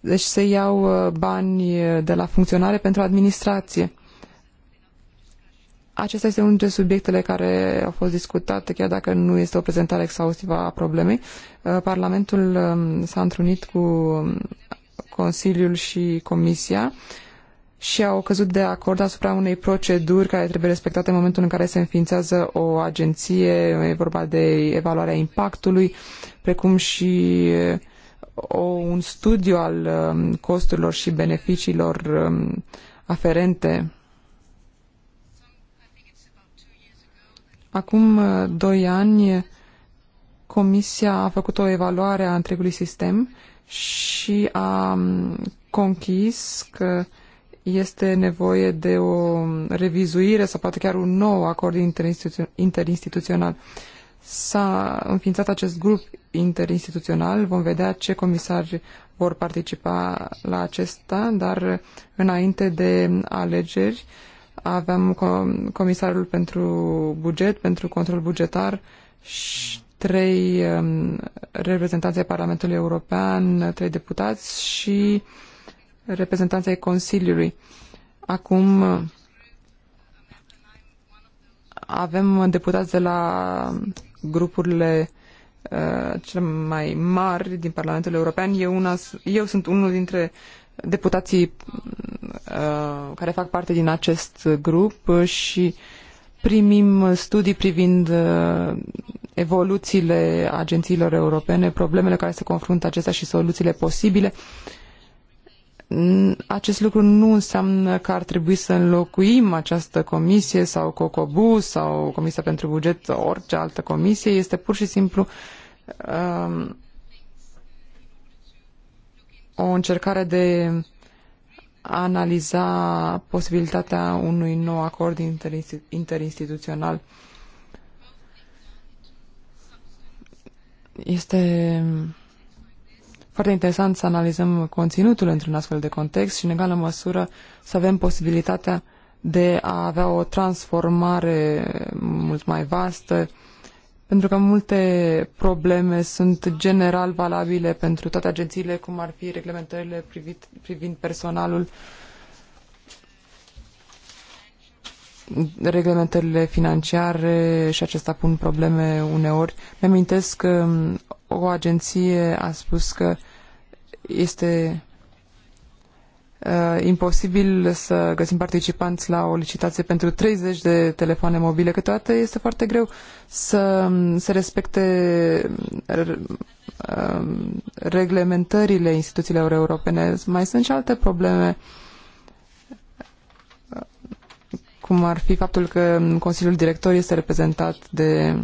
S3: Deci se iau uh, bani uh, de la funcționare pentru administrație. Acesta este unul dintre subiectele care au fost discutate, chiar dacă nu este o prezentare exhaustivă a problemei. Uh, Parlamentul um, s-a întrunit cu um, Consiliul și Comisia și au căzut de acord asupra unei proceduri care trebuie respectate în momentul în care se înființează o agenție, e vorba de evaluarea impactului, precum și o, un studiu al um, costurilor și beneficiilor aferente Acum uh, doi ani, Comisia a făcut o evaluare a întregului sistem și a um, conchis că este nevoie de o revizuire sau poate chiar un nou acord interinstituțional. S-a înființat acest grup interinstituțional, vom vedea ce comisari vor participa la acesta, dar înainte de alegeri Aveam comisarul pentru buget, pentru control bugetar și trei um, reprezentanți ai Parlamentului European, trei deputați și reprezentanți ai Consiliului. Acum avem deputați de la grupurile uh, cele mai mari din Parlamentul European. Eu, una, eu sunt unul dintre deputații uh, care fac parte din acest grup și primim studii privind uh, evoluțiile agențiilor europene, problemele care se confruntă acestea și soluțiile posibile. Acest lucru nu înseamnă că ar trebui să înlocuim această comisie sau COCOBU sau Comisia pentru Buget, orice altă comisie. Este pur și simplu uh, o încercare de a analiza posibilitatea unui nou acord interinstituțional. Este foarte interesant să analizăm conținutul într-un astfel de context și, în egală măsură, să avem posibilitatea de a avea o transformare mult mai vastă pentru că multe probleme sunt general valabile pentru toate agențiile, cum ar fi reglementările privit, privind personalul, reglementările financiare și acestea pun probleme uneori. Mi-amintesc că um, o agenție a spus că este Uh, imposibil să găsim participanți la o licitație pentru 30 de telefoane mobile. Câteodată este foarte greu să um, se respecte um, um, reglementările instituțiilor europene. Mai sunt și alte probleme uh, cum ar fi faptul că Consiliul Director este reprezentat de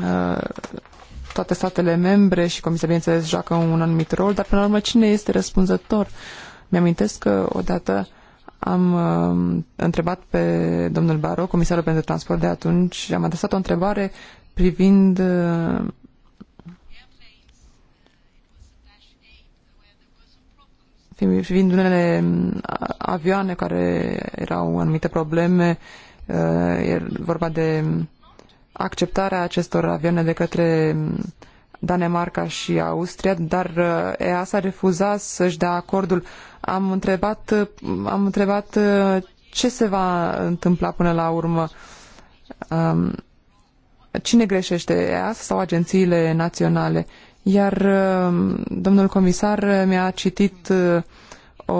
S3: uh, toate statele membre și Comisia, bineînțeles, joacă un anumit rol, dar, până la urmă, cine este răspunzător uh, mi-amintesc că odată am uh, întrebat pe domnul Baro, comisarul pentru transport de atunci, am adresat o întrebare privind uh, privind unele uh, avioane care erau anumite probleme, uh, e vorba de acceptarea acestor avioane de către Danemarca și Austria, dar uh, EASA refuza să-și dea acordul. Am întrebat, uh, am întrebat uh, ce se va întâmpla până la urmă. Um, cine greșește, EASA sau agențiile naționale? Iar domnul comisar mi-a citit o,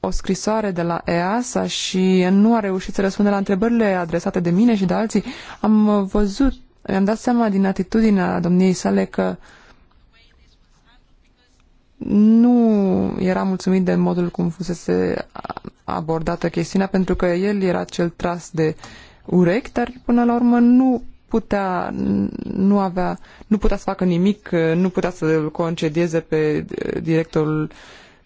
S3: o scrisoare de la EASA și nu a reușit să răspundă la întrebările adresate de mine și de alții. Am văzut am dat seama din atitudinea domniei sale că nu era mulțumit de modul cum fusese abordată chestiunea, pentru că el era cel tras de urechi, dar până la urmă nu putea, nu avea, nu putea să facă nimic, nu putea să îl concedieze pe eh, directorul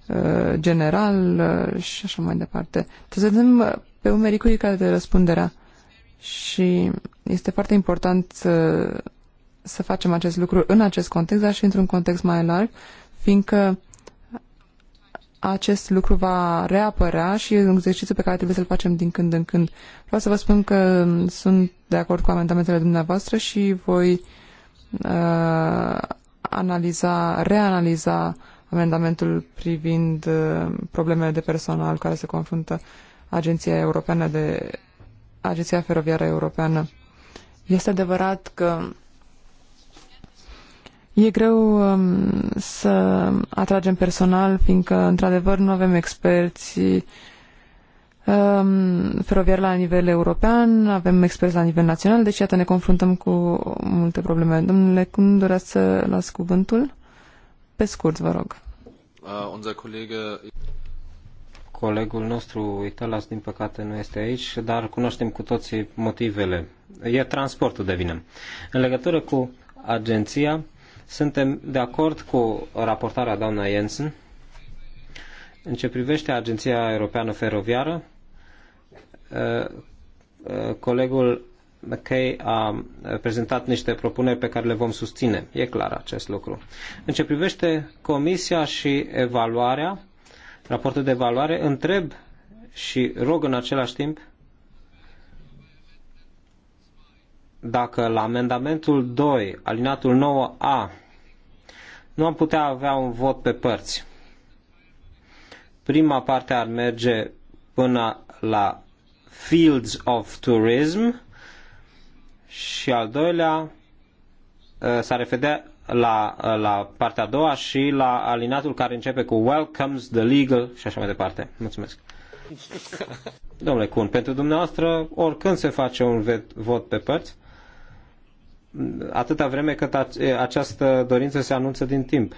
S3: eh, general eh, și așa mai departe. Trebuie să vedem pe umerii care de răspunderea și este foarte important să, să facem acest lucru în acest context, dar și într-un context mai larg, fiindcă acest lucru va reapărea și e un exercițiu pe care trebuie să-l facem din când în când. Vreau să vă spun că sunt de acord cu amendamentele dumneavoastră și voi uh, analiza, reanaliza amendamentul privind uh, problemele de personal care se confruntă Agenția Europeană de Agenția Feroviară Europeană. Este adevărat că e greu um, să atragem personal, fiindcă, într-adevăr, nu avem experți um, feroviari la nivel european, avem experți la nivel național, deci iată ne confruntăm cu multe probleme. Domnule, cum doreați să las cuvântul? Pe scurt, vă rog. Uh,
S5: Colegul nostru, Italas, din păcate nu este aici, dar cunoaștem cu toții motivele. E transportul de vină. În legătură cu agenția, suntem de acord cu raportarea doamna Jensen în ce privește Agenția Europeană Feroviară. Eh, eh, colegul McKay a prezentat niște propuneri pe care le vom susține. E clar acest lucru. În ce privește comisia și evaluarea, raportul de valoare, întreb și rog în același timp dacă la amendamentul 2, alinatul 9A, nu am putea avea un vot pe părți. Prima parte ar merge până la Fields of Tourism și al doilea uh, s-ar la, la partea a doua și la alinatul care începe cu Welcomes the Legal și așa mai departe. Mulțumesc. Domnule Cun, pentru dumneavoastră, oricând se face un vot pe părți, atâta vreme cât această dorință se anunță din timp.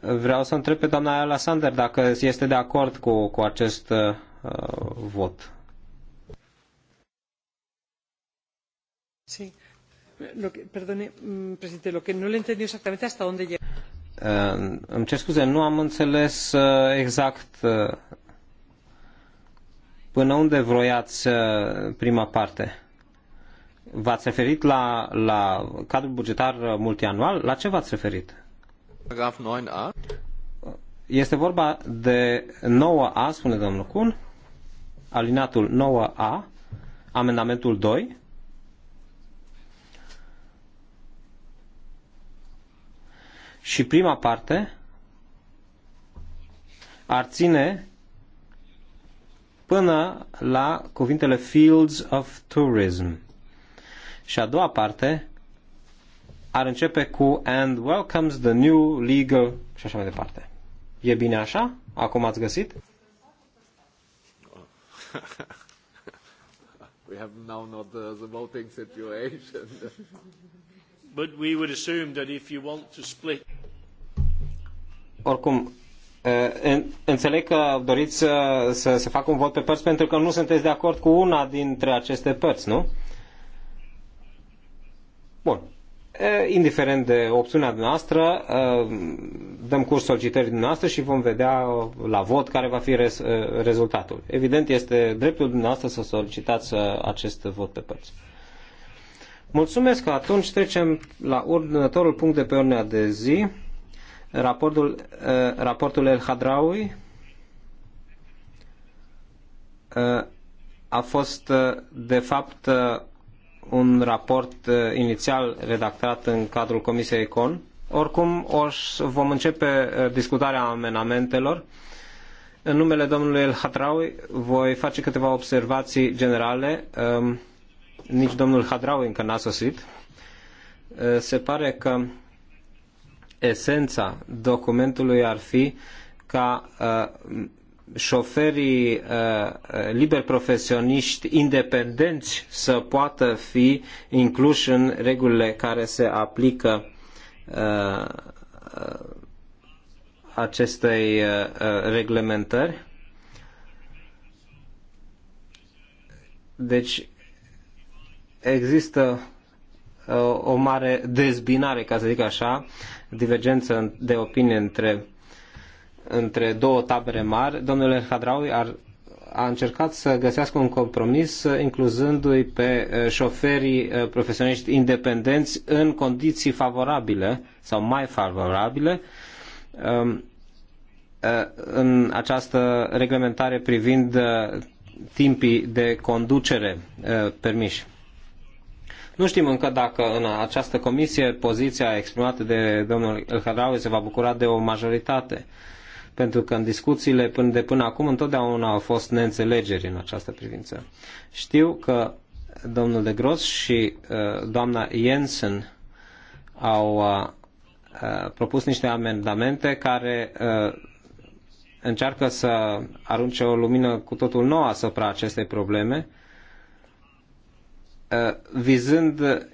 S5: Vreau să întreb pe doamna Alexander dacă este de acord cu, cu acest uh, vot.
S3: Sí. Lo perdone, mm, președinte, lo que no le entendí exactamente hasta dónde llega.
S5: Uh, îmi cer scuze, nu am înțeles eh, exact eh, până unde vroiați prima parte. V-ați referit la, la cadrul bugetar multianual? La ce v-ați referit? Paragraf 9a. Este vorba de 9a, spune domnul Cun, alinatul 9a, amendamentul 2, și prima parte ar ține până la cuvintele Fields of Tourism. Și a doua parte ar începe cu And welcomes the new legal și așa mai departe. E bine așa? Acum ați găsit?
S1: we have now not the, the voting situation. But we would assume that if you want to split
S5: oricum, înțeleg că doriți să, să se facă un vot pe părți pentru că nu sunteți de acord cu una dintre aceste părți, nu? Bun. Indiferent de opțiunea noastră, dăm curs solicitării noastre și vom vedea la vot care va fi rezultatul. Evident, este dreptul dumneavoastră să solicitați acest vot pe părți. Mulțumesc că atunci trecem la următorul punct de pe ordinea de zi. Raportul, eh, raportul El Hadraui eh, a fost, eh, de fapt, un raport inițial redactat în cadrul Comisiei Econ. Oricum, vom începe discutarea amenamentelor. În numele domnului El Hadraui voi face câteva observații generale. Ehm, nici domnul Hadraui încă n-a sosit. Se pare că esența documentului ar fi ca uh, șoferii uh, liber profesioniști independenți să poată fi incluși în regulile care se aplică uh, uh acestei uh, reglementări. Deci există uh, o mare dezbinare, ca să zic așa, divergență de opinie între, între două tabere mari, domnul El Hadraui ar, a încercat să găsească un compromis incluzându-i pe eh, șoferii eh, profesioniști independenți în condiții favorabile sau mai favorabile ehm, eh, în această reglementare privind timpii de conducere permiși. Nu știm încă dacă în această comisie poziția exprimată de domnul El Khadraoui se va bucura de o majoritate, pentru că în discuțiile până de până acum întotdeauna au fost neînțelegeri în această privință. Știu că domnul de Gros și uh, doamna Jensen au uh, uh propus niște amendamente care uh, încearcă să arunce o lumină cu totul nouă asupra acestei probleme Uh, vizând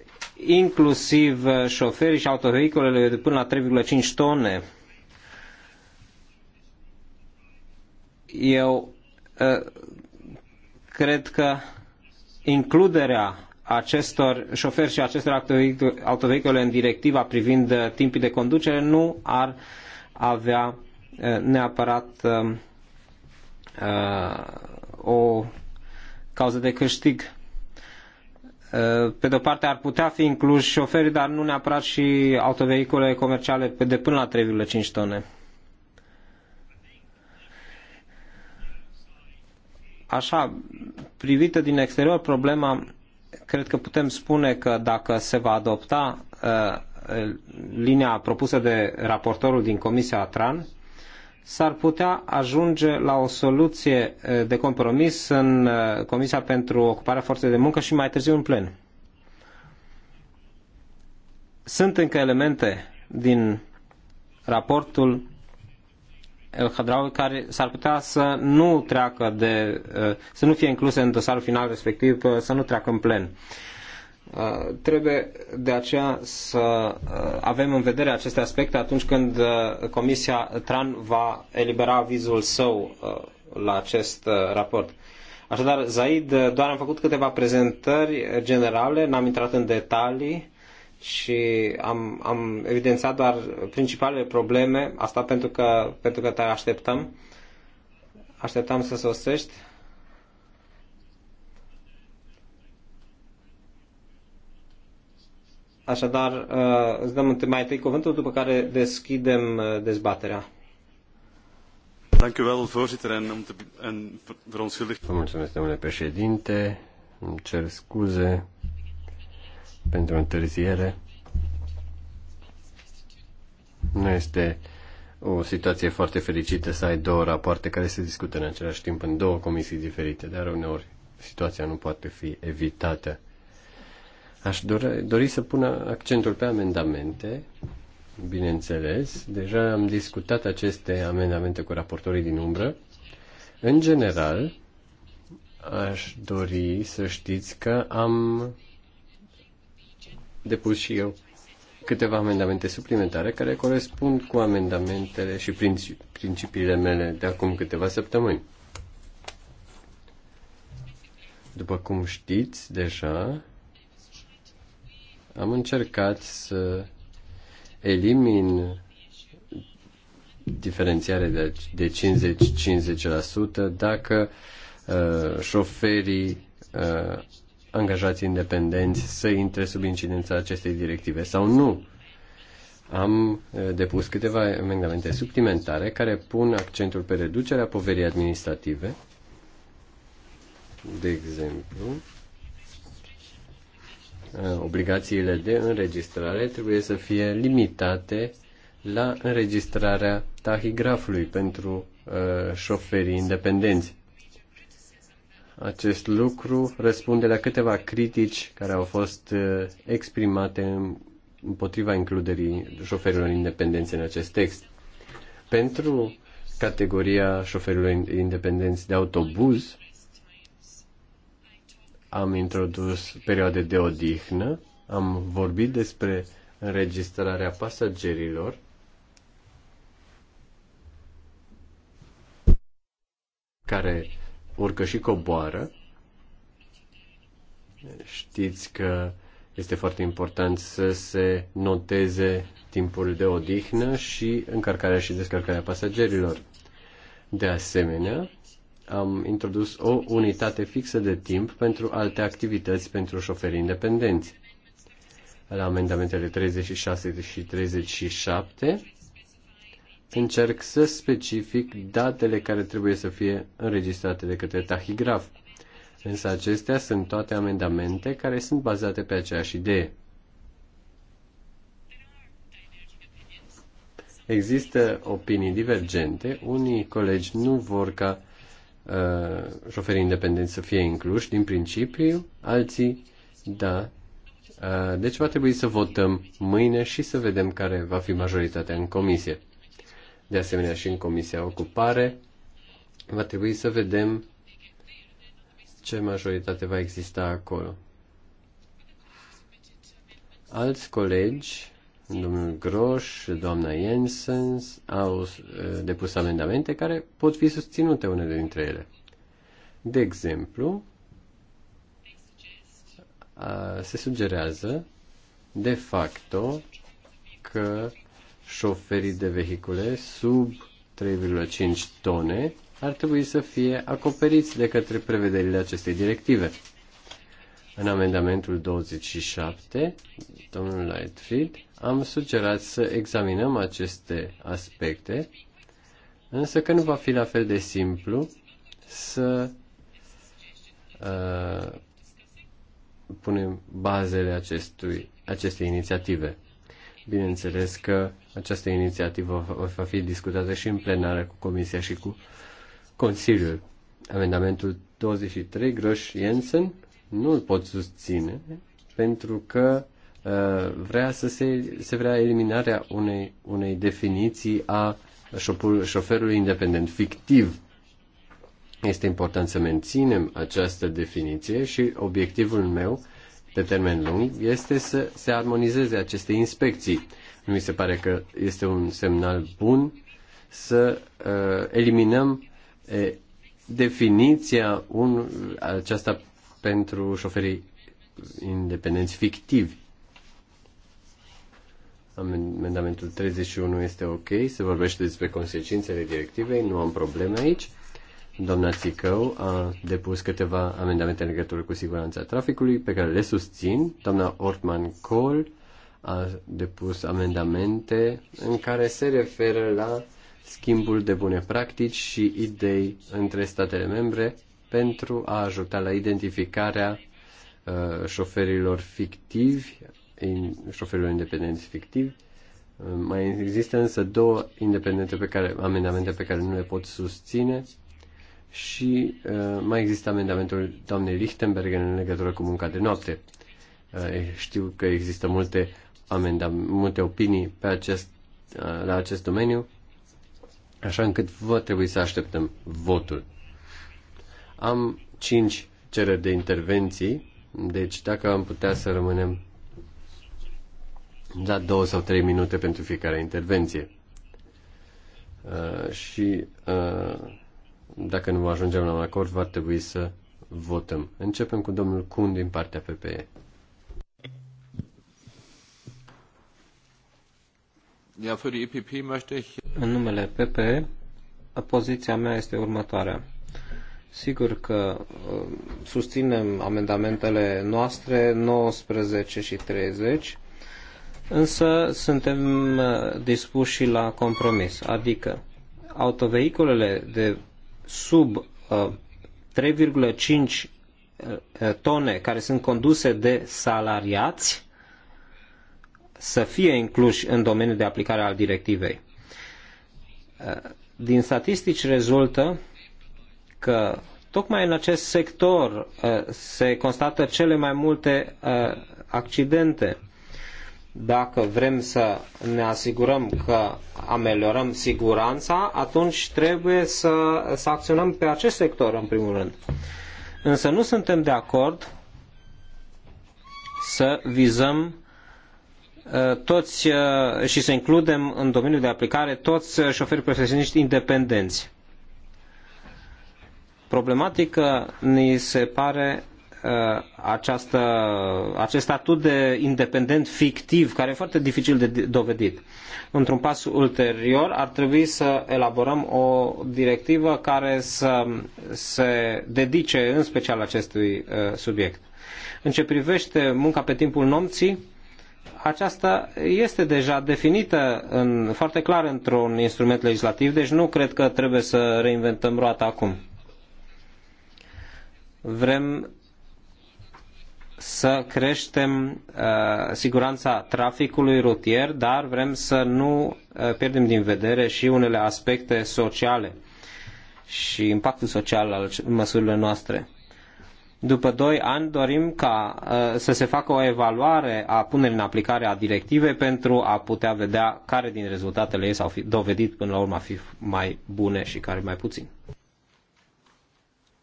S5: inclusiv uh, șoferii și autovehiculele de până la 3,5 tone. Eu uh, cred că includerea acestor șoferi și acestor autovehicule în directiva privind timpii de conducere nu ar avea neapărat um, o cauză de câștig Eh, pe de-o parte ar putea fi incluși șoferii, dar nu neapărat și autovehicule comerciale de până la 3,5 tone. Așa, privită din exterior, problema, cred că putem spune că dacă se va adopta uh, linia propusă de raportorul din Comisia TRAN, s-ar putea ajunge la o soluție de compromis în Comisia pentru Ocuparea Forței de Muncă și mai târziu în plen. Sunt încă elemente din raportul El Hadraui care s-ar putea să nu treacă de, să nu fie incluse în dosarul final respectiv, să nu treacă în plen. Uh, trebuie de aceea să uh, avem în vedere aceste aspecte atunci când uh, Comisia TRAN va elibera avizul său la acest raport. Așadar, Zaid, doar am făcut câteva prezentări generale, n-am intrat în detalii și am, am evidențiat doar principalele probleme, asta pentru că, pentru că te așteptăm. Așteptam să sosești. Așadar, uh, îți dăm mai întâi cuvântul, după care deschidem uh, dezbaterea.
S2: Vă mulțumesc, domnule președinte. Îmi cer scuze pentru întârziere. Nu este o situație foarte fericită să ai două rapoarte care se discută în același timp în două comisii diferite, dar uneori situația nu poate fi evitată. Aș dori să pun accentul pe amendamente, bineînțeles. Deja am discutat aceste amendamente cu raportorii din umbră. În general, aș dori să știți că am depus și eu câteva amendamente suplimentare care corespund cu amendamentele și principiile mele de acum câteva săptămâni. După cum știți deja, am încercat să elimin diferențiare de, de 50-50% dacă uh, șoferii uh, angajați independenți să intre sub incidența acestei directive sau nu. Am uh, depus câteva amendamente suplimentare care pun accentul pe reducerea poverii administrative, de exemplu, Eh, obligațiile de înregistrare trebuie să fie limitate la înregistrarea tahigrafului pentru eh, șoferii independenți. Acest lucru răspunde la câteva critici care au fost eh, exprimate împotriva includerii șoferilor independenți în acest text. Pentru categoria șoferilor independenți de autobuz, am introdus perioade de odihnă, am vorbit despre înregistrarea pasagerilor, care urcă și coboară. Știți că este foarte important să se noteze timpul de odihnă și încărcarea și descărcarea pasagerilor. De asemenea, am introdus o unitate fixă de timp pentru alte activități pentru șoferii independenți. La amendamentele 36 și 37 încerc să specific datele care trebuie să fie înregistrate de către tahigraf. Însă acestea sunt toate amendamente care sunt bazate pe aceeași idee. Există opinii divergente, unii colegi nu vor ca uh, Uh, șoferii independenți să fie incluși din principiu, alții da. Uh, deci va trebui să votăm mâine și să vedem care va fi majoritatea în comisie. De asemenea și în comisia ocupare va trebui să vedem ce majoritate va exista acolo. Alți colegi domnul Groș, doamna Jensens au uh, depus amendamente care pot fi susținute unele dintre ele. De exemplu, se sugerează de facto că șoferii de vehicule sub 3,5 tone ar trebui să fie acoperiți de către prevederile acestei directive. În amendamentul 27, domnul Lightfield, am sugerat să examinăm aceste aspecte, însă că nu va fi la fel de simplu să uh, punem bazele acestui, acestei inițiative. Bineînțeles că această inițiativă va fi discutată și în plenară cu Comisia și cu Consiliul. Amendamentul 23, Groș Jensen, nu îl pot susține pentru că uh, vrea să se, se vrea eliminarea unei, unei definiții a șoferului independent fictiv. Este important să menținem această definiție și obiectivul meu pe termen lung este să se armonizeze aceste inspecții. Nu Mi se pare că este un semnal bun să uh, eliminăm uh, definiția un, aceasta pentru șoferii independenți fictivi. Amendamentul 31 este ok, se vorbește despre consecințele directivei, nu am probleme aici. Doamna Țicău a depus câteva amendamente în legătură cu siguranța traficului, pe care le susțin. Doamna Ortman Cole a depus amendamente în care se referă la schimbul de bune practici și idei între statele membre pentru a ajuta la identificarea uh, șoferilor fictivi, șoferilor independenți fictivi. Uh, mai există însă două independente pe care, amendamente pe care nu le pot susține și uh, mai există amendamentul doamnei Lichtenberg în legătură cu munca de noapte. Știu că există multe, amendam, multe opinii pe acest, la acest domeniu, așa încât vă trebuie să așteptăm votul. Am cinci cereri de intervenții, deci dacă am putea să rămânem la două sau trei minute pentru fiecare intervenție. Uh, și uh, dacă nu ajungem la un acord, va trebui să votăm. Începem cu domnul Kun din partea PPE. În numele PPE, poziția
S5: mea este următoarea. Sigur că uh, susținem amendamentele noastre 19 și 30, însă suntem uh, dispuși și la compromis, adică autovehiculele de sub 3,5 uh, tone care sunt conduse de salariați să fie incluși în domeniul de aplicare al directivei. Din statistici rezultă că tocmai în acest sector uh, se constată cele mai multe uh, accidente. Dacă vrem să ne asigurăm că ameliorăm siguranța, atunci trebuie să, să acționăm pe acest sector în primul rând. Însă nu suntem de acord să vizăm uh, toți și să includem în domeniul de aplicare toți șoferi profesioniști independenți problematică ni se pare uh, această, acest statut de independent fictiv, care e foarte dificil de dovedit. Într-un pas ulterior ar trebui să elaborăm o directivă care să se dedice în special acestui uh, subiect. În ce privește munca pe timpul nopții, aceasta este deja definită în, foarte clar într-un instrument legislativ, deci nu cred că trebuie să reinventăm roata acum. Vrem să creștem uh, siguranța traficului rutier, dar vrem să nu uh, pierdem din vedere și unele aspecte sociale și impactul social al măsurilor noastre. După doi ani dorim ca uh, să se facă o evaluare a punerii în aplicare a directivei pentru a putea vedea care din rezultatele ei s-au dovedit până la urmă a fi mai bune și care mai puțin.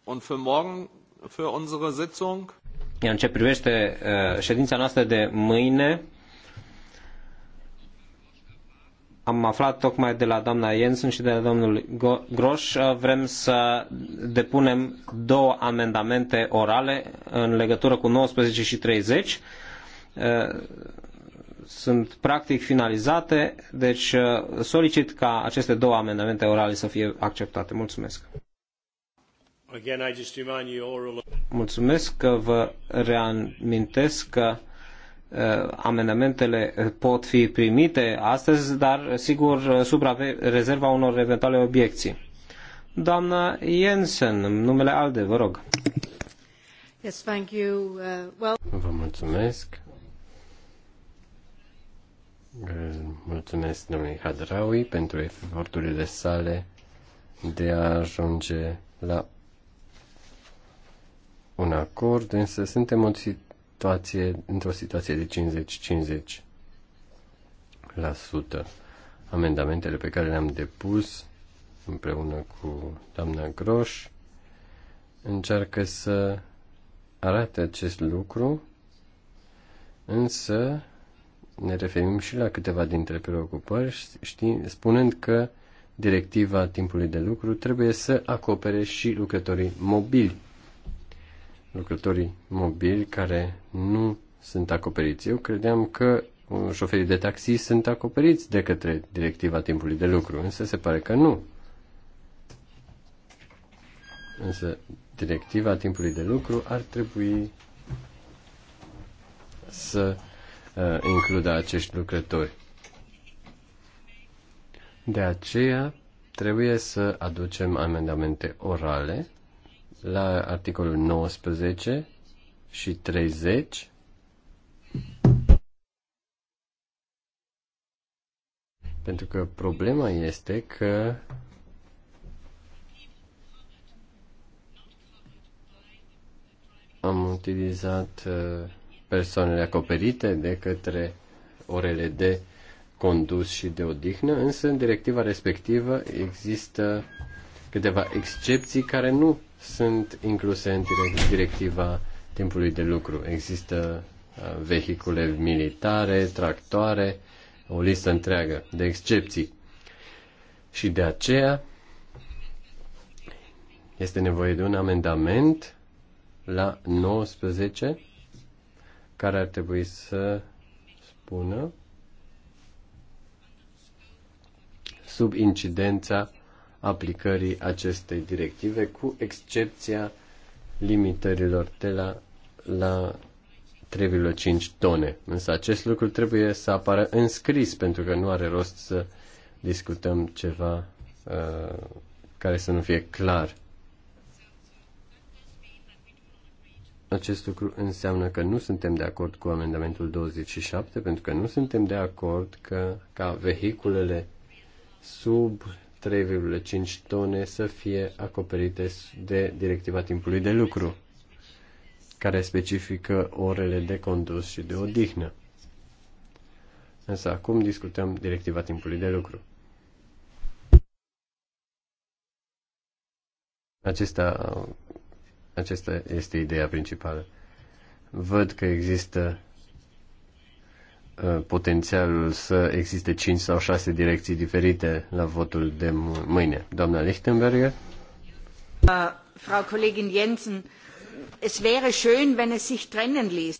S3: Und für morgen für unsere Sitzung.
S5: Iar în ce privește uh, ședința noastră de mâine, am aflat tocmai de la doamna Jensen și de la domnul Groș, uh, vrem să depunem două amendamente orale în legătură cu 19 și 30. Uh, sunt practic finalizate, deci solicit ca aceste două amendamente orale să fie acceptate. Mulțumesc! Mulțumesc că vă reamintesc că amendamentele pot fi primite astăzi, dar sigur sub rezerva unor eventuale obiecții. Doamna Jensen, în numele ALDE, vă rog. Yes, thank you.
S1: Uh, well...
S5: Vă mulțumesc.
S2: Mulțumesc domnului Hadraui pentru eforturile sale de a ajunge la un acord, însă suntem o situație, într-o situație de 50-50%. Amendamentele pe care le-am depus împreună cu doamna Groș încearcă să arate acest lucru, însă ne referim și la câteva dintre preocupări, știi, spunând că directiva timpului de lucru trebuie să acopere și lucrătorii mobili lucrătorii mobili care nu sunt acoperiți. Eu credeam că șoferii de taxi sunt acoperiți de către directiva timpului de lucru, însă se pare că nu. Însă directiva timpului de lucru ar trebui să uh, includă acești lucrători. De aceea trebuie să aducem amendamente orale la articolul 19 și 30 pentru că problema este că am utilizat uh, persoanele acoperite de către orele de condus și de odihnă, însă în directiva respectivă există câteva excepții care nu sunt incluse în directiva timpului de lucru. Există uh, vehicule militare, tractoare, o listă întreagă de excepții. Și de aceea este nevoie de un amendament la 19 care ar trebui să spună sub incidența aplicării acestei directive, cu excepția limitărilor de la, la 3,5 tone. Însă acest lucru trebuie să apară înscris, pentru că nu are rost să discutăm ceva uh, care să nu fie clar. Acest lucru înseamnă că nu suntem de acord cu amendamentul 27, pentru că nu suntem de acord că ca vehiculele sub 3,5 tone să fie acoperite de directiva timpului de lucru, care specifică orele de condus și de odihnă. Însă acum discutăm directiva timpului de lucru. Acesta, acesta este ideea principală. Văd că există Uh, potențialul să existe 5 sau 6 direcții diferite la votul de mâine. Doamna Lichtenberger?
S1: Uh, Frau Kollegin Jensen, es wäre schön, wenn es sich trennen ließ.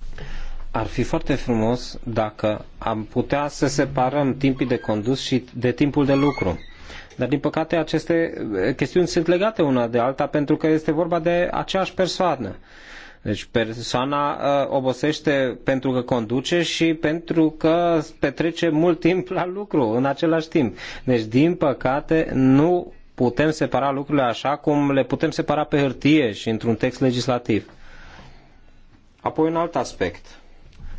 S5: Ar fi foarte frumos dacă am putea să separăm timpii de condus și de timpul de lucru. Dar, din păcate, aceste chestiuni sunt legate una de alta pentru că este vorba de aceeași persoană. Uh, deci persoana ă, obosește pentru că conduce și pentru că petrece mult timp la lucru în același timp. Deci, din păcate, nu putem separa lucrurile așa cum le putem separa pe hârtie și într-un text legislativ. Apoi un alt aspect.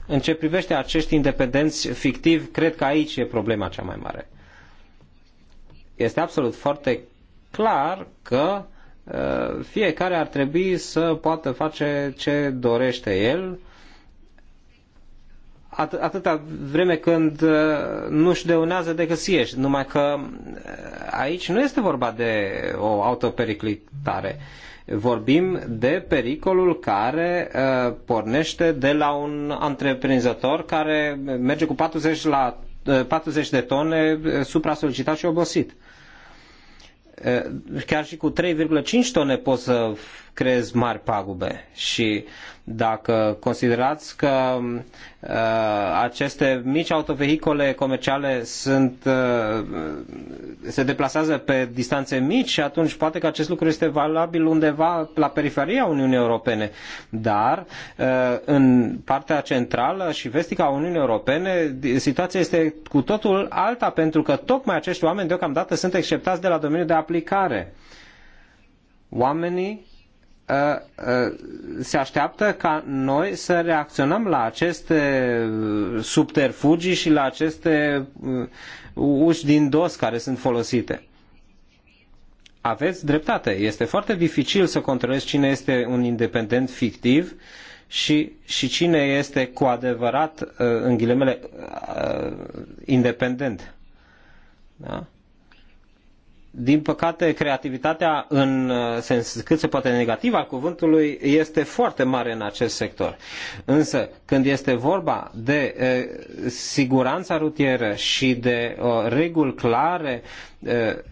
S5: În ce privește acești independenți fictivi, cred că aici e problema cea mai mare. Este absolut foarte clar că Eh, fiecare ar trebui să poată face ce dorește el, at- atâta vreme când eh, nu își deunează decât sieși. Numai că eh, aici nu este vorba de o autopericlitare. Vorbim de pericolul care uh, pornește de la un antreprinzător care merge cu 40, la, uh, 40 de tone supra-solicitat și obosit. Uh, chiar și cu 3,5 tone poți să creez mari pagube. Și dacă considerați că uh, aceste mici autovehicole comerciale sunt, uh, se deplasează pe distanțe mici, atunci poate că acest lucru este valabil undeva la periferia Uniunii Europene. Dar uh, în partea centrală și vestică a Uniunii Europene situația este cu totul alta pentru că tocmai acești oameni deocamdată sunt exceptați de la domeniul de aplicare. Oamenii Uh, uh, se așteaptă ca noi să reacționăm la aceste uh, subterfugii și la aceste uși din dos care sunt folosite. Aveți dreptate. Este foarte dificil să controlezi cine este un independent fictiv și, și cine este cu adevărat, în ghilimele, independent. Da? din păcate, creativitatea în uh, sens cât se poate negativ al cuvântului este foarte mare în acest sector. Însă, când este vorba de e, uh, siguranța rutieră și de o, uh, reguli clare, e,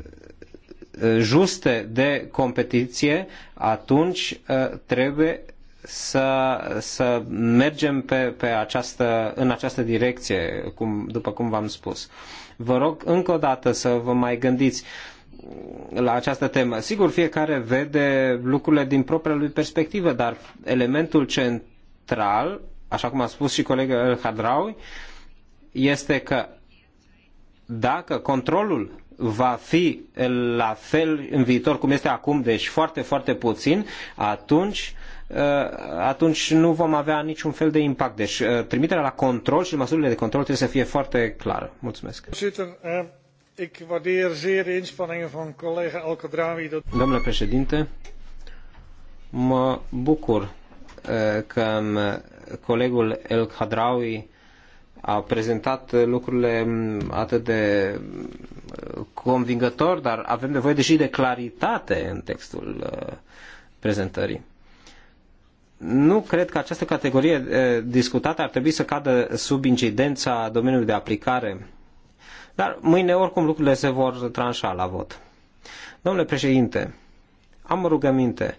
S5: juste de competiție, atunci e, trebuie să, să mergem pe, pe această, în această direcție, cum, după cum v-am spus. Vă rog încă o dată să vă mai gândiți la această temă. Sigur, fiecare vede lucrurile din propria lui perspectivă, dar elementul central, așa cum a spus și colegul El Hadraui, este că dacă controlul va fi la fel în viitor cum este acum, deci foarte, foarte puțin, atunci uh, atunci nu vom avea niciun fel de impact. Deci uh, trimiterea la control și măsurile de control trebuie să fie foarte clară. Mulțumesc.
S1: Ik waardeer zeer de inspanningen van collega El
S5: Domnule președinte, mă bucur eh, că eh, colegul El Khadraoui a prezentat eh, lucrurile mm, atât de convingător, dar avem nevoie de și de claritate în textul prezentării. Nu cred că această categorie discutată ar trebui să cadă sub incidența domeniului de aplicare dar mâine oricum lucrurile se vor tranșa la vot. Domnule președinte, am o rugăminte.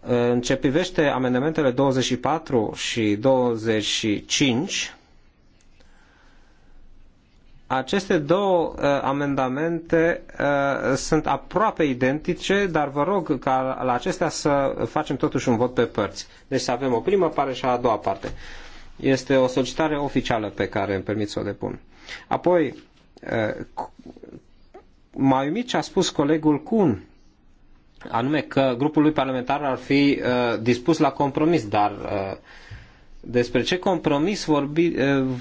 S5: În ce privește amendamentele 24 și 25, aceste două uh, amendamente uh, sunt aproape identice, dar vă rog ca la acestea să facem totuși un vot pe părți. Deci să avem o primă parte și a doua parte. Este o solicitare oficială pe care îmi permit să o depun. Apoi, Eh, m-a uimit ce a spus colegul Kuhn, anume că grupul lui parlamentar ar fi eh, dispus la compromis, dar eh, despre ce compromis vorbi,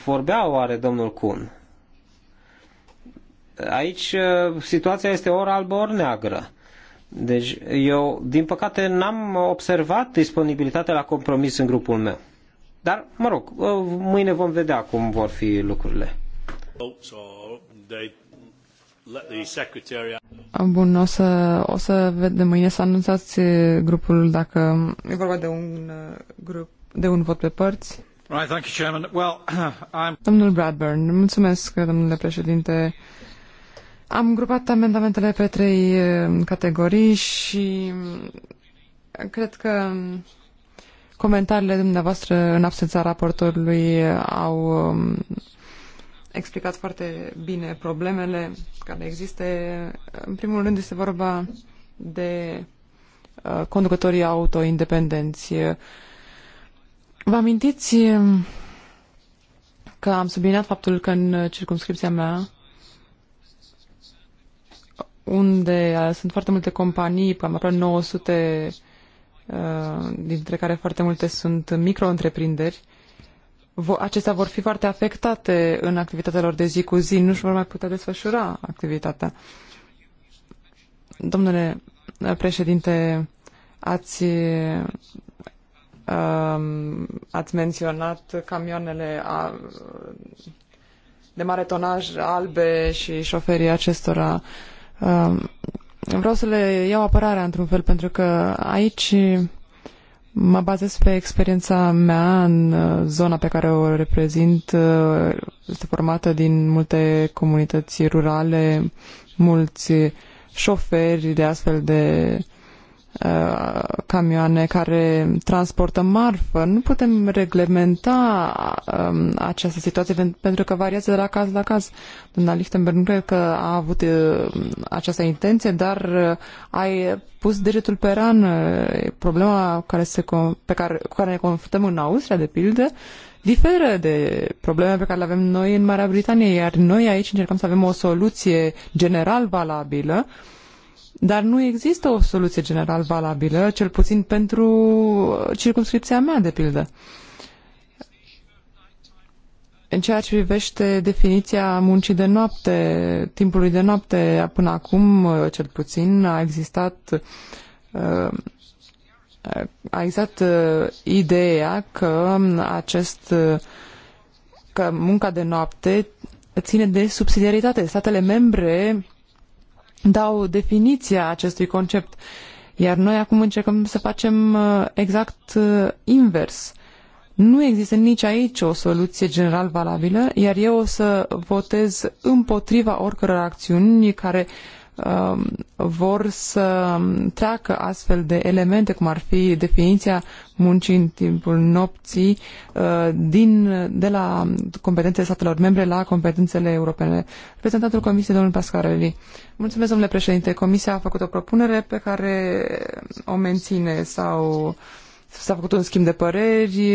S5: vorbea oare domnul Kuhn? Aici situația este ori albă, ori neagră. Deci eu, din păcate, n-am observat disponibilitatea la compromis în grupul meu. Dar, mă rog, mâine vom vedea cum vor fi lucrurile. Oh, so...
S3: Bun, o să, o să vedem mâine să anunțați eh, grupul dacă e vorba de un eh, grup de un vot pe părți. Right, thank you, Chairman. Well, I'm... Domnul Bradburn, mulțumesc, domnule președinte. Am grupat amendamentele pe trei eh, categorii și mm, cred că comentariile dumneavoastră în absența raportorului au mm, explicat foarte bine problemele care există. În primul rând este vorba de uh, conducătorii auto independenți. Vă amintiți um, că am subliniat faptul că în circumscripția mea, unde uh, sunt foarte multe companii, am aproape 900, uh, dintre care foarte multe sunt micro-întreprinderi, acestea vor fi foarte afectate în activitatea lor de zi cu zi, nu își vor mai putea desfășura activitatea. Domnule uh, președinte, ați, um, ați menționat camioanele a, de mare tonaj albe și șoferii acestora. Um, vreau să le iau apărarea într-un fel, pentru că aici Mă bazez pe experiența mea în uh, zona pe care o reprezint. Uh, este formată din multe comunități rurale, mulți șoferi de astfel de Uh, camioane care transportă marfă. Nu putem reglementa um, această situație pentru că variază de la caz la caz. Doamna Lichtenberg nu cred că a avut uh, această intenție, dar uh, ai pus degetul pe rană. Problema care se, pe care, cu care ne confruntăm în Austria, de pildă, diferă de probleme pe care le avem noi în Marea Britanie, iar noi aici încercăm să avem o soluție general valabilă uh, dar nu există o soluție general valabilă, cel puțin pentru circumscripția mea, de pildă. În ceea ce privește definiția muncii de noapte, timpului de noapte, până acum, cel puțin, a existat a existat uh, ideea că acest că munca de noapte ține de subsidiaritate. Statele membre dau definiția acestui concept. Iar noi acum încercăm să facem uh, exact uh, invers. Nu există nici aici o soluție general valabilă, iar eu o să votez împotriva oricăror acțiuni care uh, Um, vor să treacă astfel de elemente, cum ar fi definiția muncii în timpul nopții, uh, din, de la competențele statelor membre la competențele europene. Reprezentantul Comisiei, domnul Pascarelli. Mulțumesc, domnule președinte. Comisia a făcut o propunere pe care o menține sau s-a făcut un schimb de păreri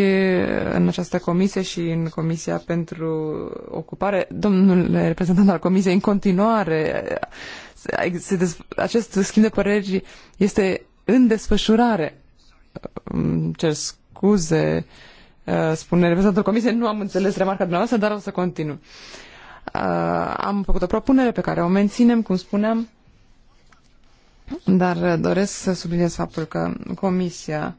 S3: în această comisie și în Comisia pentru Ocupare. Domnule reprezentant al Comisiei, în continuare acest schimb de păreri este în desfășurare. Îmi cer scuze, uh, spune reprezentantul comisiei, nu am înțeles remarca dumneavoastră, dar o să continu. Uh, am făcut o propunere pe care o menținem, cum spuneam, dar doresc să subliniez faptul că comisia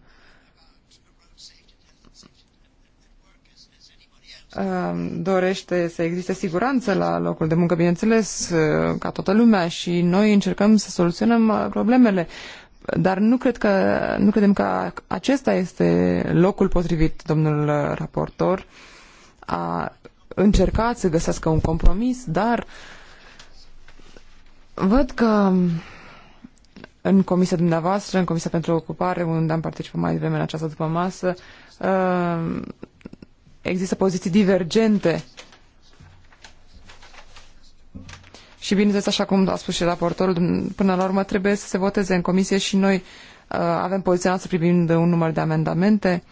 S3: dorește să existe siguranță la locul de muncă, bineînțeles, ă, ca toată lumea și noi încercăm să soluționăm ă, problemele. Dar nu, cred că, nu credem că acesta este locul potrivit, domnul ă, raportor, a încercat să găsească un compromis, dar văd că în comisia dumneavoastră, în comisia pentru ocupare, unde am participat mai devreme în această după masă, există poziții divergente. Și bineînțeles, așa cum a spus și raportorul, până la urmă trebuie să se voteze în comisie și noi uh, avem poziția noastră privind un număr de amendamente.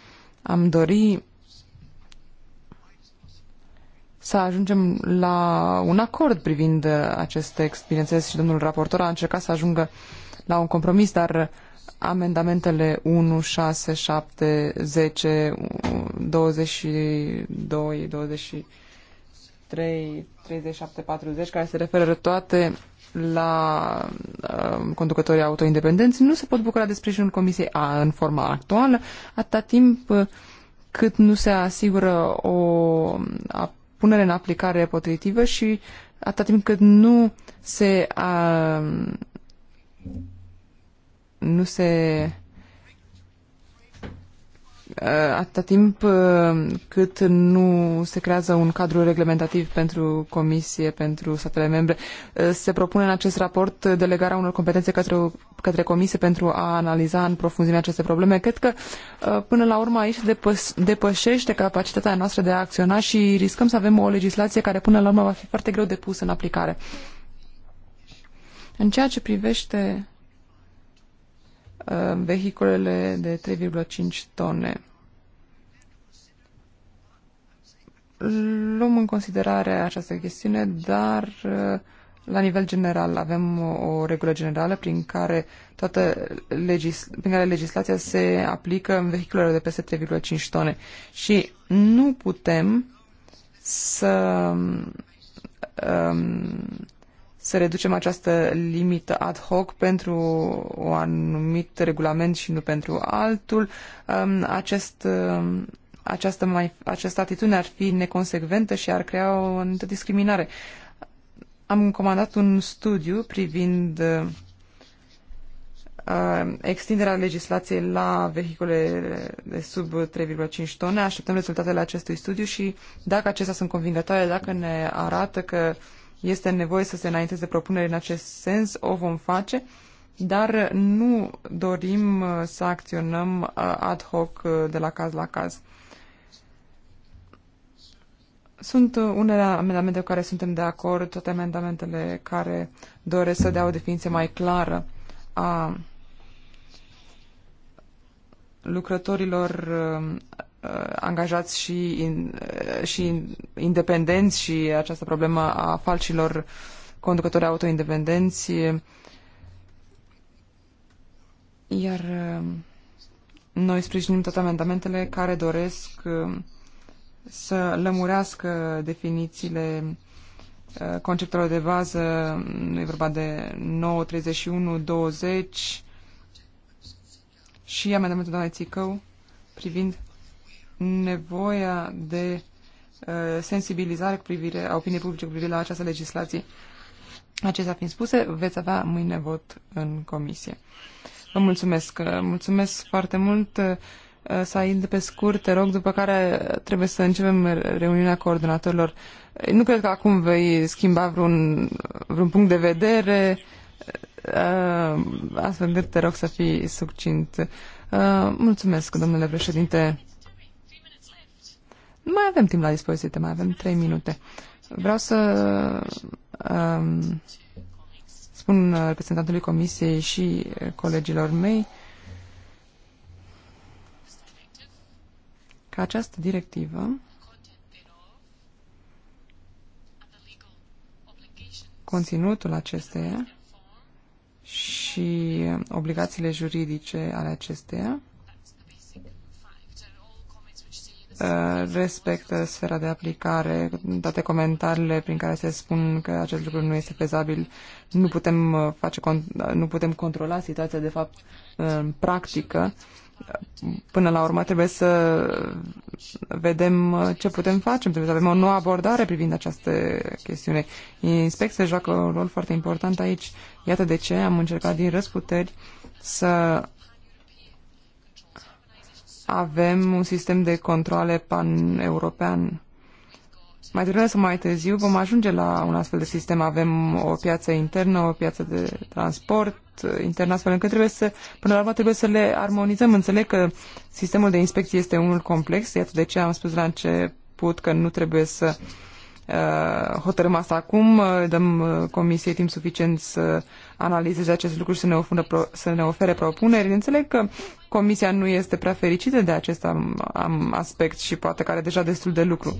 S3: Am dori să ajungem la un acord privind acest text. Bineînțeles, și domnul raportor a încercat să ajungă la un compromis, dar amendamentele 1, 6, 7, 10, 22, 23, 37, 40, care se referă toate la uh, conducătorii autoindependenți, nu se pot bucura de sprijinul Comisiei A în forma actuală, atâta timp uh, cât nu se asigură o punere în aplicare potrivită și atâta timp cât nu se uh, nu se ă, atâta timp ă, cât nu se creează un cadru reglementativ pentru Comisie, pentru statele membre. Ă, se propune în acest raport delegarea unor competențe către, către Comisie pentru a analiza în profunzime aceste probleme. Cred că până la urmă aici depășește capacitatea noastră de a acționa și riscăm să avem o legislație care până la urmă va fi foarte greu de pus în aplicare. În ceea ce privește Uh, vehiculele de 3,5 tone. Luăm în considerare această chestiune, dar uh, la nivel general avem o regulă generală prin care, toată legis- prin care legislația se aplică în vehiculele de peste 3,5 tone și nu putem să um, să reducem această limită ad hoc pentru un anumit regulament și nu pentru altul. Um, acest, um, această, mai, această atitudine ar fi neconsecventă și ar crea o anumită discriminare. Am comandat un studiu privind uh, extinderea legislației la vehicule de sub 3,5 tone. Așteptăm rezultatele acestui studiu și dacă acestea sunt convingătoare, dacă ne arată că uh, este nevoie să se înainteze propuneri în acest sens, o vom face, dar nu dorim uh, să acționăm uh, ad hoc uh, de la caz la caz. Sunt unele amendamente cu care suntem de acord, toate amendamentele care doresc să dea o definiție mai clară a lucrătorilor Uh, angajați și, in, uh, și independenți și această problemă a falcilor conducători auto Iar uh, noi sprijinim toate amendamentele care doresc să lămurească definițiile conceptelor de bază, nu e vorba de 9, 31, 20 și amendamentul doamnei Țicău privind nevoia de uh, sensibilizare cu privire a opiniei publice cu privire la această legislație. Acestea fiind spuse, veți avea mâine vot în comisie. Vă mulțumesc. Mulțumesc foarte mult. Uh, să de pe scurt, te rog, după care trebuie să începem reuniunea coordonatorilor. Nu cred că acum vei schimba vreun, vreun punct de vedere, uh, astfel te rog să fii succint. Mulțumesc, domnule președinte. Mai avem timp la dispoziție, mai avem 3 minute. Vreau să um, spun reprezentantului Comisiei și colegilor mei că această directivă conținutul acesteia și obligațiile juridice ale acesteia Uh, respectă sfera de aplicare, toate comentariile prin care se spun că acest lucru nu este fezabil, nu putem, uh, face, uh, nu putem controla situația de fapt în practică. Până la urmă trebuie să vedem ce putem face, trebuie să avem o nouă abordare privind această chestiune. Inspecția joacă un rol foarte important aici. Iată de ce am încercat din răsputeri să avem un sistem de controle pan-european. Mai devreme sau mai târziu vom ajunge la un astfel de sistem. Avem o piață internă, o piață de transport intern, astfel încât trebuie să, până la urmă, trebuie să le armonizăm. Înțeleg că sistemul de inspecție este unul complex, iată de ce am spus la început că nu trebuie să uh, hotărâm asta acum, dăm uh, comisiei timp suficient să uh, analizeze acest lucru și să ne, ofună, să ne ofere propuneri. Înțeleg că Comisia nu este prea fericită de acest aspect și poate că are deja destul de lucru.